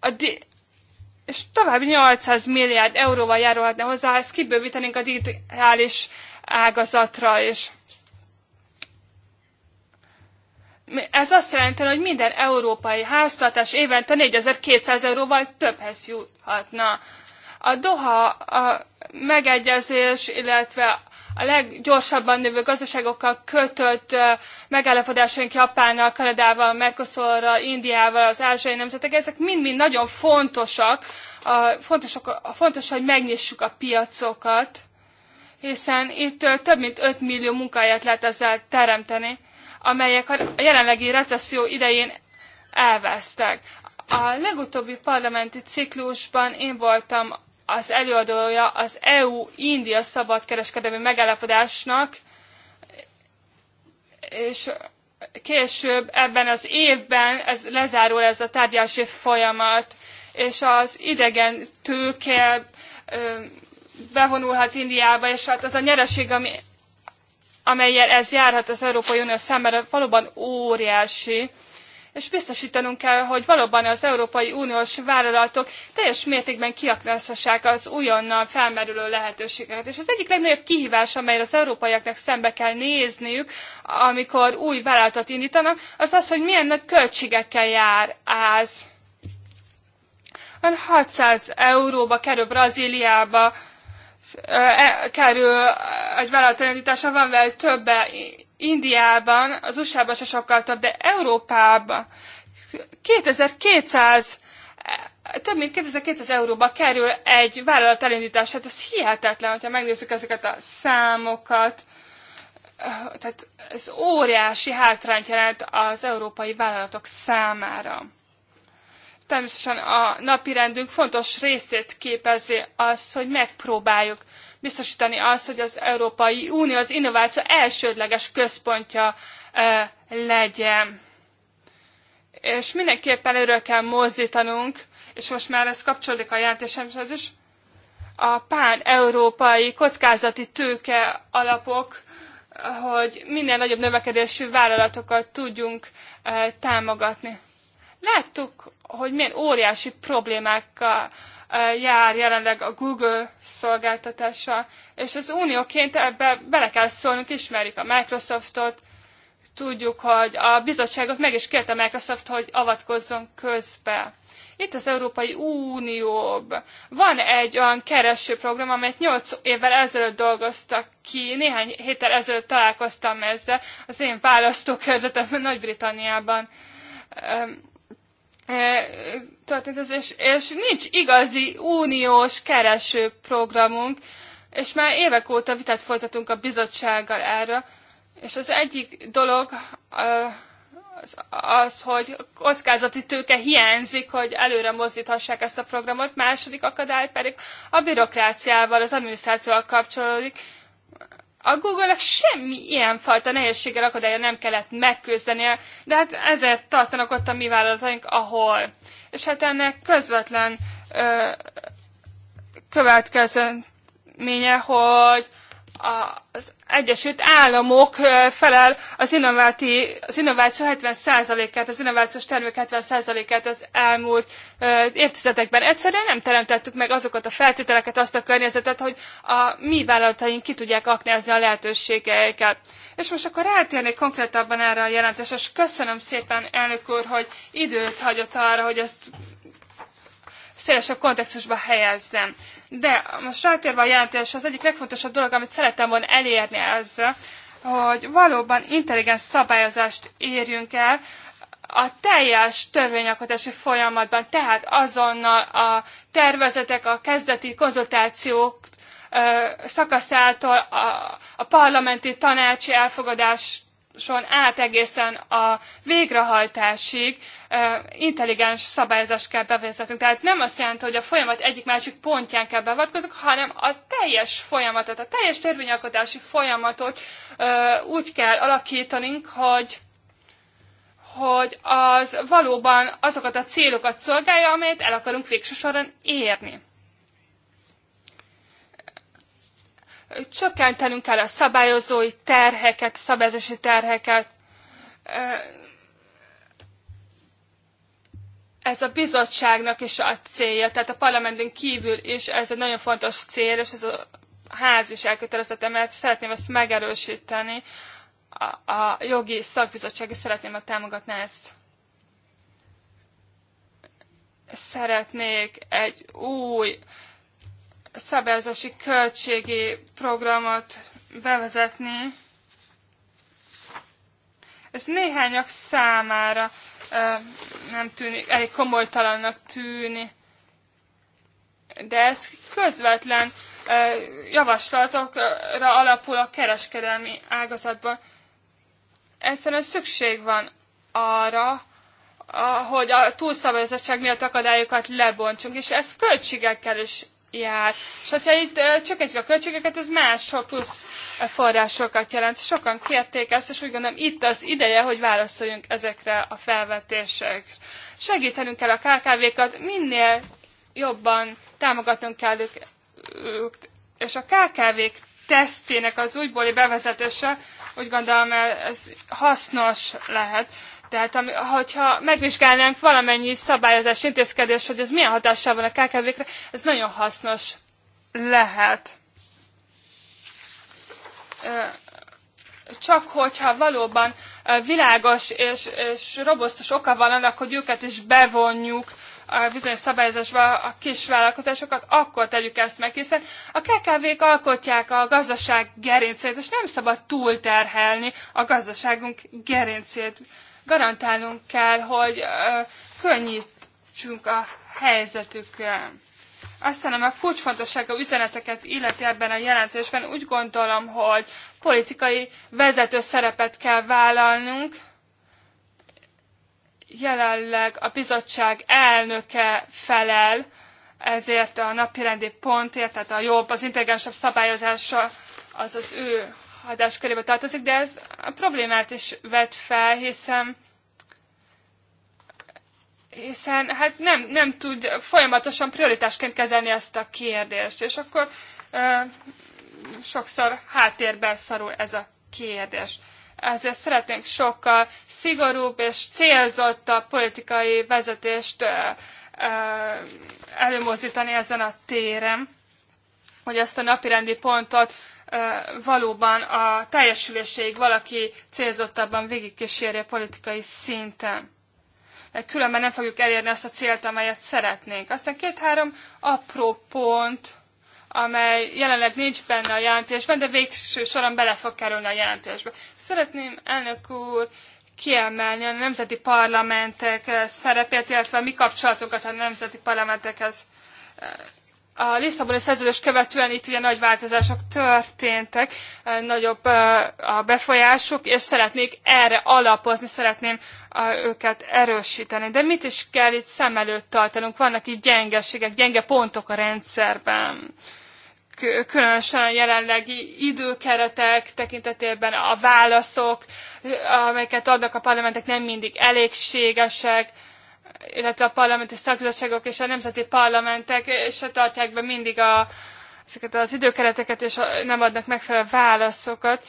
a di, és további 800 milliárd euróval járulhatna hozzá, ha ezt kibővítenénk a digitális ágazatra is. Ez azt jelenti, hogy minden európai háztartás évente 4200 euróval többhez juthatna. A Doha a megegyezés, illetve a leggyorsabban növő gazdaságokkal kötött megállapodásaink Japánnal, Kanadával, Mercosurral, Indiával, az ázsiai nemzetek, ezek mind-mind nagyon fontosak, fontosak, fontos, hogy megnyissuk a piacokat, hiszen itt több mint 5 millió munkahelyet lehet ezzel teremteni amelyek a jelenlegi recesszió idején elvesztek. A legutóbbi parlamenti ciklusban én voltam az előadója az EU-India szabadkereskedelmi megállapodásnak, és később ebben az évben ez lezárul ez a tárgyalási folyamat, és az idegen tőke bevonulhat Indiába, és hát az a nyereség, ami amelyel ez járhat az Európai Unió számára, valóban óriási és biztosítanunk kell, hogy valóban az Európai Uniós vállalatok teljes mértékben kiaknázhassák az újonnan felmerülő lehetőségeket. És az egyik legnagyobb kihívás, amelyre az európaiaknak szembe kell nézniük, amikor új vállalatot indítanak, az az, hogy milyen nagy költségekkel jár az. 600 euróba kerül Brazíliába E, kerül egy vállalat van vele többe Indiában, az USA-ban se sokkal több, de Európában 2200 e, több mint 2200 euróba kerül egy vállalat Hát ez hihetetlen, hogyha megnézzük ezeket a számokat. Tehát ez óriási hátrányt jelent az európai vállalatok számára természetesen a napi rendünk fontos részét képezi az, hogy megpróbáljuk biztosítani azt, hogy az Európai Unió az innováció elsődleges központja e, legyen. És mindenképpen erről kell mozdítanunk, és most már ez kapcsolódik a jelentésemhez is, a pán-európai kockázati tőke alapok, hogy minél nagyobb növekedésű vállalatokat tudjunk e, támogatni Láttuk, hogy milyen óriási problémákkal jár jelenleg a Google szolgáltatása, és az unióként ebbe bele kell szólnunk, ismerjük a Microsoftot, tudjuk, hogy a bizottságot meg is kérte Microsoft, hogy avatkozzon közbe. Itt az Európai Unióban van egy olyan keresőprogram, amelyet 8 évvel ezelőtt dolgoztak ki, néhány héttel ezelőtt találkoztam ezzel az én választókörzetemben Nagy-Britanniában E, történt ez, és, és nincs igazi uniós kereső programunk, és már évek óta vitát folytatunk a bizottsággal erre, és az egyik dolog e, az, az hogy kockázati tőke hiányzik, hogy előre mozdíthassák ezt a programot, második akadály pedig a bürokráciával, az adminisztrációval kapcsolódik, a google semmi semmi ilyenfajta nehézséggel akadálya nem kellett megküzdenie, de hát ezért tartanak ott a mi vállalataink, ahol. És hát ennek közvetlen ö, következménye, hogy az Egyesült Államok felel az, innováti, az innováció 70%-át, az innovációs termék 70%-át az elmúlt évtizedekben. Egyszerűen nem teremtettük meg azokat a feltételeket, azt a környezetet, hogy a mi vállalataink ki tudják aknázni a lehetőségeiket. És most akkor eltérnék konkrétabban erre a jelentésre, és köszönöm szépen, elnök úr, hogy időt hagyott arra, hogy ezt szélesebb kontextusba helyezzem. De most rátérve a jelentés, az egyik legfontosabb dolog, amit szeretem volna elérni ezzel, hogy valóban intelligens szabályozást érjünk el a teljes törvényalkotási folyamatban, tehát azonnal a tervezetek, a kezdeti konzultációk szakaszától a, a parlamenti tanácsi elfogadás szabályozáson át egészen a végrehajtásig intelligens szabályozást kell bevezetnünk. Tehát nem azt jelenti, hogy a folyamat egyik-másik pontján kell beavatkozunk, hanem a teljes folyamatot, a teljes törvényalkotási folyamatot úgy kell alakítanunk, hogy hogy az valóban azokat a célokat szolgálja, amelyet el akarunk végső soron érni. csökkentenünk kell a szabályozói terheket, szabályozási terheket. Ez a bizottságnak is a célja, tehát a parlamenten kívül is ez egy nagyon fontos cél, és ez a ház is elkötelezett mert Szeretném ezt megerősíteni. A, a jogi szakbizottság is szeretném támogatni ezt szeretnék egy új szabályozási költségi programot bevezetni. Ez néhányak számára nem tűnik, elég komolytalannak tűni. De ez közvetlen javaslatokra alapul a kereskedelmi ágazatban. Egyszerűen szükség van arra, hogy a túlszabályozottság miatt akadályokat lebontsunk, és ez költségekkel is jár. És hogyha itt csökkentjük a költségeket, ez máshol plusz forrásokat jelent. Sokan kérték ezt, és úgy gondolom itt az ideje, hogy válaszoljunk ezekre a felvetések. Segítenünk kell a KKV-kat, minél jobban támogatnunk kell ők, őket. És a KKV-k tesztének az újbóli bevezetése, úgy gondolom, ez hasznos lehet. Tehát ami, hogyha megvizsgálnánk valamennyi szabályozás intézkedés, hogy ez milyen hatással van a KKV-kre, ez nagyon hasznos lehet. Csak hogyha valóban világos és, és robosztus oka van annak, hogy őket is bevonjuk a bizonyos szabályozásba a kisvállalkozásokat, akkor tegyük ezt meg, hiszen a KKV-k alkotják a gazdaság gerincét, és nem szabad túlterhelni a gazdaságunk gerincét garantálnunk kell, hogy könnyítsünk a helyzetükön. Aztán, a kulcsfontosságú üzeneteket illeti ebben a jelentésben, úgy gondolom, hogy politikai vezető szerepet kell vállalnunk. Jelenleg a bizottság elnöke felel ezért a napirendi pontért, tehát a jobb, az intelligensebb szabályozása az az ő hatáskörébe tartozik, de ez a problémát is vet fel, hiszen hiszen hát nem, nem tud folyamatosan prioritásként kezelni ezt a kérdést, és akkor ö, sokszor háttérben szarul ez a kérdés. Ezért szeretnénk sokkal szigorúbb és célzottabb politikai vezetést ö, ö, előmozdítani ezen a téren, hogy ezt a napirendi pontot valóban a teljesüléséig valaki célzottabban végigkísérje politikai szinten. Mert különben nem fogjuk elérni azt a célt, amelyet szeretnénk. Aztán két-három apró pont, amely jelenleg nincs benne a jelentésben, de végső soron bele fog kerülni a jelentésbe. Szeretném, elnök úr, kiemelni a nemzeti parlamentek szerepét, illetve a mi kapcsolatunkat a nemzeti parlamentekhez a Lisszaboni szerződés követően itt ugye nagy változások történtek, nagyobb a befolyásuk, és szeretnék erre alapozni, szeretném őket erősíteni. De mit is kell itt szem előtt tartanunk? Vannak itt gyengeségek, gyenge pontok a rendszerben különösen a jelenlegi időkeretek tekintetében a válaszok, amelyeket adnak a parlamentek nem mindig elégségesek, illetve a parlamenti szakbizottságok és a nemzeti parlamentek se tartják be mindig a, ezeket az időkereteket, és nem adnak megfelelő válaszokat.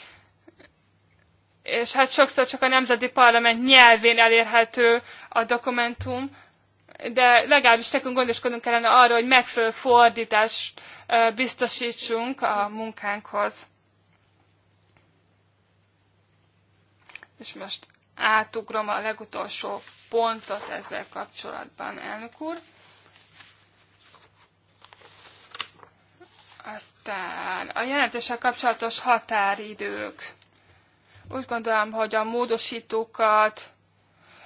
És hát sokszor csak a nemzeti parlament nyelvén elérhető a dokumentum, de legalábbis nekünk gondoskodunk kellene arról, hogy megfelelő fordítást biztosítsunk a munkánkhoz. És most átugrom a legutolsó pontot ezzel kapcsolatban, elnök úr. Aztán a jelentéssel kapcsolatos határidők. Úgy gondolom, hogy a módosítókat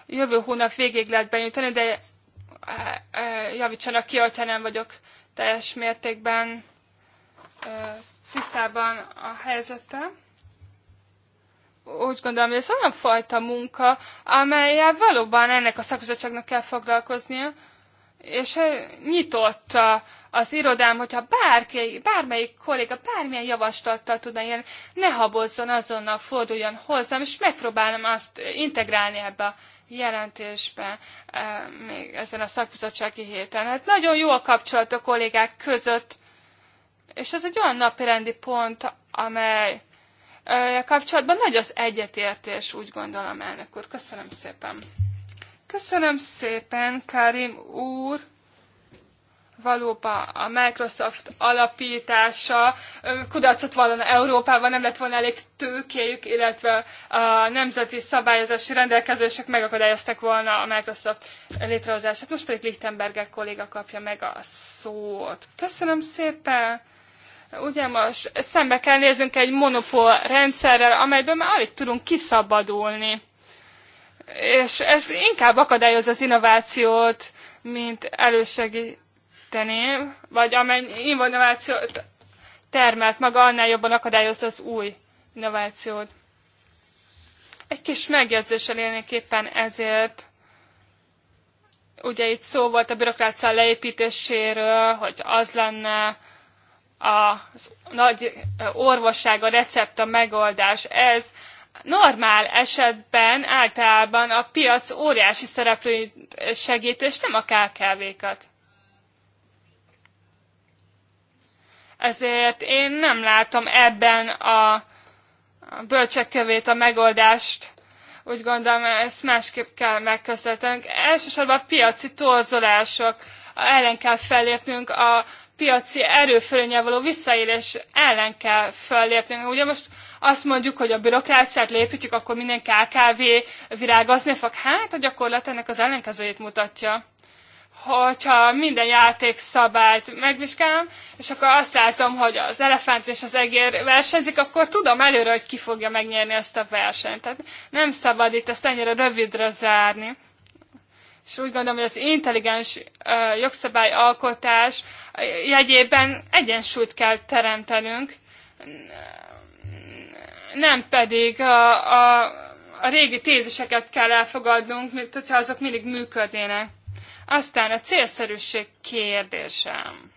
jövő hónap végéig lehet benyújtani, de eh, eh, javítsanak ki, hogyha nem vagyok teljes mértékben eh, tisztában a helyzettel úgy gondolom, hogy ez olyan fajta munka, amelyel valóban ennek a szakbizottságnak kell foglalkoznia, és nyitott az irodám, hogyha bárki, bármelyik kolléga bármilyen javaslattal tudna ilyen, ne habozzon, azonnal forduljon hozzám, és megpróbálom azt integrálni ebbe a jelentésbe még ezen a szakbizottsági héten. Hát nagyon jó a kapcsolat a kollégák között, és ez egy olyan napirendi pont, amely kapcsolatban nagy az egyetértés, úgy gondolom, elnök úr. Köszönöm szépen. Köszönöm szépen, Karim úr. Valóban a Microsoft alapítása kudarcot vallana Európában, nem lett volna elég tőkéjük, illetve a nemzeti szabályozási rendelkezések megakadályoztak volna a Microsoft létrehozását. Most pedig Lichtenberger kolléga kapja meg a szót. Köszönöm szépen! ugye most szembe kell néznünk egy monopól rendszerrel, amelyből már alig tudunk kiszabadulni. És ez inkább akadályoz az innovációt, mint elősegíteni, vagy amennyi innovációt termelt maga, annál jobban akadályozza az új innovációt. Egy kis megjegyzéssel élnék éppen ezért. Ugye itt szó volt a bürokrácia leépítéséről, hogy az lenne, a nagy orvosság, a recept, a megoldás, ez normál esetben általában a piac óriási szereplőit segít, és nem a KKV-kat. Ezért én nem látom ebben a bölcsek a megoldást. Úgy gondolom, ezt másképp kell megközelítenünk. Elsősorban a piaci torzolások ellen kell fellépnünk, a, piaci erőfölényel való visszaélés ellen kell fellépni. Ugye most azt mondjuk, hogy a bürokráciát lépítjük, akkor minden KKV virágazni fog. Hát a gyakorlat ennek az ellenkezőjét mutatja hogyha minden játékszabályt megvizsgálom, és akkor azt látom, hogy az elefánt és az egér versenyzik, akkor tudom előre, hogy ki fogja megnyerni ezt a versenyt. Tehát nem szabad itt ezt ennyire rövidre zárni és úgy gondolom, hogy az intelligens jogszabályalkotás jegyében egyensúlyt kell teremtenünk, nem pedig a, a, a régi téziseket kell elfogadnunk, mint hogyha azok mindig működnének. Aztán a célszerűség kérdésem.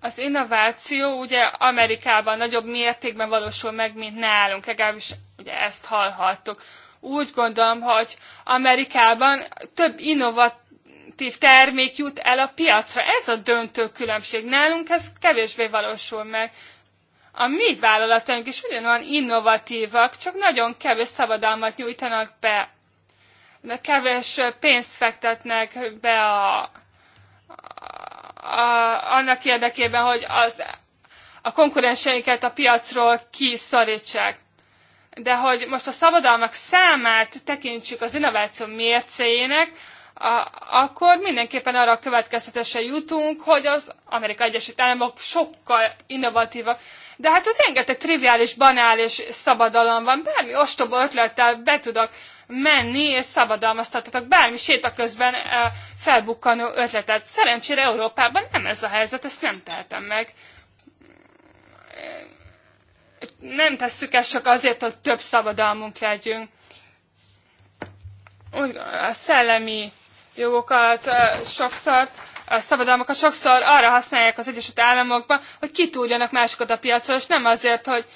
Az innováció ugye Amerikában nagyobb mértékben valósul meg, mint nálunk, legalábbis ugye ezt hallhattuk úgy gondolom, hogy Amerikában több innovatív termék jut el a piacra. Ez a döntő különbség. Nálunk ez kevésbé valósul meg. A mi vállalataink is ugyanolyan innovatívak, csak nagyon kevés szabadalmat nyújtanak be. De kevés pénzt fektetnek be a, a, a, annak érdekében, hogy az, a konkurenseiket a piacról kiszorítsák de hogy most a szabadalmak számát tekintsük az innováció mércéjének, a, akkor mindenképpen arra a következtetésre jutunk, hogy az Amerika Egyesült Államok sokkal innovatívabb. De hát ott rengeteg triviális, banális szabadalom van, bármi ostoba ötlettel be tudok menni, és szabadalmaztatok bármi sétaközben e, felbukkanó ötletet. Szerencsére Európában nem ez a helyzet, ezt nem tehetem meg nem tesszük ezt csak azért, hogy több szabadalmunk legyünk. A szellemi jogokat sokszor, a szabadalmakat sokszor arra használják az Egyesült Államokban, hogy kitúrjanak másokat a piacra, és nem azért, hogy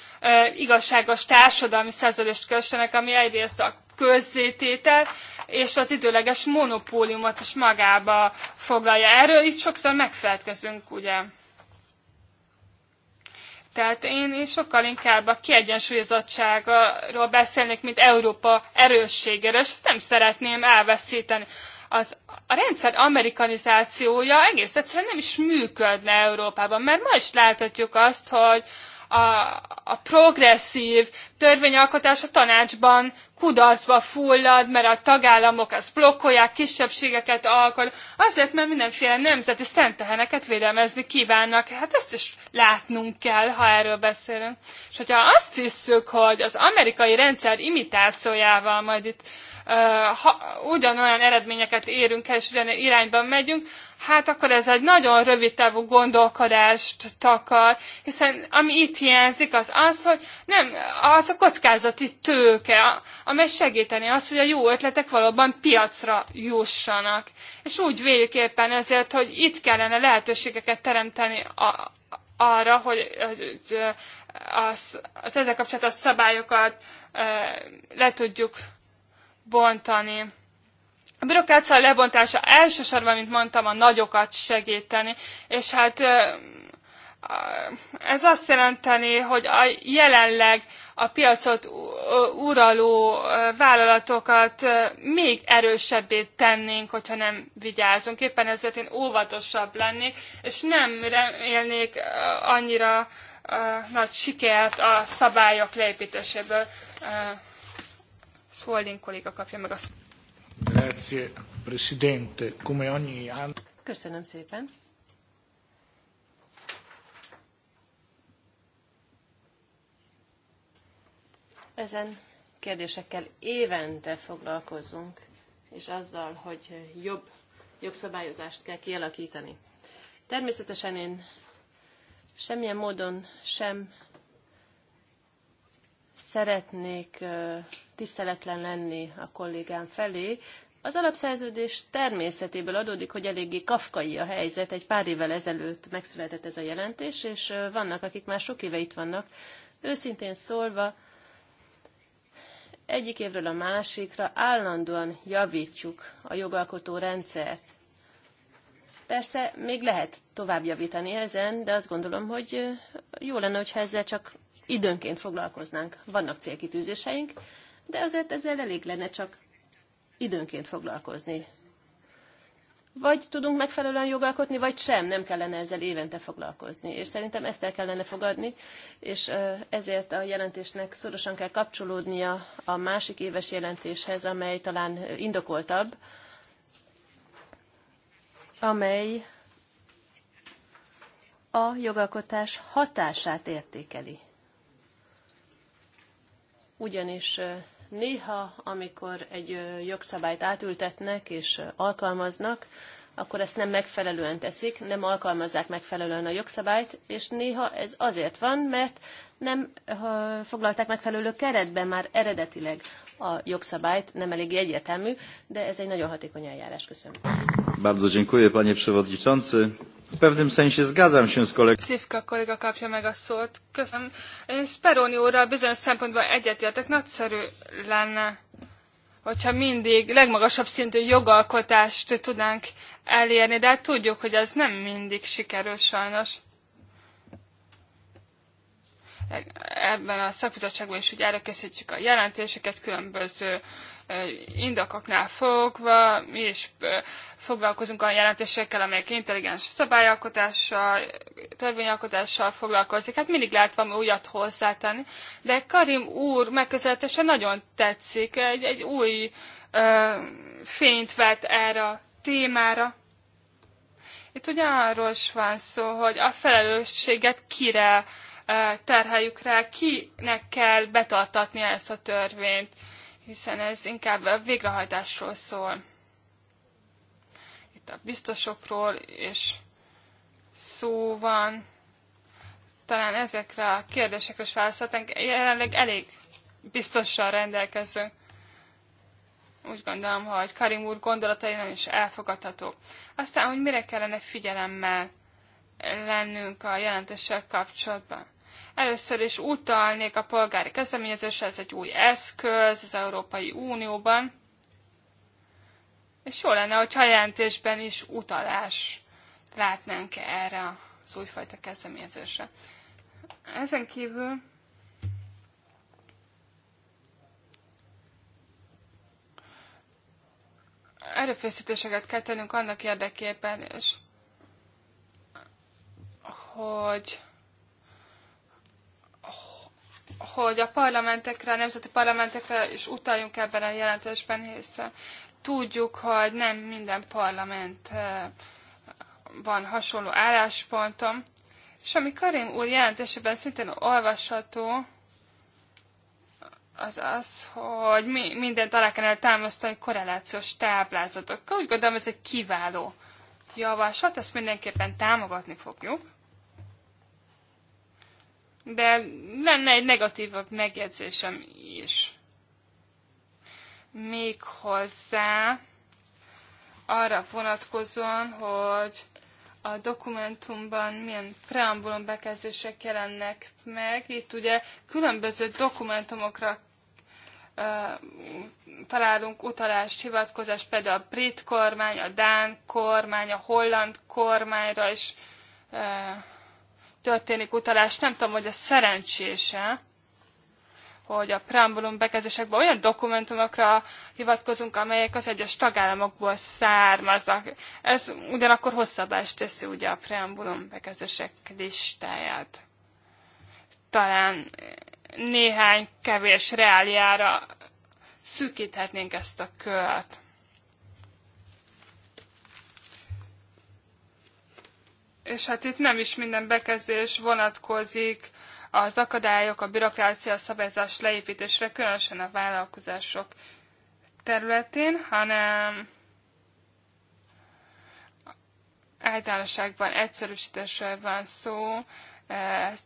igazságos társadalmi szerződést kössenek, ami egyrészt a közzététel, és az időleges monopóliumot is magába foglalja. Erről itt sokszor megfelelkezünk, ugye? Tehát én, én sokkal inkább a kiegyensúlyozottságról beszélnék, mint Európa erősségéről, és ezt nem szeretném elveszíteni. Az, a rendszer amerikanizációja egész egyszerűen nem is működne Európában, mert ma is láthatjuk azt, hogy a, a progresszív törvényalkotás a tanácsban kudarcba fullad, mert a tagállamok ezt blokkolják, kisebbségeket alkot, azért, mert mindenféle nemzeti szenteheneket védelmezni kívánnak. Hát ezt is látnunk kell, ha erről beszélünk. És hogyha azt hiszük, hogy az amerikai rendszer imitációjával majd itt ha ugyanolyan eredményeket érünk el, és ugyanilyen irányban megyünk, hát akkor ez egy nagyon rövid távú gondolkodást takar, hiszen ami itt hiányzik, az az, hogy nem, az a kockázati tőke, amely segíteni az, hogy a jó ötletek valóban piacra jussanak. És úgy véljük éppen ezért, hogy itt kellene lehetőségeket teremteni a, arra, hogy, hogy az, az ezzel kapcsolatos szabályokat le tudjuk bontani a bürokrácia lebontása elsősorban, mint mondtam, a nagyokat segíteni, és hát ez azt jelenteni, hogy a jelenleg a piacot uraló vállalatokat még erősebbé tennénk, hogyha nem vigyázunk. Éppen ezért én óvatosabb lennék, és nem remélnék annyira nagy sikert a szabályok leépítéséből. Szóval, kolléga kapja meg azt. Grazie, Presidente. Come ogni anno... Köszönöm szépen. Ezen kérdésekkel évente foglalkozunk, és azzal, hogy jobb jogszabályozást kell kialakítani. Természetesen én semmilyen módon sem szeretnék tiszteletlen lenni a kollégám felé, az alapszerződés természetéből adódik, hogy eléggé kafkai a helyzet. Egy pár évvel ezelőtt megszületett ez a jelentés, és vannak, akik már sok éve itt vannak. Őszintén szólva, egyik évről a másikra állandóan javítjuk a jogalkotó rendszert. Persze még lehet tovább javítani ezen, de azt gondolom, hogy jó lenne, hogyha ezzel csak időnként foglalkoznánk. Vannak célkitűzéseink, de azért ezzel elég lenne csak időnként foglalkozni. Vagy tudunk megfelelően jogalkotni, vagy sem, nem kellene ezzel évente foglalkozni. És szerintem ezt el kellene fogadni, és ezért a jelentésnek szorosan kell kapcsolódnia a másik éves jelentéshez, amely talán indokoltabb, amely a jogalkotás hatását értékeli ugyanis néha, amikor egy jogszabályt átültetnek és alkalmaznak, akkor ezt nem megfelelően teszik, nem alkalmazzák megfelelően a jogszabályt, és néha ez azért van, mert nem foglalták megfelelő keretben már eredetileg a jogszabályt, nem eléggé egyértelmű, de ez egy nagyon hatékony eljárás. Köszönöm. Bardzo dziękuję, panie przewodniczący pewnym sensie zgadzam się z kolegą. Szívka kolega kapja meg a szót. Köszönöm. Speroni úrral bizonyos szempontból egyetértek. Nagyszerű lenne, hogyha mindig legmagasabb szintű jogalkotást tudnánk elérni, de hát tudjuk, hogy ez nem mindig sikerül sajnos. Ebben a szakbizottságban is úgy erre készítjük a jelentéseket, különböző indokoknál fogva mi is foglalkozunk olyan jelentésekkel, amelyek intelligens szabályalkotással, törvényalkotással foglalkozik. Hát mindig lehet valami újat hozzátenni. De Karim úr megközelítése nagyon tetszik. Egy, egy új ö, fényt vett erre a témára. Itt ugye arról is van szó, hogy a felelősséget kire terheljük rá, kinek kell betartatnia ezt a törvényt hiszen ez inkább a végrehajtásról szól. Itt a biztosokról és szó van. Talán ezekre a kérdésekre is választhatnánk. Jelenleg elég biztosan rendelkezünk. Úgy gondolom, hogy Karim úr gondolatai nem is elfogadható. Aztán, hogy mire kellene figyelemmel lennünk a jelentéssel kapcsolatban. Először is utalnék a polgári kezdeményezésre, ez egy új eszköz az Európai Unióban, és jó lenne, hogy a jelentésben is utalás látnánk -e erre az újfajta kezdeményezésre. Ezen kívül erőfeszítéseket kell tennünk annak érdekében is, hogy hogy a parlamentekre, a nemzeti parlamentekre is utaljunk ebben a jelentésben, hiszen tudjuk, hogy nem minden parlament eh, van hasonló álláspontom. És ami Karim úr jelentésében szintén olvasható, az az, hogy mi, mindent alá kellene támasztani korrelációs táblázatokkal. Úgy gondolom, ez egy kiváló javaslat, ezt mindenképpen támogatni fogjuk. De lenne egy negatívabb megjegyzésem is. még hozzá arra vonatkozóan, hogy a dokumentumban milyen preambulum bekezdések jelennek meg. Itt ugye különböző dokumentumokra uh, találunk utalást, hivatkozást, például a brit kormány, a dán kormány, a holland kormányra is uh, történik utalás, nem tudom, hogy ez szerencsése, hogy a preambulum bekezdésekben olyan dokumentumokra hivatkozunk, amelyek az egyes tagállamokból származnak. Ez ugyanakkor hosszabbás teszi ugye a preambulum bekezdések listáját. Talán néhány kevés reáliára szűkíthetnénk ezt a költ. és hát itt nem is minden bekezdés vonatkozik az akadályok, a bürokrácia, a szabályzás leépítésre, különösen a vállalkozások területén, hanem általánosságban egyszerűsítésről van szó,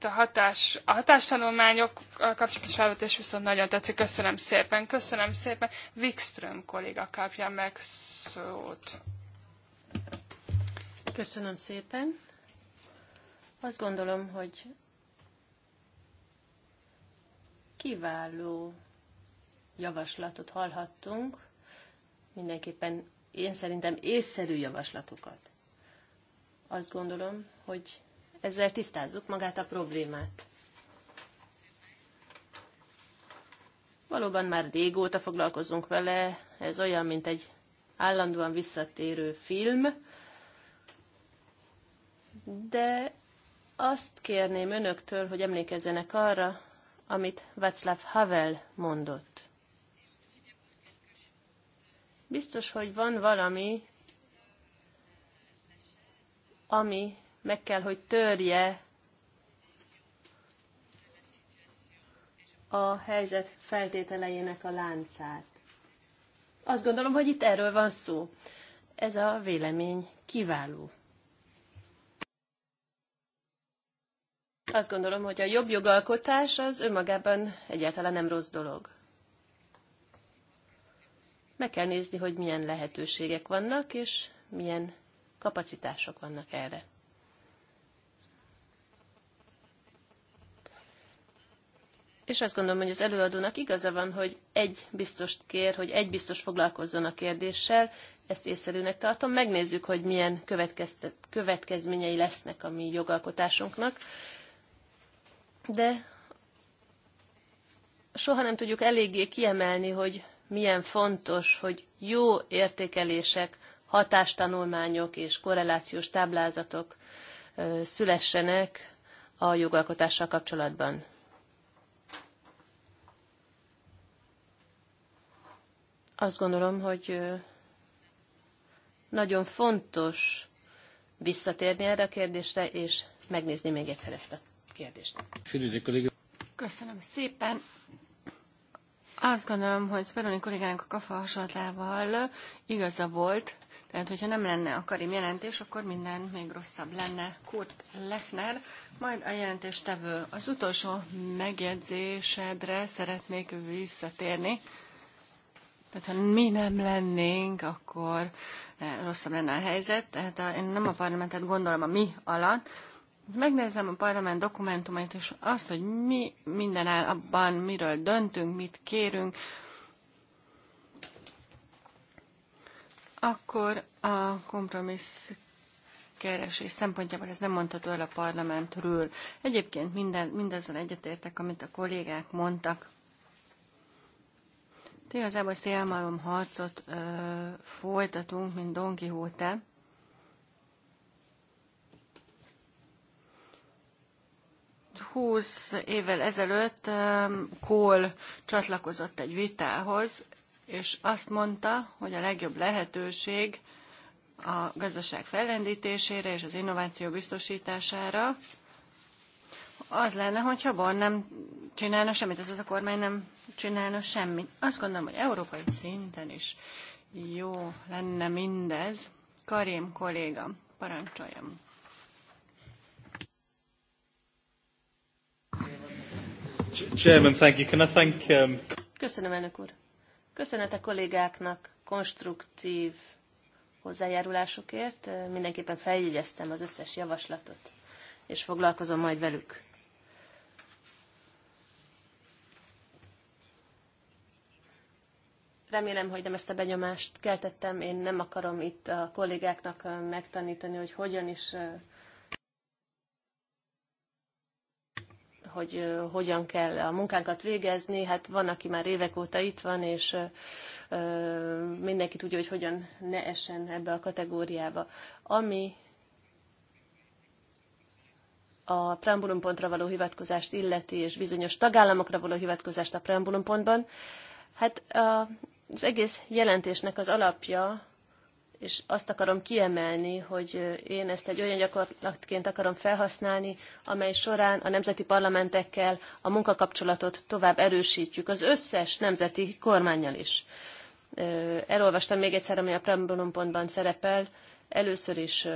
a, hatás, a hatástanulmányok kapcsolatos felvetés viszont nagyon tetszik. Köszönöm szépen, köszönöm szépen. Wikström kolléga kapja meg szót. Köszönöm szépen. Azt gondolom, hogy kiváló javaslatot hallhattunk, mindenképpen én szerintem észszerű javaslatokat. Azt gondolom, hogy ezzel tisztázzuk magát a problémát. Valóban már régóta foglalkozunk vele, ez olyan, mint egy állandóan visszatérő film, de azt kérném önöktől, hogy emlékezzenek arra, amit Václav Havel mondott. Biztos, hogy van valami, ami meg kell, hogy törje a helyzet feltételeinek a láncát. Azt gondolom, hogy itt erről van szó. Ez a vélemény kiváló. Azt gondolom, hogy a jobb jogalkotás az önmagában egyáltalán nem rossz dolog. Meg kell nézni, hogy milyen lehetőségek vannak, és milyen kapacitások vannak erre. És azt gondolom, hogy az előadónak igaza van, hogy egy biztost kér, hogy egy biztos foglalkozzon a kérdéssel, ezt észszerűnek tartom. Megnézzük, hogy milyen következményei lesznek a mi jogalkotásunknak, de soha nem tudjuk eléggé kiemelni, hogy milyen fontos, hogy jó értékelések, hatástanulmányok és korrelációs táblázatok szülessenek a jogalkotással kapcsolatban. Azt gondolom, hogy nagyon fontos visszatérni erre a kérdésre, és megnézni még egyszer ezt a kérdést. Köszönöm szépen. Azt gondolom, hogy Speroni kollégának a kafa hasonlatával igaza volt, tehát hogyha nem lenne a Karim jelentés, akkor minden még rosszabb lenne. Kurt Lechner, majd a jelentéstevő. Az utolsó megjegyzésedre szeretnék visszatérni. Tehát ha mi nem lennénk, akkor eh, rosszabb lenne a helyzet. Tehát én nem a parlamentet gondolom a mi alatt, megnézem a parlament dokumentumait, és azt, hogy mi minden áll abban, miről döntünk, mit kérünk, akkor a kompromissz keresés szempontjából ez nem mondható el a parlamentről. Egyébként minden, mindazon egyetértek, amit a kollégák mondtak. Igazából szélmalom harcot ö, folytatunk, mint Don Quixote. 20 évvel ezelőtt um, Kohl csatlakozott egy vitához, és azt mondta, hogy a legjobb lehetőség a gazdaság fellendítésére és az innováció biztosítására az lenne, hogyha Bonn nem csinálna semmit, ez az a kormány nem csinálna semmit. Azt gondolom, hogy európai szinten is jó lenne mindez. Karim kolléga, parancsoljam. Chairman, thank you. Can I thank, um... Köszönöm, elnök úr. Köszönet a kollégáknak konstruktív hozzájárulásukért. Mindenképpen feljegyeztem az összes javaslatot, és foglalkozom majd velük. Remélem, hogy nem ezt a benyomást keltettem. Én nem akarom itt a kollégáknak megtanítani, hogy hogyan is hogy hogyan kell a munkánkat végezni. Hát van, aki már évek óta itt van, és mindenki tudja, hogy hogyan ne essen ebbe a kategóriába. Ami a preambulumpontra való hivatkozást illeti, és bizonyos tagállamokra való hivatkozást a preambulumpontban, hát az egész jelentésnek az alapja és azt akarom kiemelni, hogy én ezt egy olyan gyakorlatként akarom felhasználni, amely során a nemzeti parlamentekkel a munkakapcsolatot tovább erősítjük, az összes nemzeti kormányjal is. Elolvastam még egyszer, ami a preambulum pontban szerepel. Először is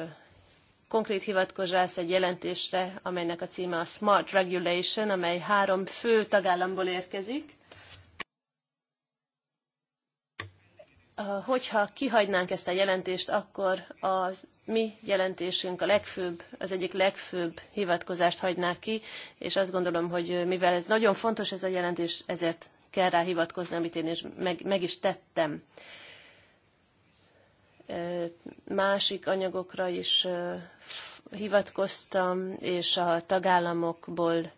konkrét hivatkozás egy jelentésre, amelynek a címe a Smart Regulation, amely három fő tagállamból érkezik hogyha kihagynánk ezt a jelentést, akkor az mi jelentésünk a legfőbb, az egyik legfőbb hivatkozást hagyná ki, és azt gondolom, hogy mivel ez nagyon fontos ez a jelentés, ezért kell rá hivatkozni, amit én is meg, meg is tettem. Másik anyagokra is hivatkoztam, és a tagállamokból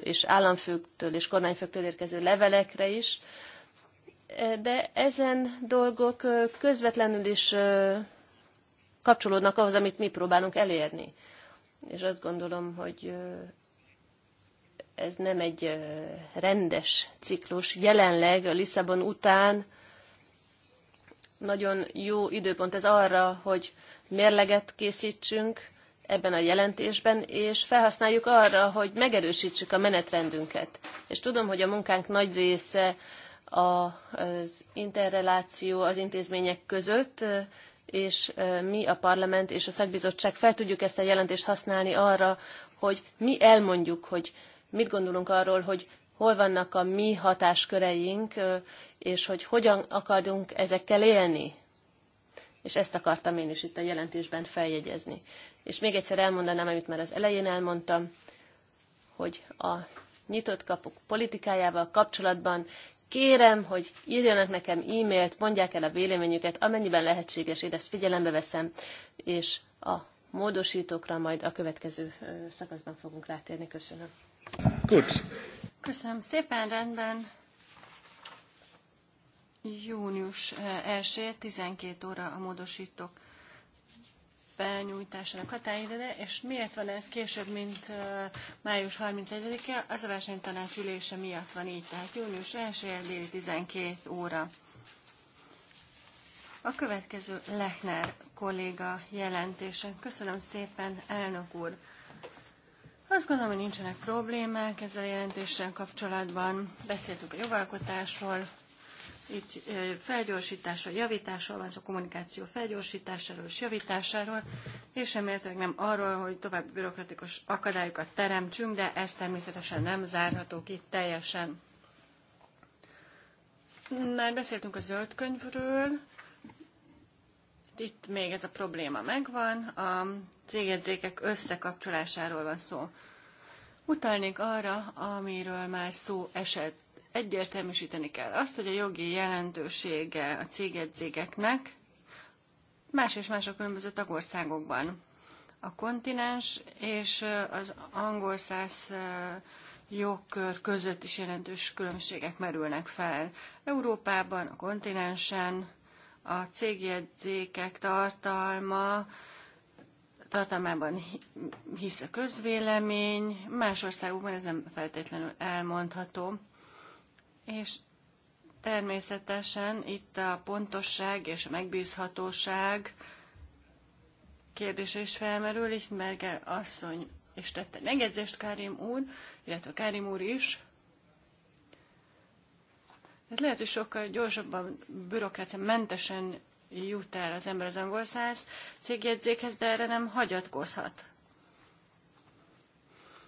és államfőktől és kormányfőktől érkező levelekre is, de ezen dolgok közvetlenül is kapcsolódnak ahhoz, amit mi próbálunk elérni. És azt gondolom, hogy ez nem egy rendes ciklus. Jelenleg a Lisszabon után nagyon jó időpont ez arra, hogy mérleget készítsünk ebben a jelentésben, és felhasználjuk arra, hogy megerősítsük a menetrendünket. És tudom, hogy a munkánk nagy része az interreláció az intézmények között, és mi a parlament és a szakbizottság fel tudjuk ezt a jelentést használni arra, hogy mi elmondjuk, hogy mit gondolunk arról, hogy hol vannak a mi hatásköreink, és hogy hogyan akarunk ezekkel élni. És ezt akartam én is itt a jelentésben feljegyezni. És még egyszer elmondanám, amit már az elején elmondtam, hogy a nyitott kapuk politikájával kapcsolatban Kérem, hogy írjanak nekem e-mailt, mondják el a véleményüket, amennyiben lehetséges, én ezt figyelembe veszem, és a módosítókra majd a következő szakaszban fogunk rátérni. Köszönöm. Good. Köszönöm szépen, rendben. Június 1 12 óra a módosítók benyújtásának határideje, és miért van ez később, mint május 31-e? Az a versenytanács ülése miatt van így, tehát június 1 déli 12 óra. A következő Lechner kolléga jelentése. Köszönöm szépen, elnök úr! Azt gondolom, hogy nincsenek problémák ezzel a jelentéssel kapcsolatban. Beszéltük a jogalkotásról, így felgyorsítása, javításról van szó, szóval kommunikáció felgyorsításáról és javításáról, és remélhetőleg nem arról, hogy további bürokratikus akadályokat teremtsünk, de ez természetesen nem zárható ki teljesen. Már beszéltünk a zöld könyvről, itt még ez a probléma megvan, a cégjegyzékek összekapcsolásáról van szó. Utalnék arra, amiről már szó esett egyértelműsíteni kell azt, hogy a jogi jelentősége a cégjegyzékeknek más és más a különböző tagországokban. A kontinens és az angol száz jogkör között is jelentős különbségek merülnek fel. Európában, a kontinensen a cégjegyzékek tartalma tartalmában hisz a közvélemény, más országokban ez nem feltétlenül elmondható. És természetesen itt a pontosság és a megbízhatóság kérdése is felmerül. Lichtberger asszony és tette megjegyzést Kárim úr, illetve Kárim úr is. Ez lehet, hogy sokkal gyorsabban, mentesen jut el az ember az angol száz cégjegyzékhez, de erre nem hagyatkozhat.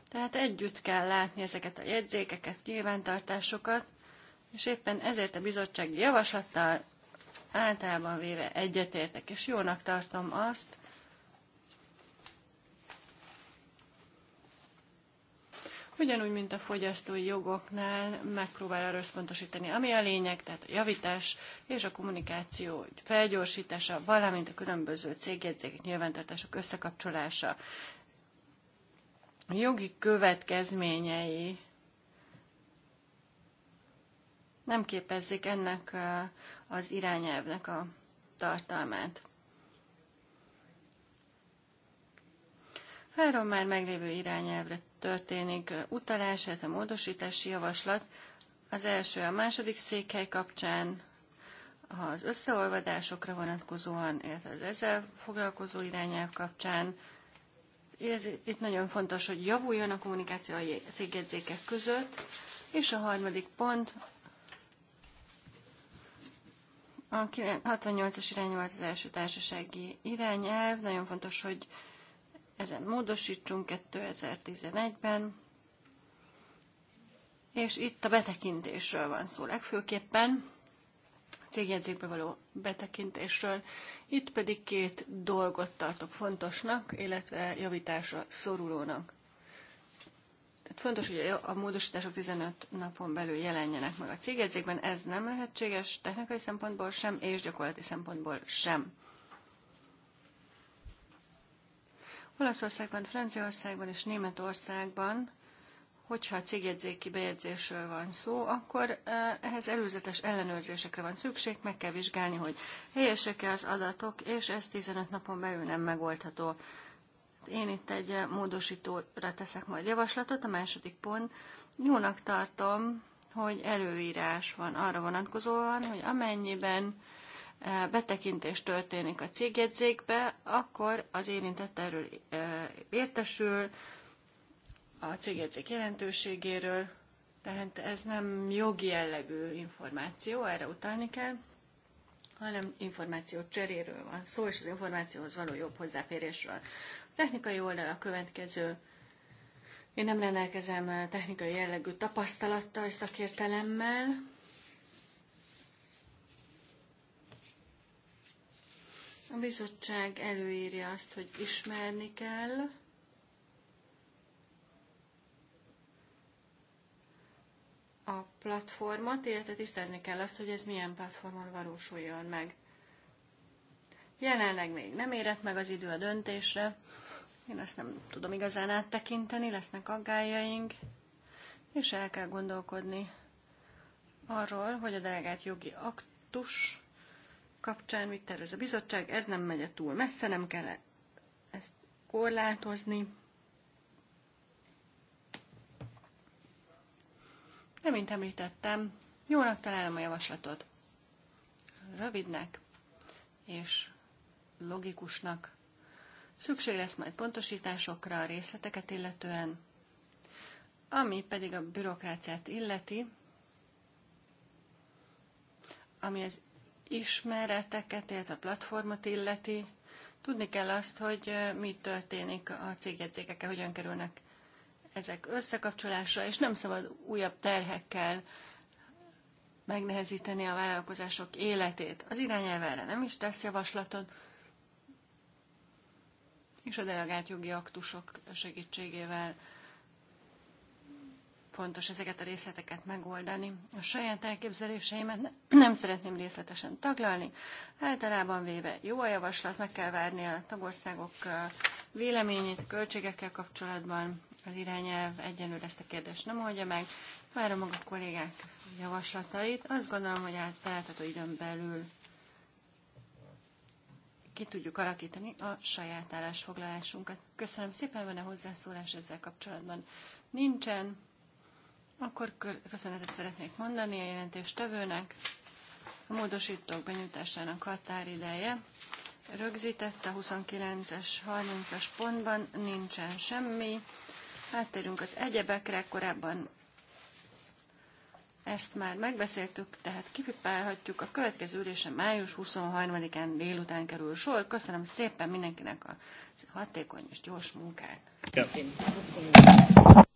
Tehát együtt kell látni ezeket a jegyzékeket, nyilvántartásokat, és éppen ezért a bizottsági javaslattal általában véve egyetértek, és jónak tartom azt, Ugyanúgy, mint a fogyasztói jogoknál megpróbál arra összpontosítani, ami a lényeg, tehát a javítás és a kommunikáció felgyorsítása, valamint a különböző cégjegyzék nyilvántartások összekapcsolása. jogi következményei nem képezzék ennek az irányelvnek a tartalmát. Három már meglévő irányelvre történik utalás, a módosítási javaslat. Az első a második székhely kapcsán, az összeolvadásokra vonatkozóan, illetve az ezzel foglalkozó irányelv kapcsán. Ez, itt nagyon fontos, hogy javuljon a kommunikáció a cégjegyzékek között, és a harmadik pont a 68-as irányelv az első társasági irányelv. Nagyon fontos, hogy ezen módosítsunk 2011-ben. És itt a betekintésről van szó legfőképpen, a cégjegyzékbe való betekintésről. Itt pedig két dolgot tartok fontosnak, illetve javításra szorulónak. Tehát fontos, hogy a módosítások 15 napon belül jelenjenek meg a cégjegyzékben. Ez nem lehetséges technikai szempontból sem, és gyakorlati szempontból sem. Olaszországban, Franciaországban és Németországban, hogyha a cégjegyzéki bejegyzésről van szó, akkor e, ehhez előzetes ellenőrzésekre van szükség, meg kell vizsgálni, hogy helyesek-e az adatok, és ez 15 napon belül nem megoldható én itt egy eh, módosítóra teszek majd javaslatot. A második pont, jónak tartom, hogy előírás van arra vonatkozóan, hogy amennyiben eh, betekintés történik a cégjegyzékbe, akkor az érintett erről eh, értesül a cégjegyzék jelentőségéről, tehát ez nem jogi jellegű információ, erre utalni kell, hanem információ cseréről van szó, és az információhoz való jobb hozzáférésről. Technikai oldal a következő. Én nem rendelkezem eh, technikai jellegű tapasztalattal és szakértelemmel. A bizottság előírja azt, hogy ismerni kell. a platformot, illetve tisztázni kell azt, hogy ez milyen platformon valósuljon meg. Jelenleg még nem érett meg az idő a döntésre, én ezt nem tudom igazán áttekinteni, lesznek aggájaink, és el kell gondolkodni arról, hogy a delegált jogi aktus kapcsán mit tervez a bizottság, ez nem megy túl messze, nem kell ezt korlátozni. De, mint említettem, jónak találom a javaslatot. Rövidnek és logikusnak. Szükség lesz majd pontosításokra a részleteket illetően, ami pedig a bürokráciát illeti, ami az ismereteket, illetve a platformot illeti. Tudni kell azt, hogy mi történik a cégjegyzékekkel, hogyan kerülnek ezek összekapcsolásra, és nem szabad újabb terhekkel megnehezíteni a vállalkozások életét. Az irányelv erre nem is tesz javaslatot, és a delegált jogi aktusok segítségével fontos ezeket a részleteket megoldani. A saját elképzeléseimet nem szeretném részletesen taglalni. Általában véve jó a javaslat, meg kell várni a tagországok véleményét a költségekkel kapcsolatban. Az irányelv egyenlőre ezt a kérdést nem oldja meg. Várom a kollégák javaslatait. Azt gondolom, hogy áttelhető időn belül ki tudjuk alakítani a saját állásfoglalásunkat. Köszönöm szépen, van-e hozzászólás ezzel kapcsolatban? Nincsen. Akkor köszönetet szeretnék mondani a jelentéstevőnek. A módosítók benyújtásának határideje rögzítette a 29-es, 30-as pontban, nincsen semmi. Áttérünk az egyebekre, korábban ezt már megbeszéltük, tehát kipipálhatjuk. A következő ülése május 23-án délután kerül sor. Köszönöm szépen mindenkinek a hatékony és gyors munkát. Ja.